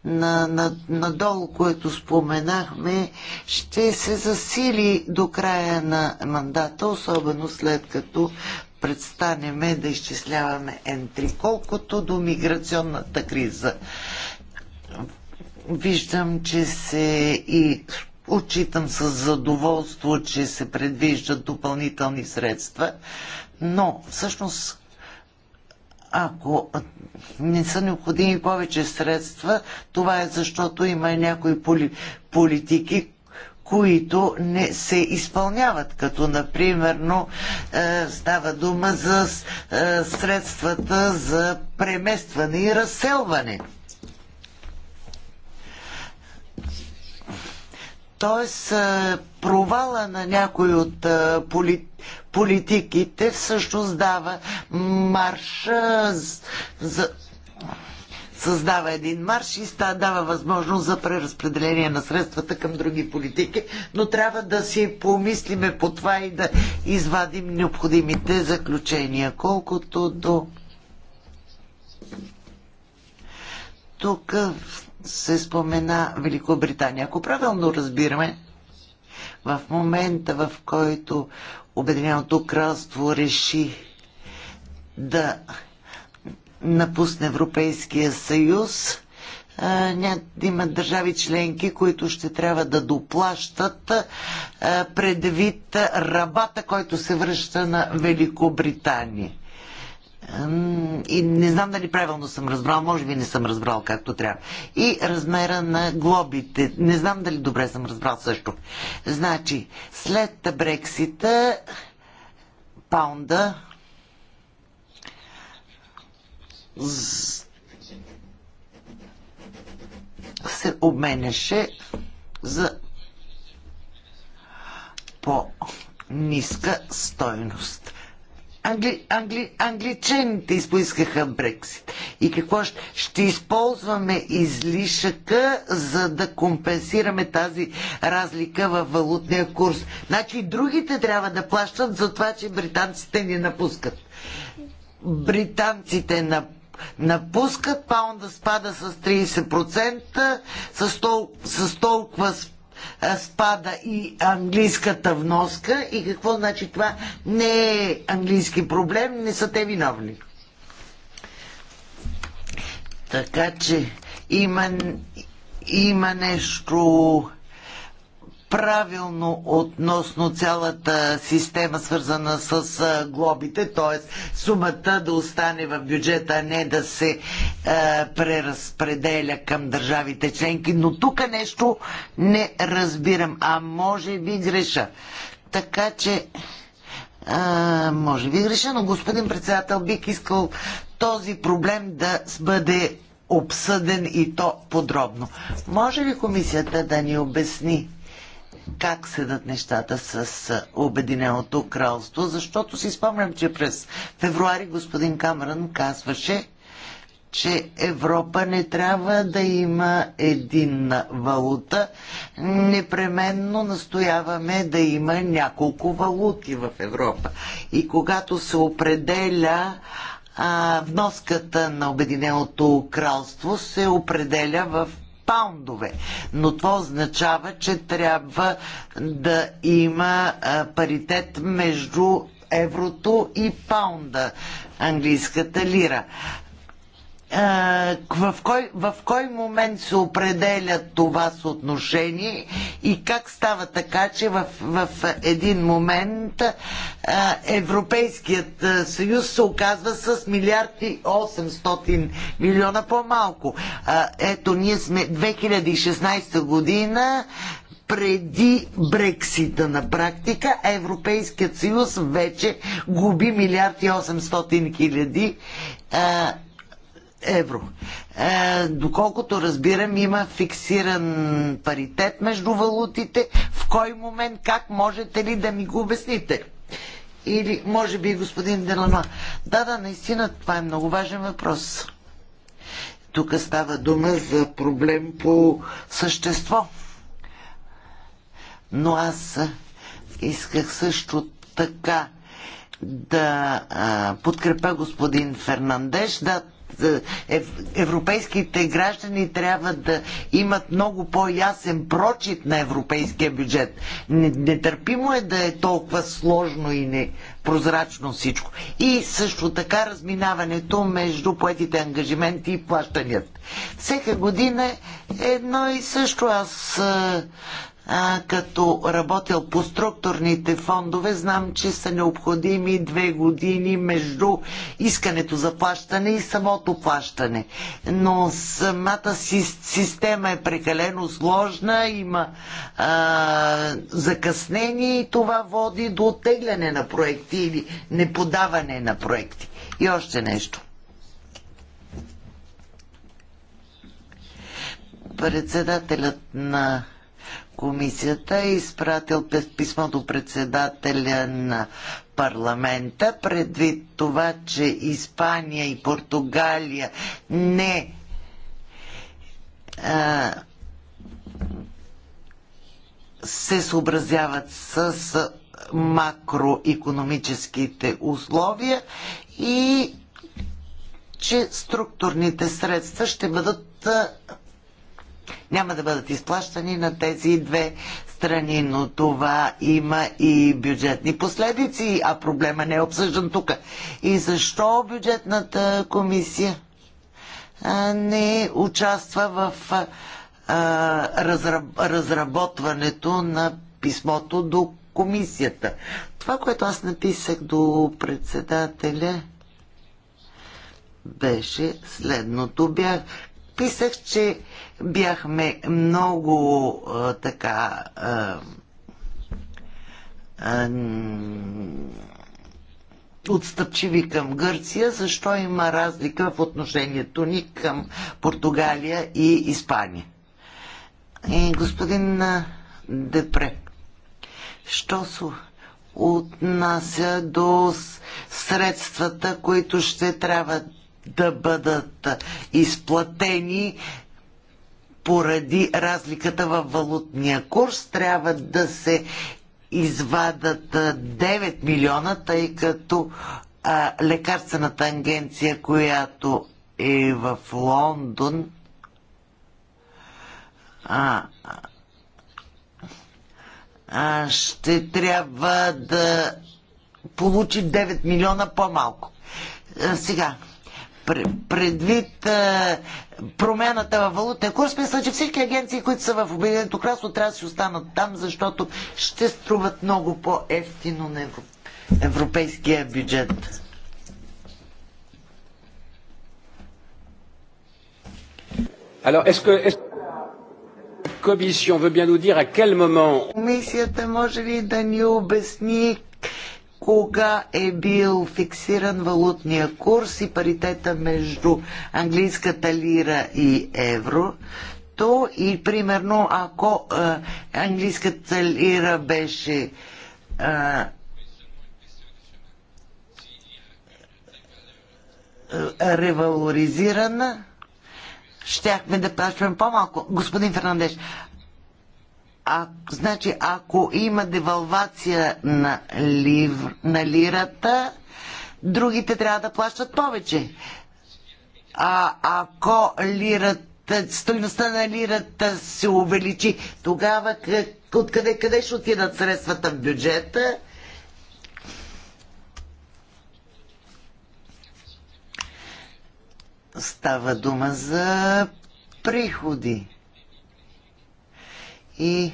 Speaker 1: на, на, надолу, което споменахме, ще се засили до края на мандата, особено след като престанеме да изчисляваме N3, колкото до миграционната криза. Виждам, че се и отчитам с задоволство, че се предвиждат допълнителни средства, но всъщност ако не са необходими повече средства, това е защото има някои поли, политики, които не се изпълняват, като например е, става дума за е, средствата за преместване и разселване. Тоест, провала на някои от политиките всъщност дава марш за създава един марш и ста дава възможност за преразпределение на средствата към други политики, но трябва да си помислиме по това и да извадим необходимите заключения. Колкото до... Тук се спомена Великобритания. Ако правилно разбираме, в момента в който Обединеното кралство реши да напусне Европейския съюз, има държави членки, които ще трябва да доплащат предвид рабата, който се връща на Великобритания и не знам дали правилно съм разбрал, може би не съм разбрал както трябва. И размера на глобите. Не знам дали добре съм разбрал също. Значи, след Брексита, паунда се обменяше за по-ниска стойност. Англи, англи, англичаните изпоискаха Брексит. И какво ще, ще използваме излишъка, за да компенсираме тази разлика във валутния курс. Значи другите трябва да плащат за това, че британците ни напускат. Британците напускат напускат, паунда спада с 30%, с, тол- с толкова спада и английската вноска и какво значи това не е английски проблем, не са те виновни. Така че има, има нещо правилно относно цялата система, свързана с глобите, т.е. сумата да остане в бюджета, а не да се е, преразпределя към държавите членки. Но тук нещо не разбирам, а може би греша. Така че. А, може би греша, но господин председател бих искал този проблем да бъде обсъден и то подробно. Може ли комисията да ни обясни как седат нещата с Обединеното кралство, защото си спомням, че през февруари господин Камерън казваше, че Европа не трябва да има единна валута. Непременно настояваме да има няколко валути в Европа. И когато се определя а, вноската на Обединеното кралство, се определя в паундове. Но това означава, че трябва да има паритет между еврото и паунда, английската лира. Е, в кой, в кой момент се определя това съотношение и как става така, че в, в един момент а, е, Европейският е, съюз се оказва с милиарди 800 милиона по-малко. ето, ние сме 2016 година преди Брексита на практика, а Европейският съюз вече губи милиарди 800 хиляди евро. Е, доколкото разбирам, има фиксиран паритет между валутите. В кой момент, как можете ли да ми го обясните? Или, може би, господин Делана. Да, да, наистина, това е много важен въпрос. Тук става дума за проблем по същество. Но аз исках също така да а, подкрепя господин Фернандеш. Да, е, европейските граждани трябва да имат много по-ясен прочит на европейския бюджет. Нетърпимо е да е толкова сложно и непрозрачно всичко. И също така разминаването между поетите ангажименти и плащанията. Всека година е едно и също аз е, а, като работил по структурните фондове, знам, че са необходими две години между искането за плащане и самото плащане. Но самата си, система е прекалено сложна, има а, закъснение и това води до оттегляне на проекти или неподаване на проекти. И още нещо. Председателят на Комисията е изпратил писмо до председателя на парламента, предвид това, че Испания и Португалия не а, се съобразяват с макроекономическите условия и че структурните средства ще бъдат няма да бъдат изплащани на тези две страни, но това има и бюджетни последици, а проблема не е обсъждан тук. И защо бюджетната комисия не участва в разработването на писмото до комисията? Това, което аз написах до председателя, беше следното. Бях писах, че бяхме много а, така а, а, отстъпчиви към Гърция, защо има разлика в отношението ни към Португалия и Испания. И господин Депре, що се отнася до средствата, които ще трябва да бъдат изплатени поради разликата във валутния курс трябва да се извадат 9 милиона, тъй като а, лекарствената агенция, която е в Лондон, а, а, ще трябва да получи 9 милиона по-малко. сега, предвид а, промяната във валутния курс, мисля, че всички агенции, които са в Обединеното кралство, трябва да си останат там, защото ще струват много по-ефтино на европейския бюджет. Alors, est-ce que, est-ce Комисията може ли да ни обясни кога е бил фиксиран валутния курс и паритета между английската лира и евро. То и примерно ако а, английската лира беше а, ревалоризирана, щяхме да плащаме по-малко. Господин Фернандеш, а, значи, ако има девалвация на, лив, на лирата, другите трябва да плащат повече. А ако лирата, стойността на лирата се увеличи, тогава откъде къде ще отидат средствата в бюджета? Става дума за приходи. И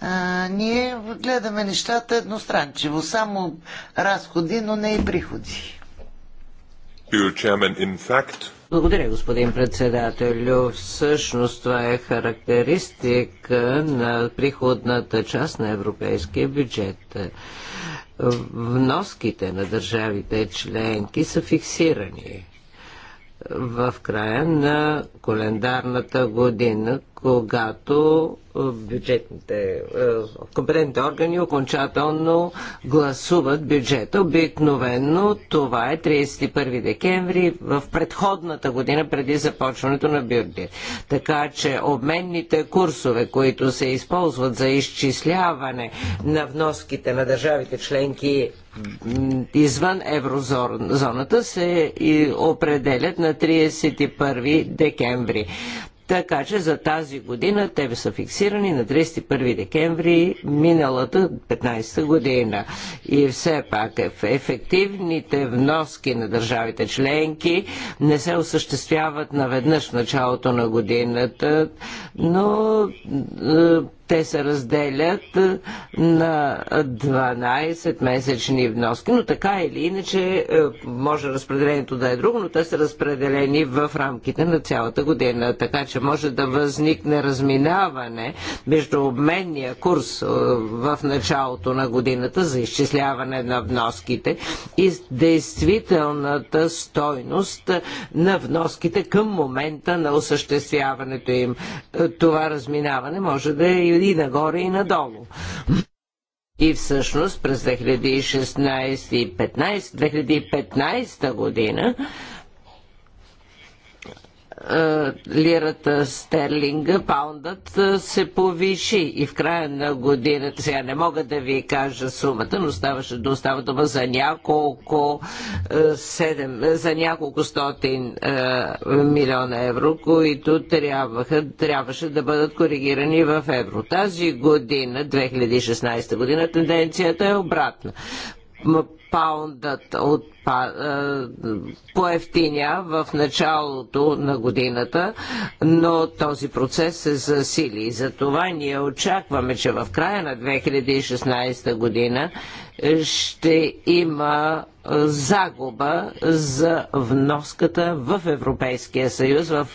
Speaker 1: а, ние гледаме нещата едностранчиво. Само разходи, но не и приходи.
Speaker 3: Благодаря, господин председател. Всъщност това е характеристика на приходната част на европейския бюджет. Вноските на държавите членки са фиксирани в края на календарната година, когато е, бюджетните е, компетентните органи окончателно гласуват бюджета. Обикновено това е 31 декември в предходната година преди започването на бюджет. Така че обменните курсове, които се използват за изчисляване на вноските на държавите членки извън еврозоната се определят на 31 декември. Така че за тази година те са фиксирани на 31 декември миналата 15 година. И все пак ефективните вноски на държавите членки не се осъществяват наведнъж в началото на годината, но е, те се разделят на 12-месечни вноски, но така или иначе е, може разпределението да е друго, но те са разпределени в рамките на цялата година. Така че може да възникне разминаване между обменния курс е, в началото на годината за изчисляване на вноските и действителната стойност на вноските към момента на осъществяването им. Е, това разминаване може да е и нагоре и надолу. И всъщност през 2016 и 15, 2015 година е, лирата стерлинга, паундът е, се повиши и в края на годината, сега не мога да ви кажа сумата, но ставаше да остава дума за няколко 7, е, за няколко стотин милиона евро, които трябваха, трябваше да бъдат коригирани в евро. Тази година, 2016 година, тенденцията е обратна паундът от поевтиня в началото на годината, но този процес се засили. И затова ние очакваме, че в края на 2016 година ще има загуба за вноската в Европейския съюз в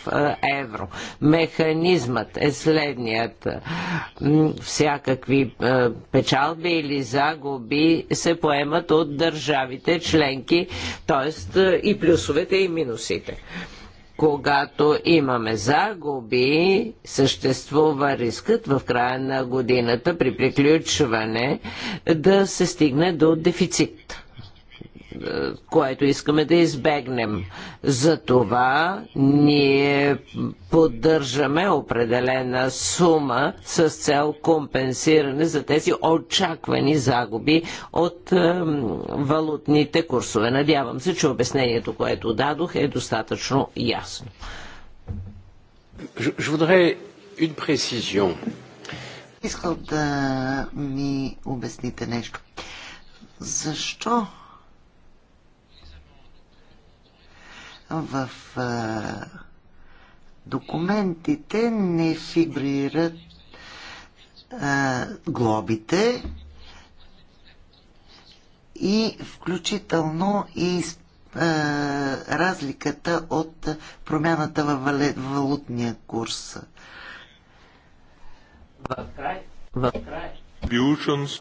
Speaker 3: евро. Механизмът е следният. Всякакви печалби или загуби се поемат от държавите членки, т.е. и плюсовете и минусите когато имаме загуби, съществува рискът в края на годината при приключване да се стигне до дефицит. Е, което искаме да избегнем. Затова ние поддържаме определена сума с цел компенсиране за тези очаквани загуби от е, валутните курсове. Надявам се, че обяснението, което дадох, е достатъчно ясно. Je, une précision.
Speaker 1: Искам да ми обясните нещо. Защо в документите не фигурират глобите и включително и разликата от промяната във валутния курс.
Speaker 3: В край. В край.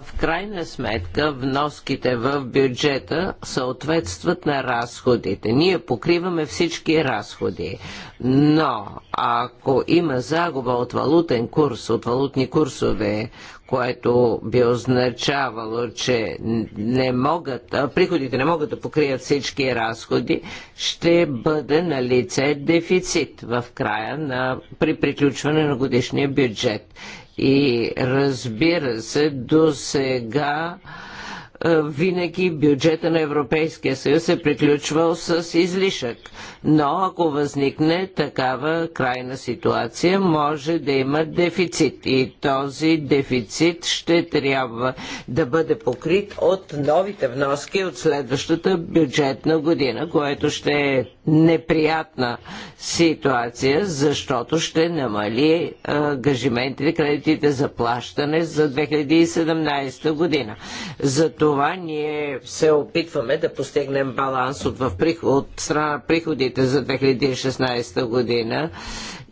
Speaker 3: В крайна сметка вноските в бюджета съответстват на разходите. Ние покриваме всички разходи. Но ако има загуба от валутен курс, от валутни курсове, което би означавало, че не могат, приходите не могат да покрият всички разходи, ще бъде на лице дефицит в края на, при приключване на годишния бюджет. И разбира се, до сега е, винаги бюджета на Европейския съюз е приключвал с излишък. Но ако възникне такава крайна ситуация, може да има дефицит. И този дефицит ще трябва да бъде покрит от новите вноски от следващата бюджетна година, което ще е неприятна ситуация, защото ще намали е, ангажиментите, кредитите за плащане за 2017 година. Зато това ние се опитваме да постигнем баланс от, в приход, от страна на приходите за 2016 година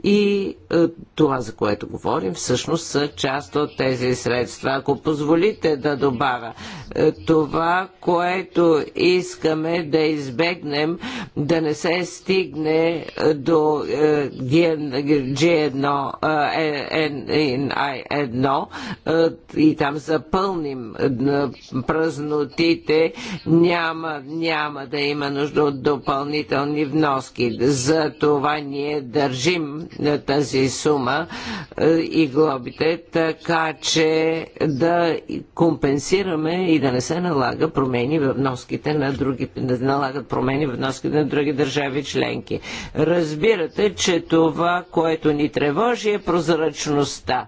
Speaker 3: и е, това, за което говорим, всъщност са част от тези средства. Ако позволите да добавя е, това, което искаме да избегнем, да не се стигне е, до е, G1, е, е, е, е, и там запълним празнотите, няма, няма да има нужда от допълнителни вноски. За това ние държим тази сума е, и глобите, така че да компенсираме и да не се налага промени в вноските на други, да налагат промени в вноските на други държави членки. Разбирате, че това, което ни тревожи е прозрачността.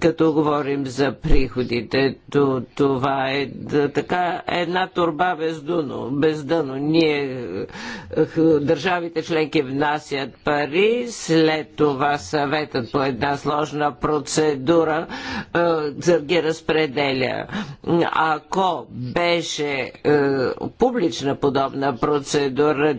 Speaker 3: Като говорим за приходите, то, това е да, така една турба без дъно. Без дъно. Ние, държавите членки внасят пари, след това съветът по една сложна процедура е, ги разпределя. Ако беше е, публична подобна процедура,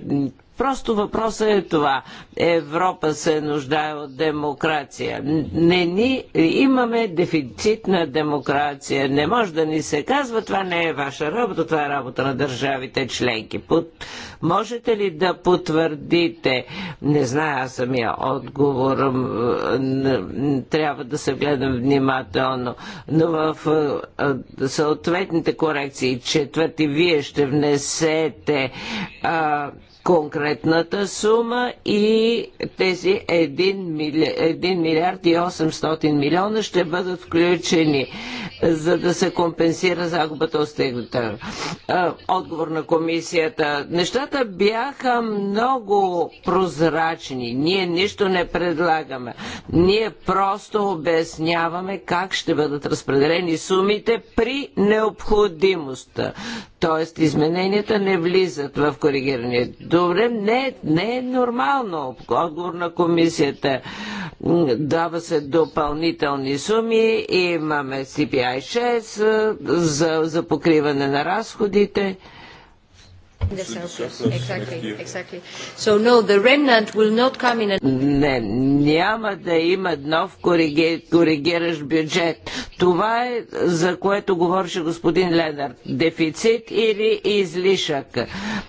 Speaker 3: Просто въпросът е това. Европа се нуждае от демокрация. Не ни, имаме дефицит на демокрация. Не може да ни се казва, това не е ваша работа, това е работа на държавите членки. Под... Можете ли да потвърдите, не зная аз самия отговор, трябва да се гледам внимателно, но в съответните корекции четвърти вие ще внесете а, конкретната сума и тези 1, милиард и 800 милиона ще бъдат включени, за да се компенсира загубата от стегната. Отговор на комисията. Нещата бяха много прозрачни. Ние нищо не предлагаме. Ние просто обясняваме как ще бъдат разпределени сумите при необходимост. Тоест измененията не влизат в коригирането Добре, не, не е нормално. Отговор на комисията. Дава се допълнителни суми. Имаме CPI 6 за, за покриване на разходите. Exactly, exactly. So, no, a... Не, няма да има нов коригираш коригиращ бюджет. Това е за което говореше господин Ленар. Дефицит или излишък.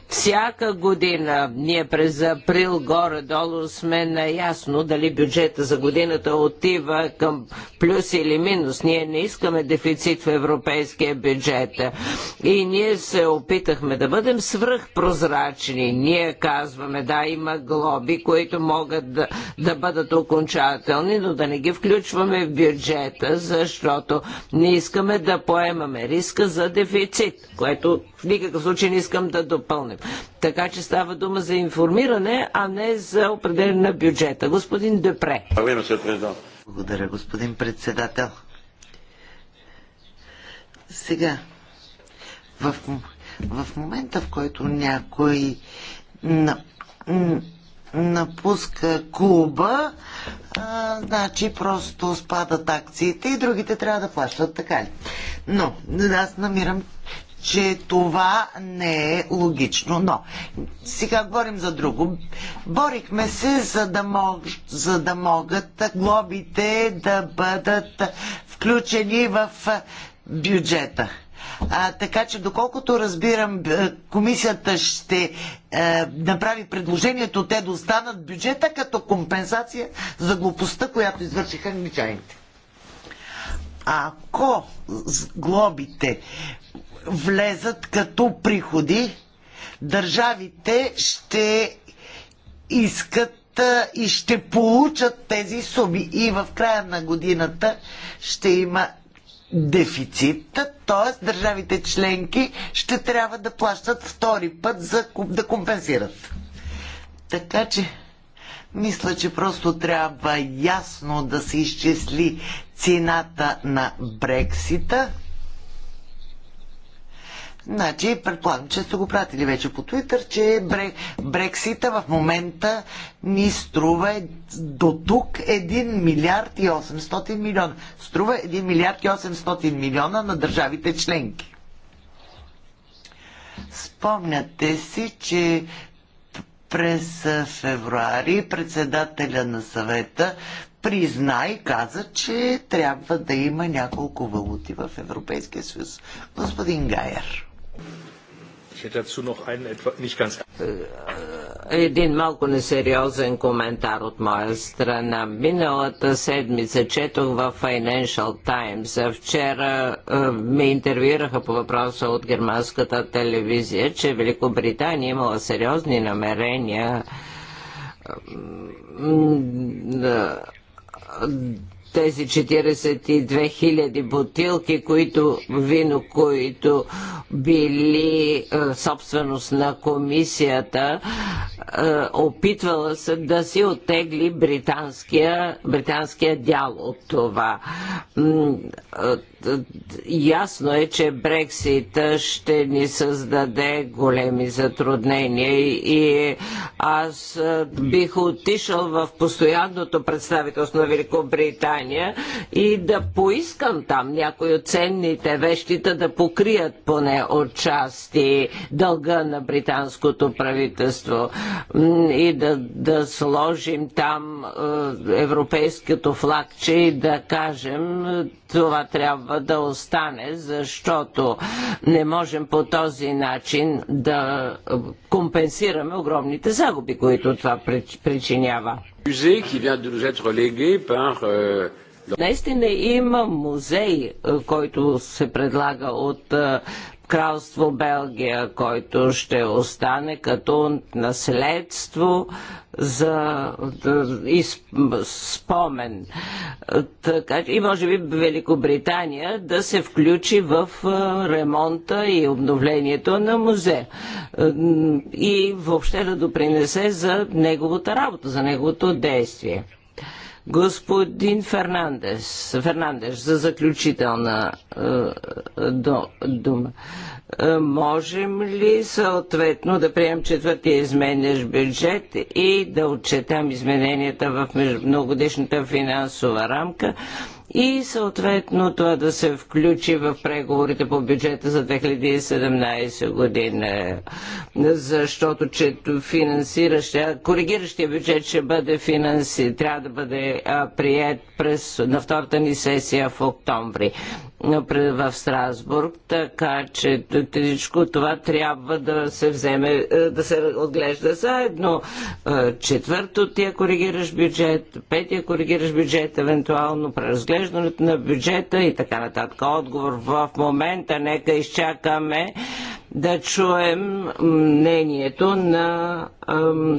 Speaker 3: Всяка година ние през април горе-долу сме наясно дали бюджета за годината отива към плюс или минус. Ние не искаме дефицит в европейския бюджет. И ние се опитахме да бъдем свързани свръхпрозрачни. Ние казваме, да, има глоби, които могат да, да бъдат окончателни, но да не ги включваме в бюджета, защото не искаме да поемаме риска за дефицит, което в никакъв случай не искам да допълним. Така че става дума за информиране, а не за определен на бюджета. Господин Депре.
Speaker 1: Благодаря, господин
Speaker 3: председател.
Speaker 1: Сега, в в момента, в който някой напуска клуба, а, значи просто спадат акциите и другите трябва да плащат, така ли? Но аз намирам, че това не е логично. Но сега говорим за друго. Борихме се, за да, мог, за да могат глобите да бъдат включени в бюджета. А, така че, доколкото разбирам, комисията ще е, направи предложението те да останат бюджета като компенсация за глупостта, която извършиха англичаните. Ако глобите влезат като приходи, държавите ще искат е, и ще получат тези суми. И в края на годината ще има дефицит, т.е. държавите членки ще трябва да плащат втори път за да компенсират. Така че, мисля, че просто трябва ясно да се изчисли цената на Брексита Значи, предполагам, че сте го пратили вече по Твитър, че Брексита в момента ни струва до тук 1 милиард и 800 милиона. Струва 1 милиард и 800 милиона на държавите членки. Спомняте си, че през февруари председателя на съвета призна и каза, че трябва да има няколко валути в Европейския съюз.
Speaker 3: Господин Гайер. Е, един малко несериозен коментар от моя страна. Миналата седмица четох в Financial Times. Вчера е, ме интервюираха по въпроса от германската телевизия, че Великобритания е имала сериозни намерения тези 42 хиляди бутилки, които вино, които били е, собственост на комисията, е, опитвала се да си отегли британския, британския дял от това. Ясно е, че Брексит ще ни създаде големи затруднения и аз бих отишъл в постоянното представителство на Великобритания и да поискам там някои от ценните вещите да покрият поне отчасти дълга на британското правителство и да, да сложим там европейското флагче и да кажем това трябва трябва да остане, защото не можем по този начин да компенсираме огромните загуби, които това причинява.
Speaker 1: Euh,
Speaker 3: Наистина има музей, който се предлага от кралство Белгия, който ще остане като наследство за и спомен. Така, и може би Великобритания да се включи в ремонта и обновлението на музея. И въобще да допринесе за неговата работа, за неговото действие. Господин Фернандес, Фернандеш, за заключителна е, е до, дума. Е, можем ли съответно да приемем четвъртия изменящ бюджет и да отчетам измененията в многодишната финансова рамка и съответно това да се включи в преговорите по бюджета за 2017 година, защото че финансиращия, коригиращия бюджет ще бъде финанси, трябва да бъде а, прият през, на втората ни сесия в октомври в Страсбург, така че всичко това трябва да се вземе, е, да се отглежда заедно. Е, четвърто ти, ако коригираш бюджет, петия коригираш бюджет, евентуално преразглеждането на бюджета и така нататък. Отговор в момента, нека изчакаме да чуем мнението на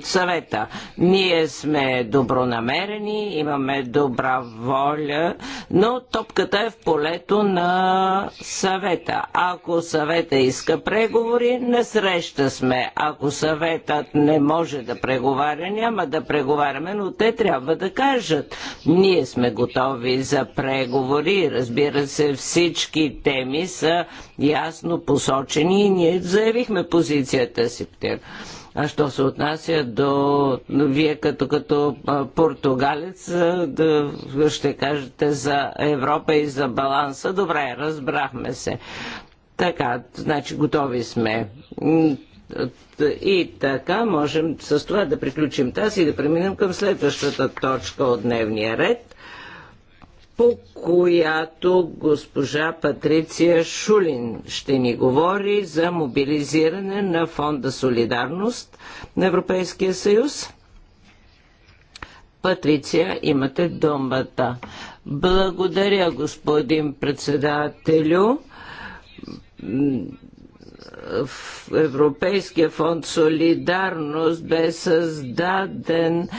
Speaker 3: съвета. Ние сме добронамерени, имаме добра воля, но топката е в полето на съвета. Ако съвета иска преговори, не среща сме. Ако съветът не може да преговаря, няма да преговаряме, но те трябва да кажат. Ние сме готови за преговори. Разбира се, всички теми са ясно посочени и ние ние заявихме позицията си. А що се отнася до вие като, като португалец, да, ще кажете за Европа и за баланса. Добре, разбрахме се. Така, значи готови сме. И така можем с това да приключим тази и да преминем към следващата точка от дневния ред по която госпожа Патриция Шулин ще ни говори за мобилизиране на Фонда Солидарност на Европейския съюз. Патриция, имате думата. Благодаря, господин председателю в Европейския фонд Солидарност бе създаден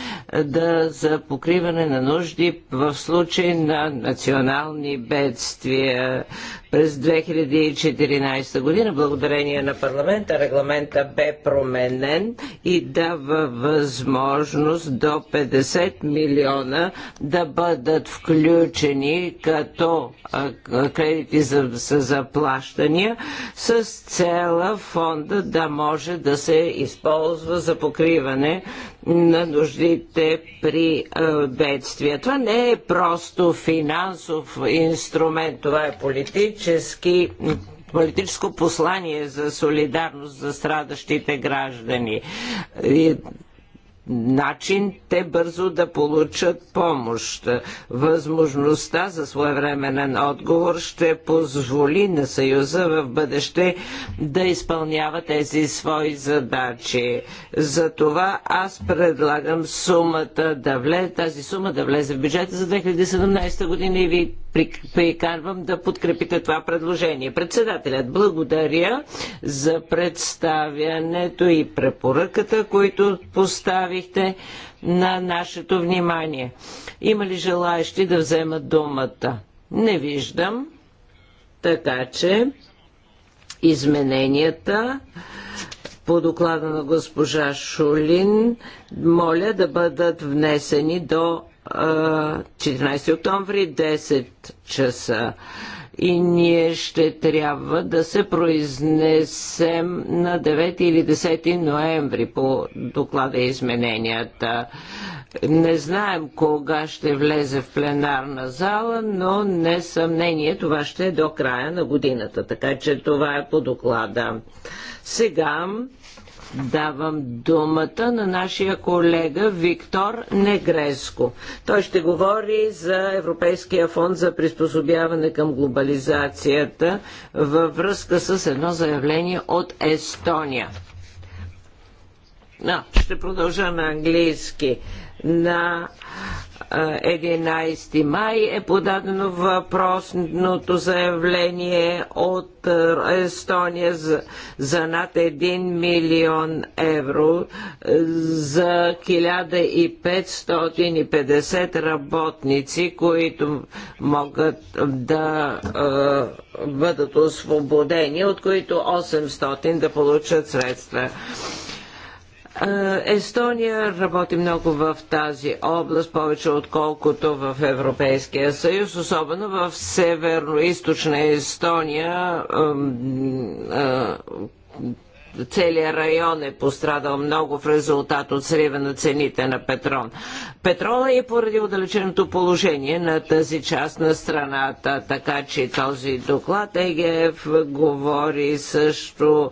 Speaker 3: да, за покриване на нужди в случай на национални бедствия през 2014 година. Благодарение на парламента регламента бе променен и дава възможност до 50 милиона да бъдат включени като кредити за, за заплащания с цел цяла фонда да може да се използва за покриване на нуждите при бедствия. Това не е просто финансов инструмент, това е политически политическо послание за солидарност за страдащите граждани. И начин те бързо да получат помощ. Възможността за своевременен отговор ще позволи на Съюза в бъдеще да изпълнява тези свои задачи. Затова аз предлагам сумата да влезе, тази сума да влезе в бюджета за 2017 година и ви приканвам да подкрепите това предложение. Председателят, благодаря за представянето и препоръката, които поставихте на нашето внимание. Има ли желаящи да вземат думата? Не виждам. Така че измененията по доклада на госпожа Шулин моля да бъдат внесени до 14 октомври, 10 часа. И ние ще трябва да се произнесем на 9 или 10 ноември по доклада и измененията. Не знаем кога ще влезе в пленарна зала, но несъмнение това ще е до края на годината. Така че това е по доклада. Сега Давам думата на нашия колега Виктор Негреско. Той ще говори за Европейския фонд за приспособяване към глобализацията във връзка с едно заявление от Естония. ще продължа на английски на 11 май е подадено въпросното заявление от Естония за, за над 1 милион евро за 1550 работници, които могат да бъдат освободени, от които 800 да получат средства. Естония работи много в тази област, повече отколкото в Европейския съюз, особено в северо-источна Естония целият район е пострадал много в резултат от срива на цените на петрол. Петрола и е поради удалеченото положение на тази част на страната, така че този доклад ЕГФ говори също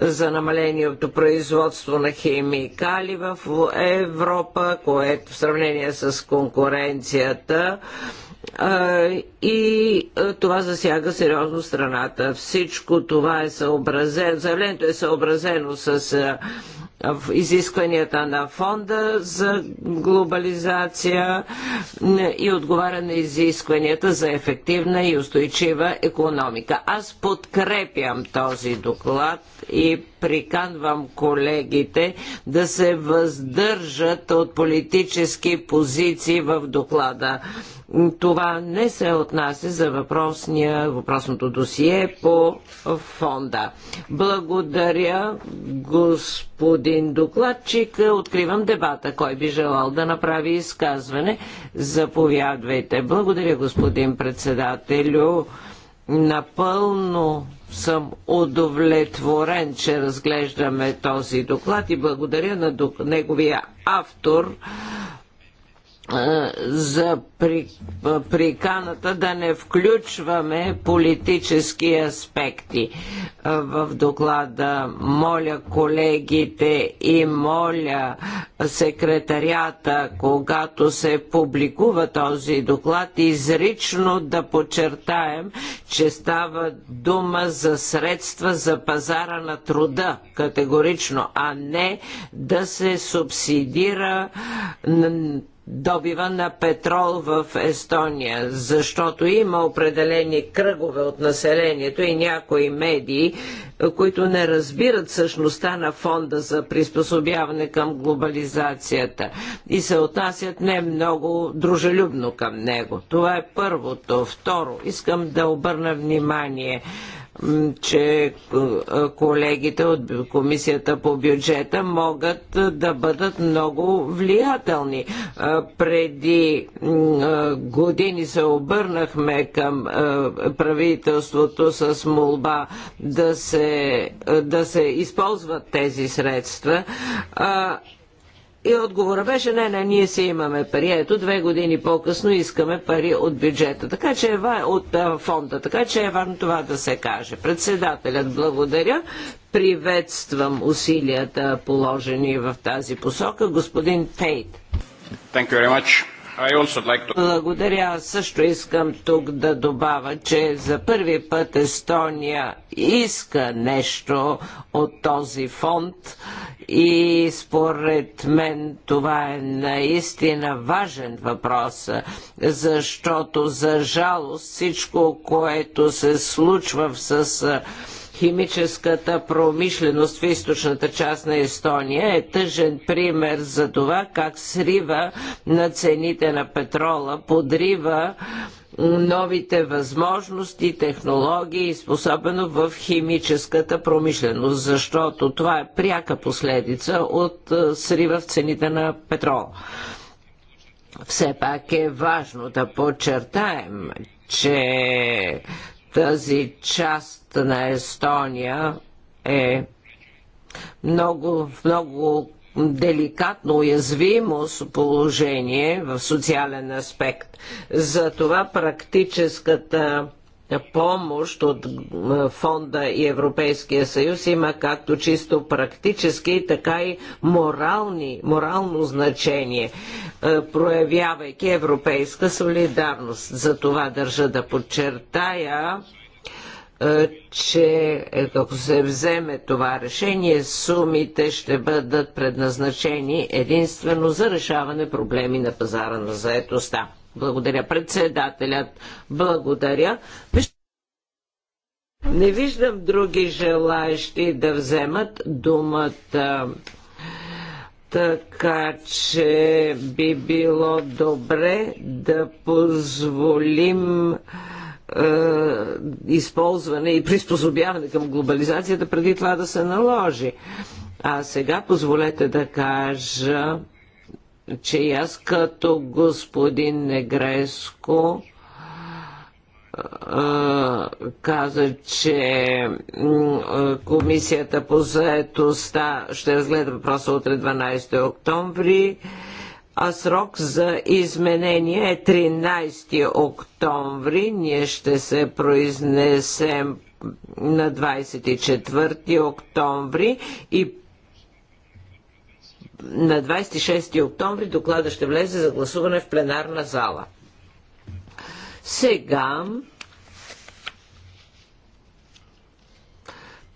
Speaker 3: за намалението производство на химикали в Европа, което в сравнение с конкуренцията и това засяга сериозно страната. Всичко това е съобразено, заявлението е съобразено с изискванията на фонда за глобализация и отговаря на изискванията за ефективна и устойчива економика. Аз подкрепям този доклад и приканвам колегите да се въздържат от политически позиции в доклада. Това не се отнася за въпросния, въпросното досие по фонда. Благодаря, господин господин докладчик. Е, откривам дебата. Кой би желал да направи изказване? Заповядвайте. Благодаря, господин председателю. Напълно съм удовлетворен, че разглеждаме този доклад и благодаря на неговия автор за приканата да не включваме политически аспекти в доклада. Моля колегите и моля секретарията, когато се публикува този доклад, изрично да подчертаем, че става дума за средства за пазара на труда, категорично, а не да се субсидира добива на петрол в Естония, защото има определени кръгове от населението и някои медии, които не разбират същността на фонда за приспособяване към глобализацията и се отнасят не много дружелюбно към него. Това е първото. Второ, искам да обърна внимание че колегите от Комисията по бюджета могат да бъдат много влиятелни. Преди години се обърнахме към правителството с молба да се, да се използват тези средства и отговора беше, не, не, ние си имаме пари. Ето, две години по-късно искаме пари от бюджета. Така че е от а, фонда. Така че е важно това да се каже. Председателят, благодаря. Приветствам усилията положени в тази посока. Господин Тейт. Thank you very much. Благодаря. Аз Благодаря. Също искам тук да добавя, че за първи път Естония иска нещо от този фонд и според мен това е наистина важен въпрос, защото за жалост всичко, което се случва с Химическата промишленост в източната част на Естония е тъжен пример за това как срива на цените на петрола, подрива новите възможности, технологии, способено в химическата промишленост, защото това е пряка последица от е, срива в цените на петрола. Все пак е важно да подчертаем, че тази част на Естония е много, много деликатно уязвимо положение в социален аспект. Затова практическата помощ от Фонда и Европейския съюз има както чисто практически, така и морални, морално значение, проявявайки европейска солидарност. За това държа да подчертая, че е, ако се вземе това решение, сумите ще бъдат предназначени единствено за решаване проблеми на пазара на заетостта. Благодаря, председателят. Благодаря. Не виждам други желаящи да вземат думата. Така че би било добре да позволим е, използване и приспособяване към глобализацията преди това да се наложи. А сега позволете да кажа че и аз като господин Негреско каза, че комисията по заедостта ще разгледа въпроса утре 12 октомври, а срок за изменение е 13 октомври. Ние ще се произнесем на 24 октомври и на 26 октомври доклада ще влезе за гласуване в пленарна зала. Сега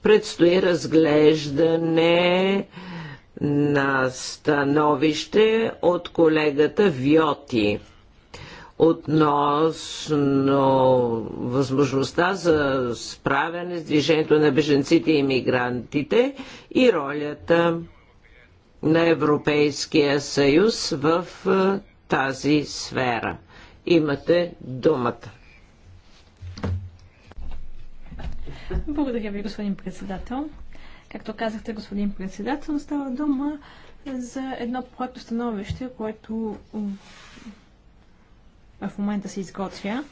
Speaker 3: предстои разглеждане на становище от колегата Виоти относно възможността за справяне с движението на беженците и мигрантите и ролята на Европейския съюз в тази сфера. Имате думата.
Speaker 2: Благодаря ви, господин председател. Както казахте, господин председател, става дума за едно проекто становище, което в момента се изготвя.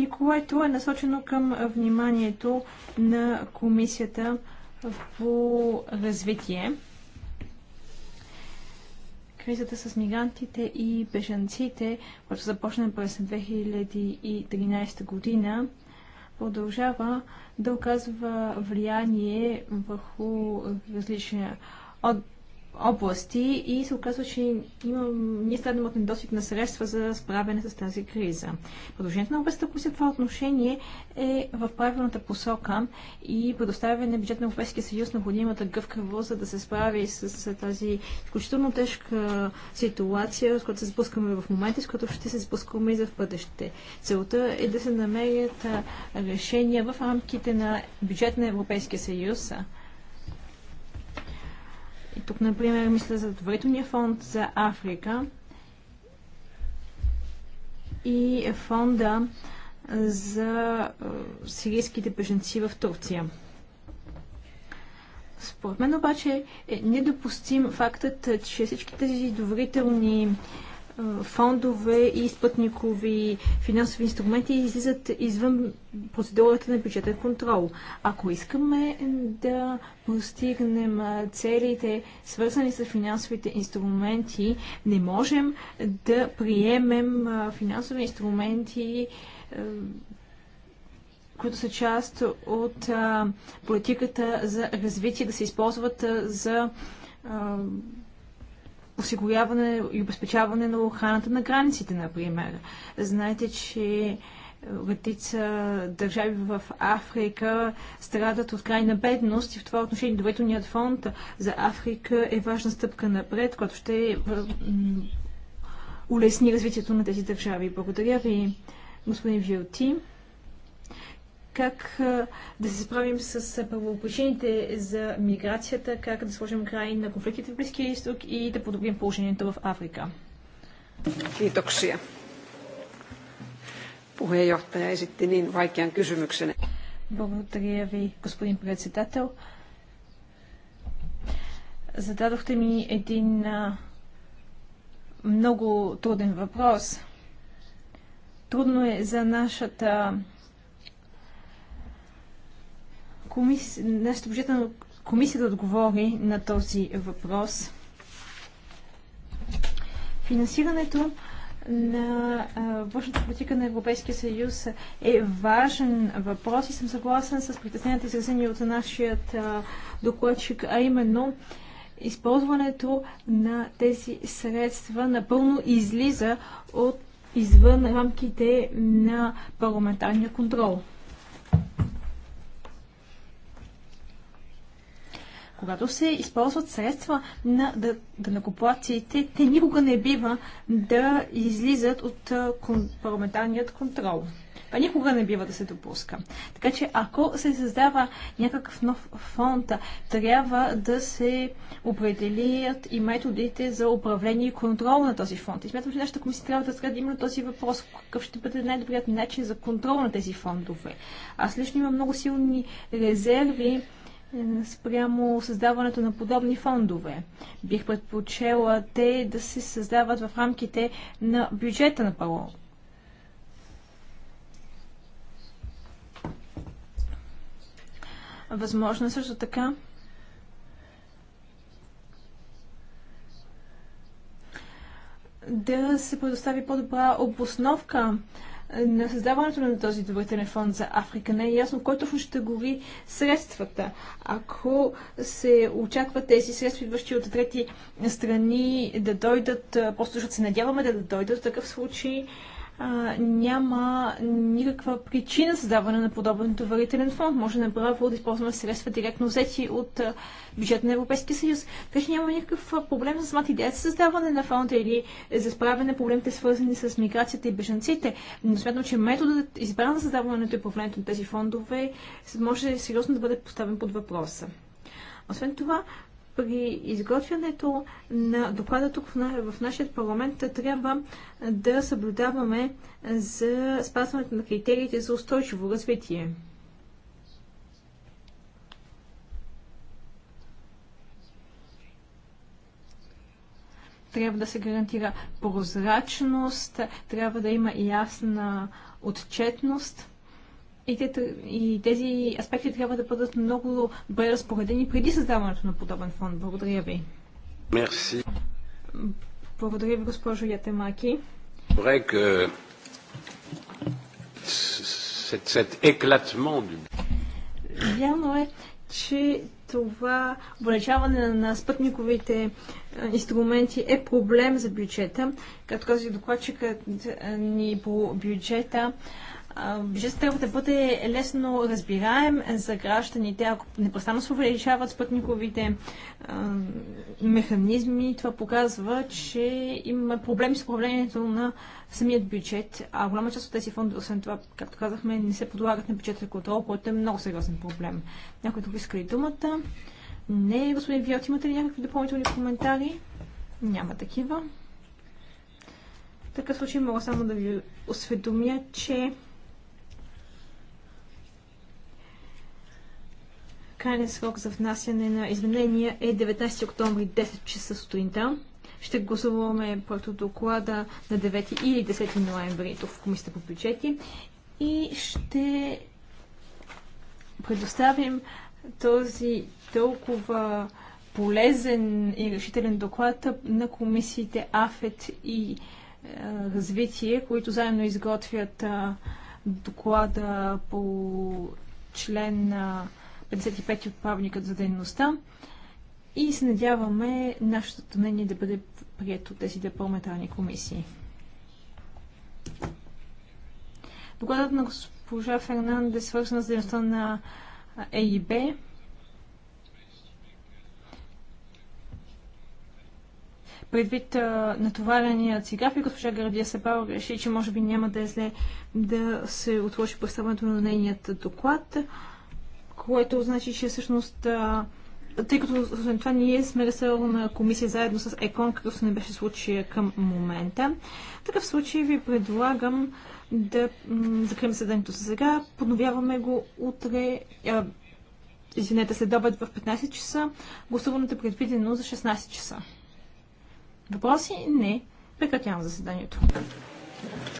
Speaker 2: и което е насочено към вниманието на Комисията по развитие. Кризата с мигрантите и бежанците, която започна през 2013 година, продължава да оказва влияние върху различни от области и се оказва, че има, ние следваме от недостиг на средства за справяне с тази криза. Продължението на Европейската комисия в това отношение е в правилната посока и предоставяне на бюджет на Европейския съюз на необходимата гъвкаво, за да се справи с, с тази изключително тежка ситуация, с която се спускаме в момента и с която ще се спускаме и за в бъдеще. Целта е да се намерят решения в рамките на бюджет на Европейския съюз и тук, например, мисля за Доверителния фонд за Африка и фонда за сирийските беженци в Турция. Според мен обаче е недопустим фактът, че всички тези доверителни фондове и спътникови финансови инструменти излизат извън процедурата на бюджетен контрол. Ако искаме да постигнем целите, свързани с финансовите инструменти, не можем да приемем финансови инструменти които са част от политиката за развитие, да се използват за осигуряване и обезпечаване на охраната на границите, например. Знаете, че редица държави в Африка страдат от крайна бедност и в това отношение доверителният фонд за Африка е важна стъпка напред, която ще улесни развитието на тези държави. Благодаря ви, господин Вилти как да се справим с правопричините за миграцията, как да сложим край на конфликтите в Близкия изток и да подобрим положението в Африка.
Speaker 3: Kiitoksia. Puheenjohtaja esitti niin vaikean kysymyksen.
Speaker 2: Благодаря ви, господин председател. Зададохте ми един много труден въпрос. Трудно е за нашата Комис... Нашата бюджетна комисия да отговори на този въпрос. Финансирането на външната политика на Европейския съюз е важен въпрос и съм съгласен с притесненията изразени от нашият докладчик, а именно използването на тези средства напълно излиза от извън рамките на парламентарния контрол. Когато се използват средства на данакоплаците, те никога не бива да излизат от парламентарният контрол. Това никога не бива да се допуска. Така че ако се създава някакъв нов фонд, трябва да се определят и методите за управление и контрол на този фонд. И смятам, че нашата комисия трябва да разгледа именно този въпрос. Какъв ще бъде най-добрият начин за контрол на тези фондове? Аз лично имам много силни резерви спрямо създаването на подобни фондове. Бих предпочела те да се създават в рамките на бюджета на ПАО. Възможно е също така да се предостави по-добра обосновка на създаването на този добрителен фонд за Африка. Не е ясно кой точно ще гори средствата. Ако се очаква тези средства, идващи от трети страни, да дойдат, просто защото се надяваме да дойдат в такъв случай, а, няма никаква причина за даване на подобен доверителен фонд. Може направо да използваме средства директно взети от бюджета на Европейския съюз. Така че няма никакъв проблем за самата идея за създаване на фонда или за справяне на проблемите, свързани с миграцията и бежанците. Но смятам, че методът, избран за създаването и управлението на тези фондове, може сериозно да бъде поставен под въпроса. Освен това, при изготвянето на доклада тук в, в нашия парламент трябва да съблюдаваме за спазването на критериите за устойчиво развитие. Трябва да се гарантира прозрачност, трябва да има ясна отчетност и, те, и тези аспекти трябва да бъдат много добре разпоредени преди създаването на подобен фонд. Благодаря ви. Мерси. Благодаря ви, госпожо Ятемаки. Vrai Вярно е, че това увеличаване на спътниковите инструменти е проблем за бюджета. Като този докладчик ни по бюджета бюджетът трябва да бъде лесно разбираем за гражданите. Ако непрестанно се увеличават спътниковите а, механизми, това показва, че имаме проблеми с управлението на самият бюджет, а голяма част от тези фондове, освен това, както казахме, не се подлагат на бюджетен контрол, който е много сериозен проблем. Някой друг иска ли думата? Не, господин Виот, имате ли някакви допълнителни коментари? Няма такива. В такъв случай мога само да ви осведомя, че крайният срок за внасяне на изменения е 19 октомври 10 часа сутринта. Ще гласуваме проекто доклада на 9 или 10 ноември в Комисията по бюджети и ще предоставим този толкова полезен и решителен доклад на комисиите АФЕТ и е, развитие, които заедно изготвят е, доклада по член на е, 55 от правилникът за дейността и се надяваме нашето мнение да бъде прието от тези две парламентарни комисии. Докладът на госпожа е свързан с дейността на ЕИБ, предвид а, натоварения си госпожа Гарадия Сабал реши, че може би няма да е зле да се отложи представането на нейният доклад което значи, че всъщност тъй като освен това ние сме на комисия заедно с ЕКОН, какъвто не беше случая към момента. В такъв случай ви предлагам да закрием съдението за сега. Подновяваме го утре, извинете, след обед в 15 часа. Гласуването е предвидено за 16 часа. Въпроси? Не. Прекратявам заседанието.